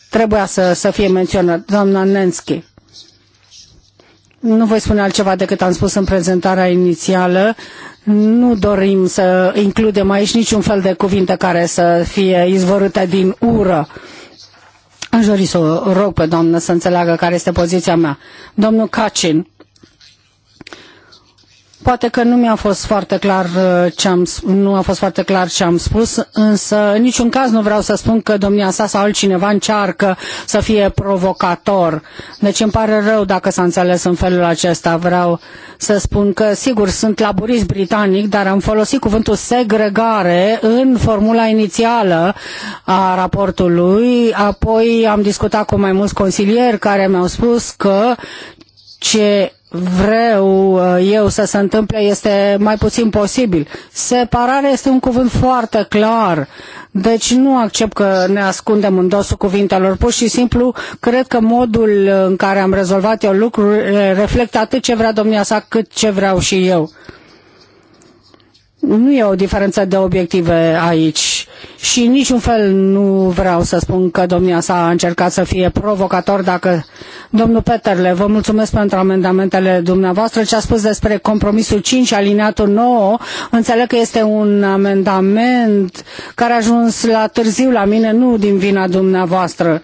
trebuia să, să fie menționat. Doamna Nenski. Nu voi spune altceva decât am spus în prezentarea inițială. Nu dorim să includem aici niciun fel de cuvinte care să fie izvorâte din ură. Aș dori să o rog pe doamnă să înțeleagă care este poziția mea. Domnul Cacin. Poate că nu mi-a fost foarte clar uh, ce am, nu a fost foarte clar ce am spus, însă în niciun caz nu vreau să spun că domnia sa sau altcineva încearcă să fie provocator. Deci îmi pare rău dacă s-a înțeles în felul acesta. Vreau să spun că, sigur, sunt laburist britanic, dar am folosit cuvântul segregare în formula inițială a raportului. Apoi am discutat cu mai mulți consilieri care mi-au spus că ce vreau uh, eu să se întâmple este mai puțin posibil. Separare este un cuvânt foarte clar, deci nu accept că ne ascundem în dosul cuvintelor. Pur și simplu, cred că modul în care am rezolvat eu lucrurile reflectă atât ce vrea domnia sa, cât ce vreau și eu nu e o diferență de obiective aici și niciun fel nu vreau să spun că domnia sa a încercat să fie provocator dacă... Domnul Peterle, vă mulțumesc pentru amendamentele dumneavoastră. Ce a spus despre compromisul 5, alineatul 9, înțeleg că este un amendament care a ajuns la târziu la mine, nu din vina dumneavoastră.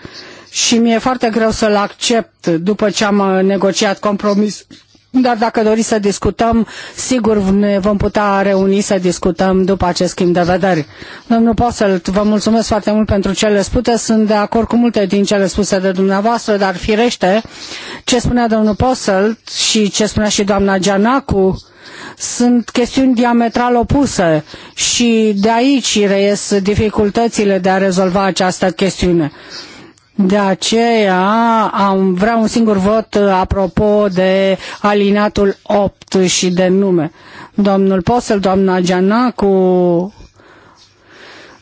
Și mi-e foarte greu să-l accept după ce am negociat compromisul dar dacă doriți să discutăm, sigur ne vom putea reuni să discutăm după acest schimb de vedere. Domnul Posselt, vă mulțumesc foarte mult pentru cele spuse. Sunt de acord cu multe din cele spuse de dumneavoastră, dar firește, ce spunea domnul Posselt și ce spunea și doamna Gianacu, sunt chestiuni diametral opuse și de aici reies dificultățile de a rezolva această chestiune. De aceea am vrea un singur vot uh, apropo de alinatul 8 și de nume. Domnul Posel, doamna Gianacu,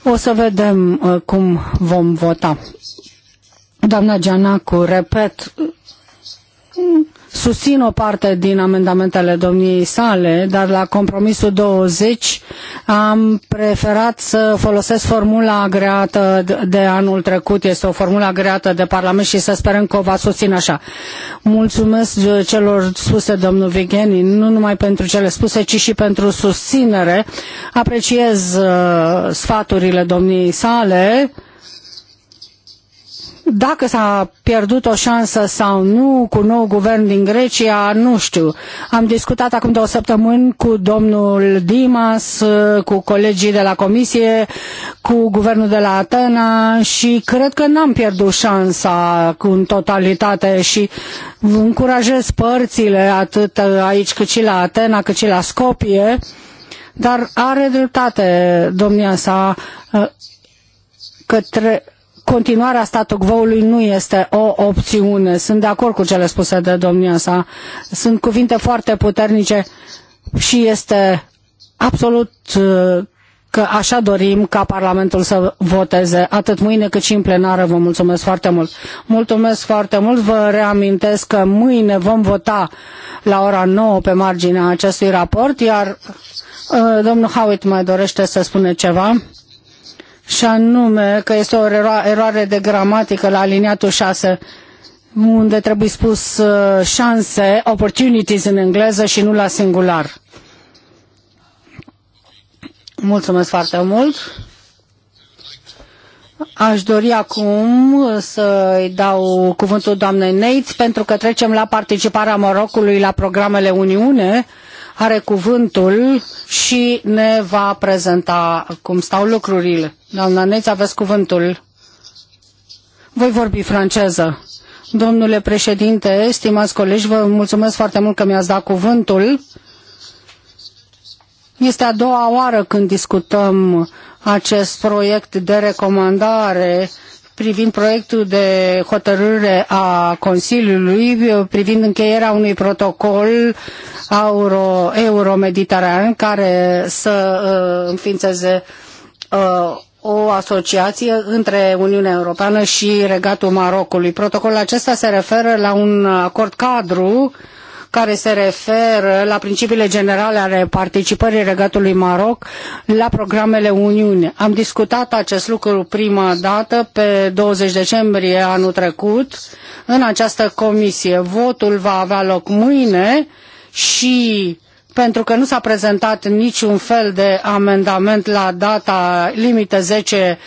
o să vedem uh, cum vom vota. Doamna Gianacu, repet, Susțin o parte din amendamentele domniei sale, dar la compromisul 20 am preferat să folosesc formula agreată de anul trecut. Este o formulă agreată de Parlament și să sperăm că o va susține așa. Mulțumesc celor spuse, domnul Vigeni, nu numai pentru cele spuse, ci și pentru susținere. Apreciez uh, sfaturile domniei sale dacă s-a pierdut o șansă sau nu cu nou guvern din Grecia, nu știu. Am discutat acum două săptămâni cu domnul Dimas, cu colegii de la Comisie, cu guvernul de la Atena și cred că n-am pierdut șansa în totalitate și încurajez părțile atât aici cât și la Atena, cât și la Scopie, dar are dreptate domnia sa către continuarea statul quo-ului nu este o opțiune. Sunt de acord cu cele spuse de domnia sa. Sunt cuvinte foarte puternice și este absolut uh, că așa dorim ca Parlamentul să voteze atât mâine cât și în plenară. Vă mulțumesc foarte mult. Mulțumesc foarte mult. Vă reamintesc că mâine vom vota la ora 9 pe marginea acestui raport, iar uh, domnul Howitt mai dorește să spune ceva și anume că este o eroare de gramatică la aliniatul 6 unde trebuie spus uh, șanse, opportunities în engleză și nu la singular. Mulțumesc foarte mult. Aș dori acum să-i dau cuvântul doamnei Neitz pentru că trecem la participarea Marocului la programele Uniune are cuvântul și ne va prezenta cum stau lucrurile. Doamna Neț, aveți cuvântul. Voi vorbi franceză. Domnule președinte, stimați colegi, vă mulțumesc foarte mult că mi-ați dat cuvântul. Este a doua oară când discutăm acest proiect de recomandare privind proiectul de hotărâre a Consiliului privind încheierea unui protocol euro, euro care să uh, înființeze uh, o asociație între Uniunea Europeană și Regatul Marocului. Protocolul acesta se referă la un acord cadru uh, care se referă la principiile generale ale participării regatului Maroc la programele Uniune. Am discutat acest lucru prima dată pe 20 decembrie anul trecut în această comisie. Votul va avea loc mâine și pentru că nu s-a prezentat niciun fel de amendament la data limită 10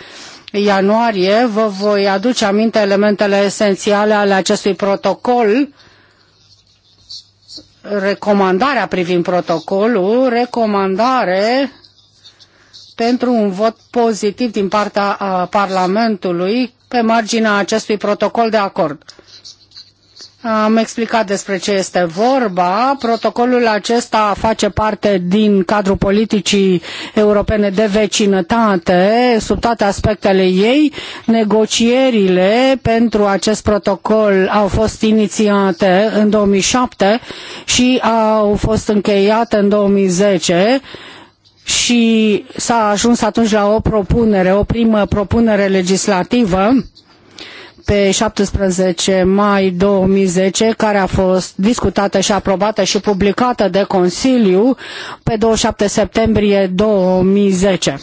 ianuarie, vă voi aduce aminte elementele esențiale ale acestui protocol recomandarea privind protocolul, recomandare pentru un vot pozitiv din partea Parlamentului pe marginea acestui protocol de acord. Am explicat despre ce este vorba. Protocolul acesta face parte din cadrul politicii europene de vecinătate, sub toate aspectele ei. Negocierile pentru acest protocol au fost inițiate în 2007 și au fost încheiate în 2010 și s-a ajuns atunci la o propunere, o primă propunere legislativă pe 17 mai 2010, care a fost discutată și aprobată și publicată de Consiliu pe 27 septembrie 2010.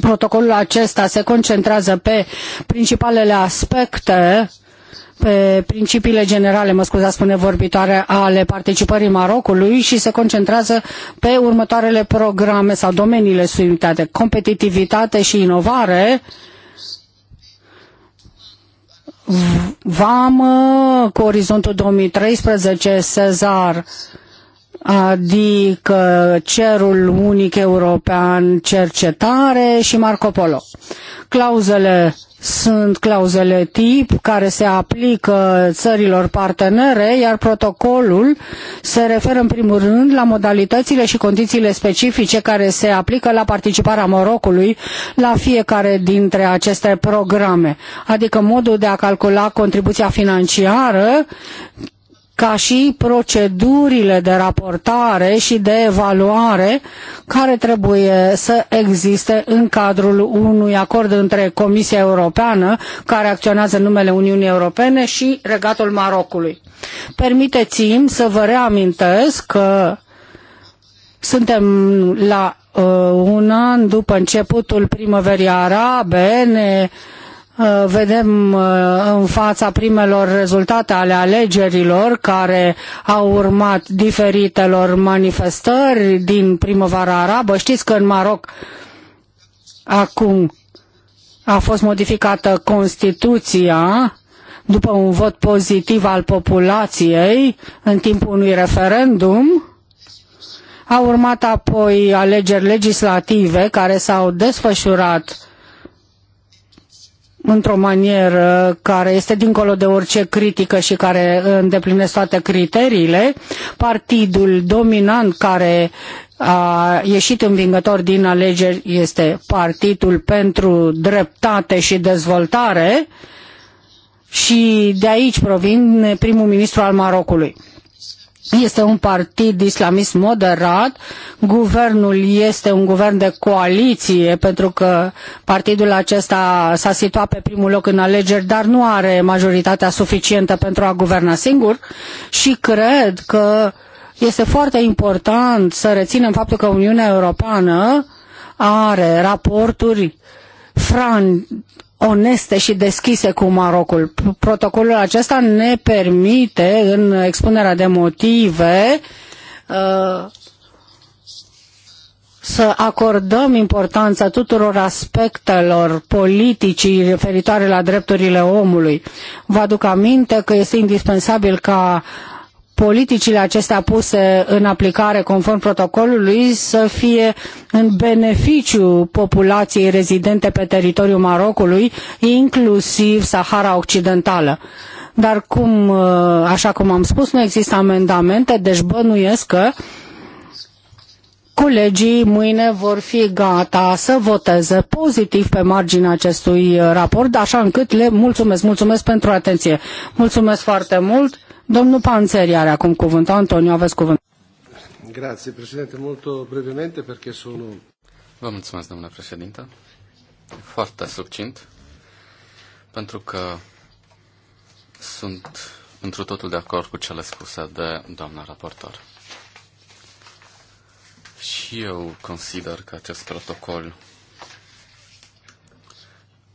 Protocolul acesta se concentrează pe principalele aspecte pe principiile generale, mă scuza spune vorbitoare, ale participării Marocului și se concentrează pe următoarele programe sau domeniile suitate, competitivitate și inovare, uh, vamă cu orizontul 2013, Sezar, adică cerul unic european, cercetare și Marco Polo. Clauzele sunt clauzele tip care se aplică țărilor partenere, iar protocolul se referă în primul rând la modalitățile și condițiile specifice care se aplică la participarea Morocului la fiecare dintre aceste programe, adică modul de a calcula contribuția financiară ca și procedurile de raportare și de evaluare care trebuie să existe în cadrul unui acord între Comisia Europeană, care acționează în numele Uniunii Europene, și Regatul Marocului. Permiteți-mi să vă reamintesc că suntem la uh, un an după începutul primăverii arabe, ne uh, Uh, vedem uh, în fața primelor rezultate ale alegerilor care au urmat diferitelor manifestări din primăvara arabă. Știți că în Maroc acum a fost modificată Constituția după un vot pozitiv al populației în timpul unui referendum. Au urmat apoi alegeri legislative care s-au desfășurat într-o manieră care este dincolo de orice critică și care îndeplinesc toate criteriile. Partidul dominant care a ieșit învingător din alegeri este Partidul pentru Dreptate și Dezvoltare și de aici provin primul ministru al Marocului este un partid islamist moderat, guvernul este un guvern de coaliție, pentru că partidul acesta s-a situat pe primul loc în alegeri, dar nu are majoritatea suficientă pentru a guverna singur și cred că este foarte important să reținem faptul că Uniunea Europeană are raporturi fran- oneste și deschise cu Marocul. Protocolul acesta ne permite, în expunerea de motive, uh, să acordăm importanța tuturor aspectelor politicii referitoare la drepturile omului. Vă aduc aminte că este indispensabil ca uh, politicile acestea puse în aplicare conform protocolului să fie în beneficiu populației rezidente pe teritoriul Marocului, inclusiv Sahara Occidentală. Dar cum, uh, așa cum am spus, nu există amendamente, deci bănuiesc că colegii mâine vor fi gata să voteze pozitiv pe marginea acestui raport, așa încât le mulțumesc, mulțumesc pentru atenție. Mulțumesc foarte mult! Domnul Panțeri are acum cuvântul. Antonio, aveți cuvânt. Grazie, președinte. Mult brevemente, perché sono... Vă mulțumesc, domnule președinte. Foarte succint, pentru că sunt într totul de acord cu cele spuse de doamna raportor. Și eu consider că acest protocol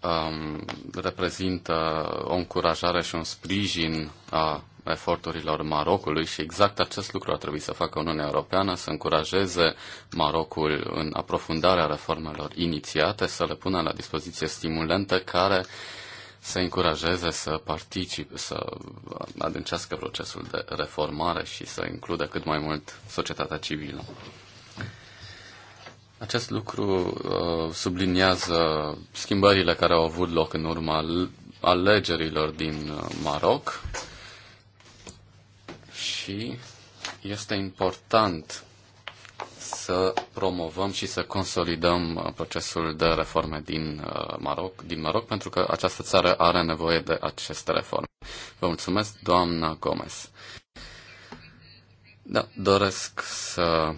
um, reprezintă o încurajare și un sprijin a eforturilor Marocului și exact acest lucru a trebuit să facă Uniunea Europeană, să încurajeze Marocul în aprofundarea reformelor inițiate, să le pună la dispoziție stimulente care să încurajeze să participe, să adâncească procesul de reformare și să includă cât mai mult societatea civilă. Acest lucru uh, subliniază schimbările care au avut loc în urma alegerilor din uh, Maroc și este important să promovăm și să consolidăm uh, procesul de reforme din uh, Maroc, din Maroc, pentru că această țară are nevoie de aceste reforme. Vă mulțumesc, doamna Gomez. Da, doresc să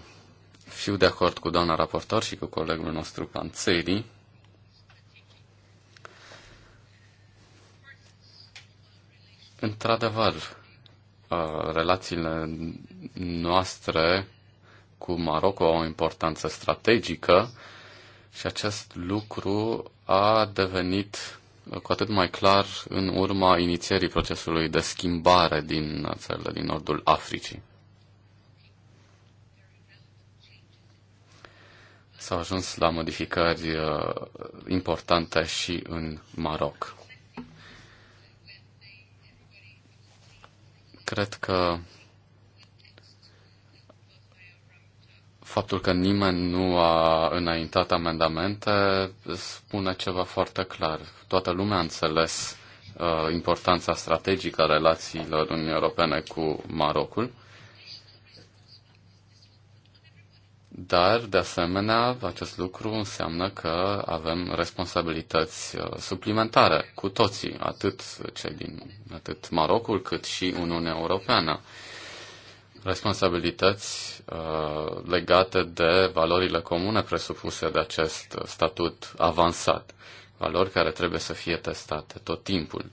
fiu de acord cu doamna raportor și cu colegul nostru Panțeri. Într-adevăr, relațiile noastre cu Maroco au o importanță strategică și acest lucru a devenit cu atât mai clar în urma inițierii procesului de schimbare din țările din nordul Africii. S-au ajuns la modificări importante și în Maroc. Cred că faptul că nimeni nu a înaintat amendamente spune ceva foarte clar. Toată lumea a înțeles uh, importanța strategică a relațiilor Uniunii Europene cu Marocul Dar, de asemenea, acest lucru înseamnă că avem responsabilități uh, suplimentare cu toții, atât cei din atât Marocul cât și Uniunea Europeană. Responsabilități uh, legate de valorile comune presupuse de acest statut avansat, valori care trebuie să fie testate tot timpul.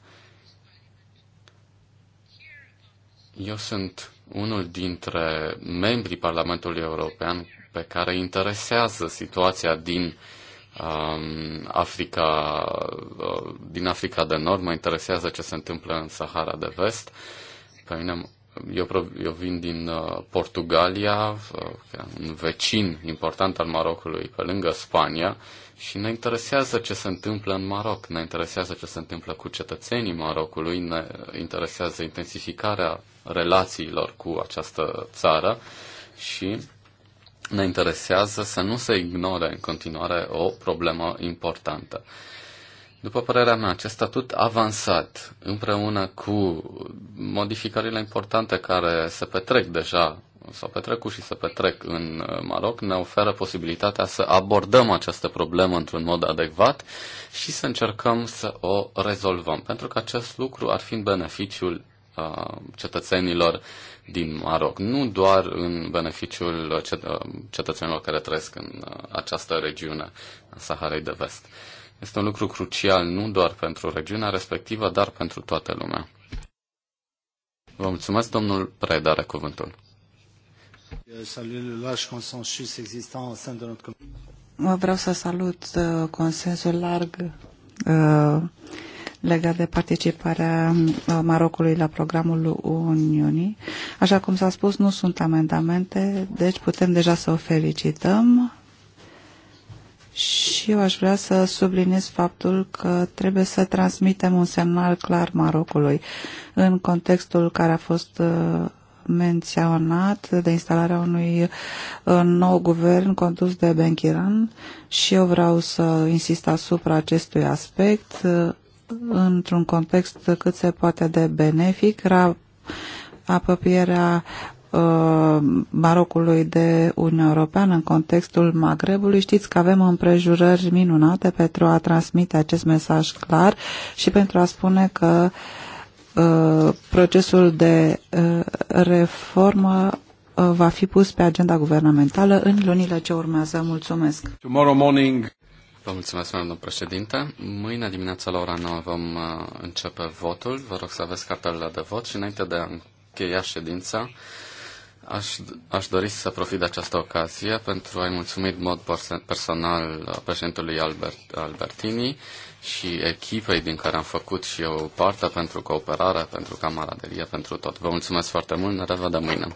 Eu sunt unul dintre membrii Parlamentului European pe care interesează situația din um, Africa, uh, din Africa de Nord, mă interesează ce se întâmplă în Sahara de Vest. Pe mine, eu, eu vin din uh, Portugalia, uh, un vecin important al Marocului, pe lângă Spania, și ne interesează ce se întâmplă în Maroc, ne interesează ce se întâmplă cu cetățenii Marocului, ne interesează intensificarea relațiilor cu această țară și ne interesează să nu se ignore în continuare o problemă importantă. După părerea mea, acest statut avansat, împreună cu modificările importante care se petrec deja, s-au petrecut și se petrec în Maroc, ne oferă posibilitatea să abordăm această problemă într-un mod adecvat și să încercăm să o rezolvăm, pentru că acest lucru ar fi în beneficiul cetățenilor din Maroc, nu doar în beneficiul cetățenilor care trăiesc în această regiune a Saharei de Vest. Este un lucru crucial nu doar pentru regiunea respectivă, dar pentru toată lumea. Vă mulțumesc, domnul Preda, are cuvântul. Vreau să salut uh, consensul larg uh, legat de participarea uh, Marocului la programul Uniunii. Așa cum s-a spus, nu sunt amendamente, deci putem deja să o felicităm. Și eu aș vrea să subliniez faptul că trebuie să transmitem un semnal clar Marocului în contextul care a fost uh, menționat de instalarea unui uh, nou guvern condus de Ben și eu vreau să insist asupra acestui aspect într-un context cât se poate de benefic, apropierea uh, Marocului de Uniunea Europeană în contextul Magrebului. Știți că avem împrejurări minunate pentru a transmite acest mesaj clar și pentru a spune că uh, procesul de uh, reformă uh, va fi pus pe agenda guvernamentală în lunile ce urmează. Mulțumesc! Tomorrow morning. Vă mulțumesc, domnul președinte. Mâine dimineața la ora 9 vom uh, începe votul. Vă rog să aveți cartelele de vot și înainte de a încheia ședința, Aș, aș dori să profit de această ocazie pentru a-i mulțumi în mod personal uh, președintelui Albert, Albertini și echipei din care am făcut și eu parte pentru cooperare, pentru camaraderie, pentru tot. Vă mulțumesc foarte mult, ne revedem mâine!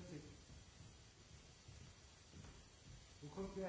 40. Wo kommt der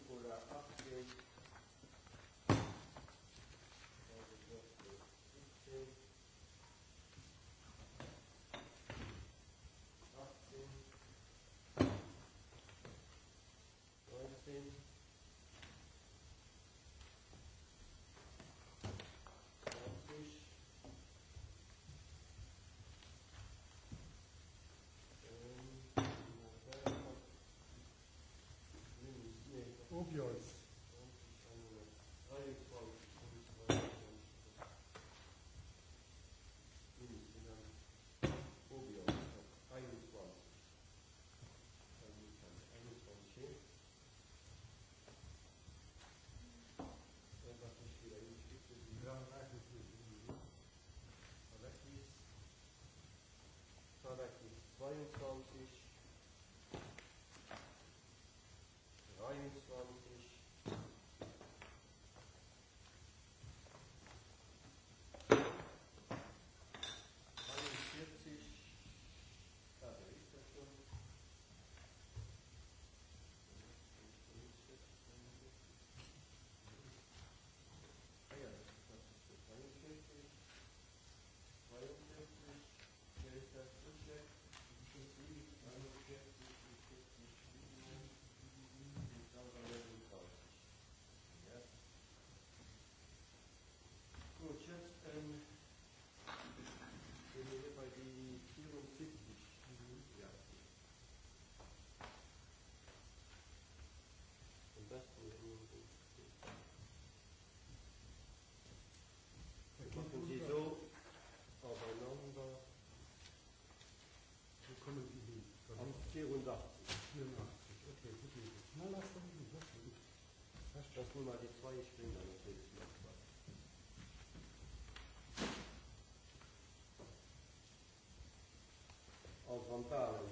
frontale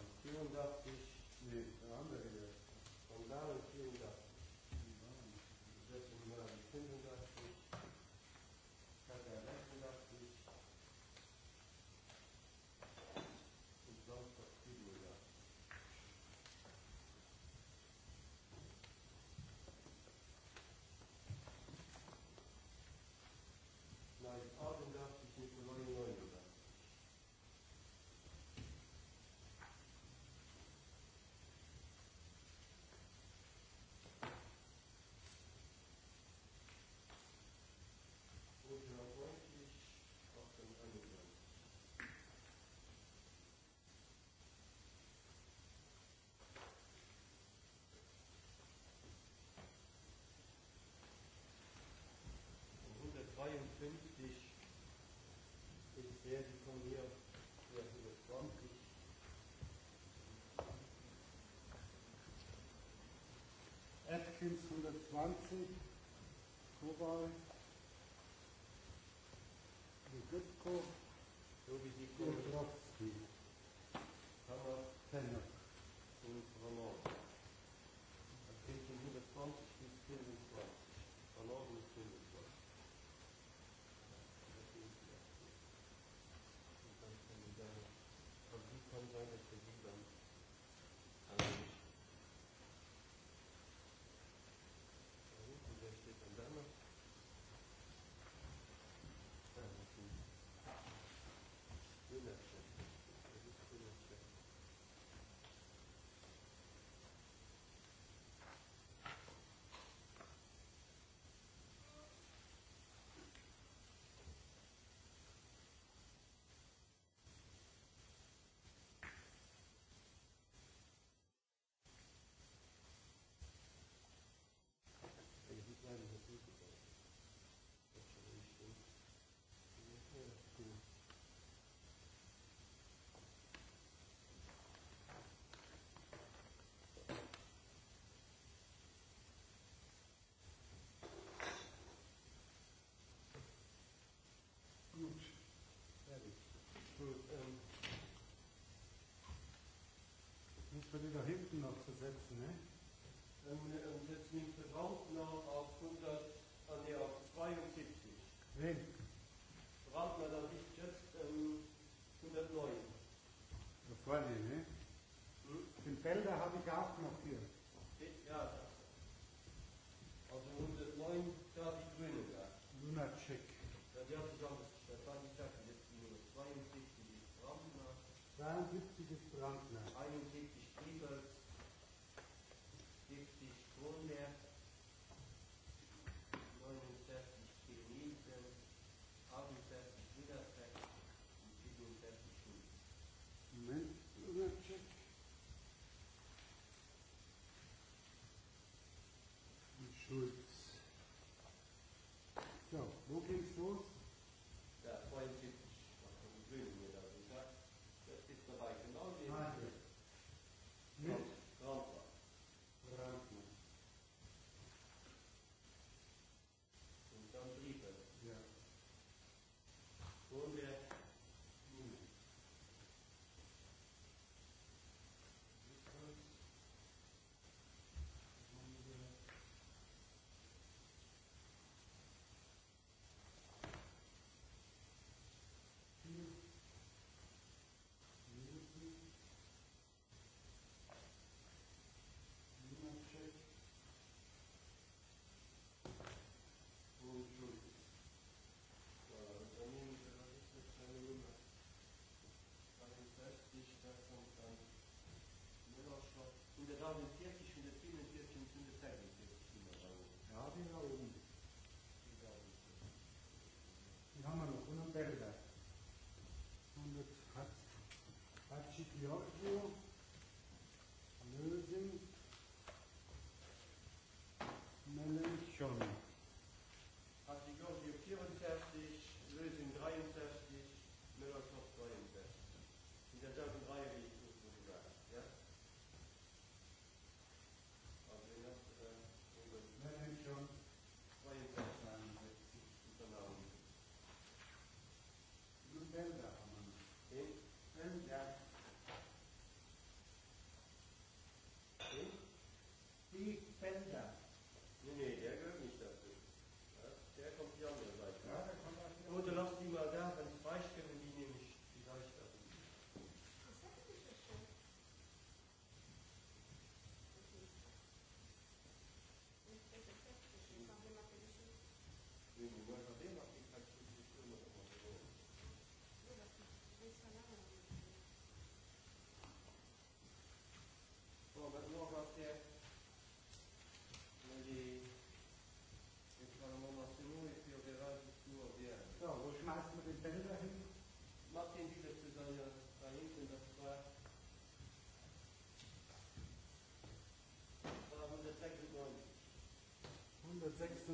50 ist der, von mir Atkins 120, Kobal Nicht für die da hinten noch zu setzen, ne? Und, und jetzt nimmt der Brandner auf 100, nee, auf 72. Wen? Brandner, da liegt jetzt ähm, 109. Da vorne, ne? Hm? Den Felder habe adică ich auch noch hier. Ja, also 109, da die Grüne da. Lunacek. 72 Brandner.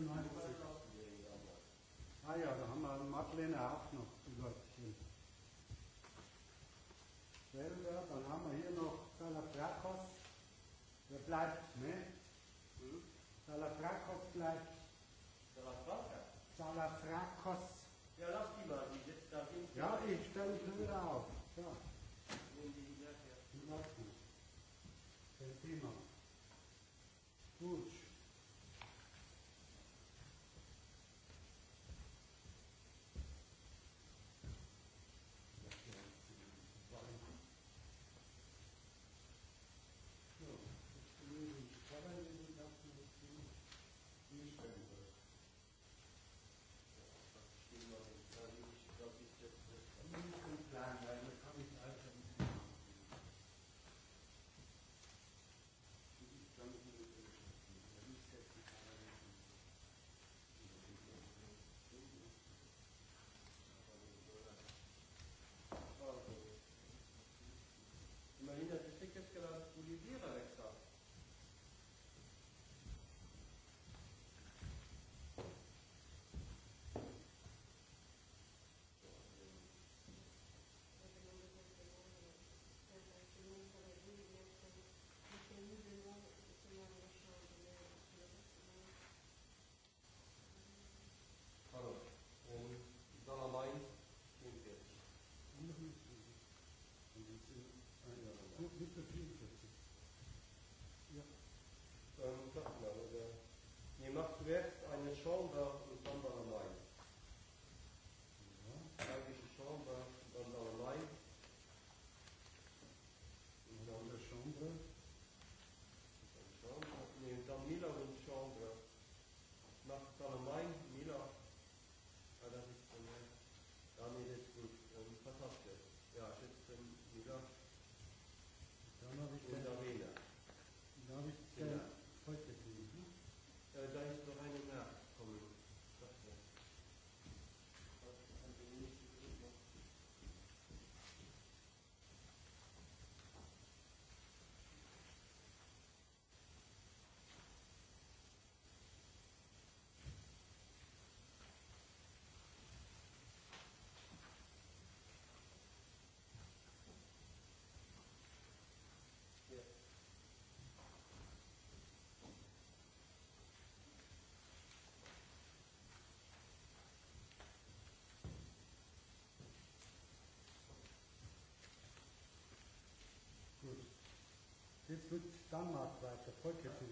96. Ah ja, da haben wir Madeleine Haft noch, die Leutchen. Selber, dann haben wir hier noch Salafrakos. Der bleibt, ne? Salafrakos bleibt. Salafrakos? Salafrakos. Ja, lass die mal, die sitzt da hinten. Ja, ich stelle sie wieder auf. Ja. Nehmen die wieder her. Die lassen. Prima. shoulder das wird Danmark weiter, Volkertum.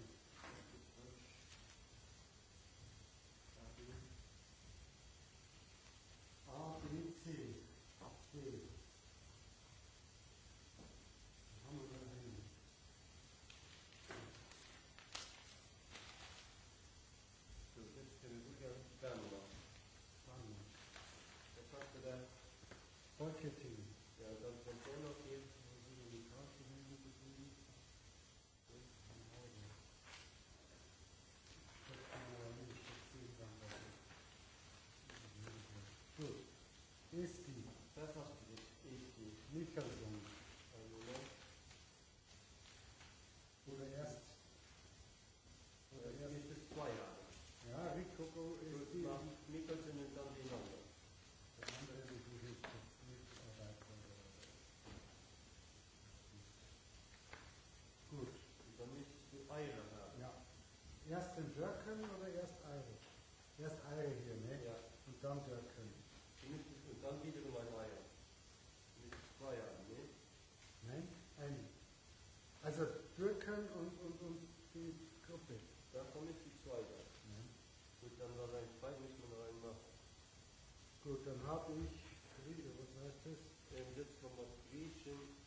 in Dörken oder erst Eire? Erst Eire hier, ne? Ja. Und dann Dörken. Und dann wiederum ein Eier. Mit zwei Eiern, ne? Nein, eine. Also Dürken und, und, und die Gruppe. Da komme ich die zwei rein. Mhm. Gut, dann war rein zwei, noch man reinmachen. Gut, dann habe ich, was heißt das? Ähm, jetzt kommen wir Griechen.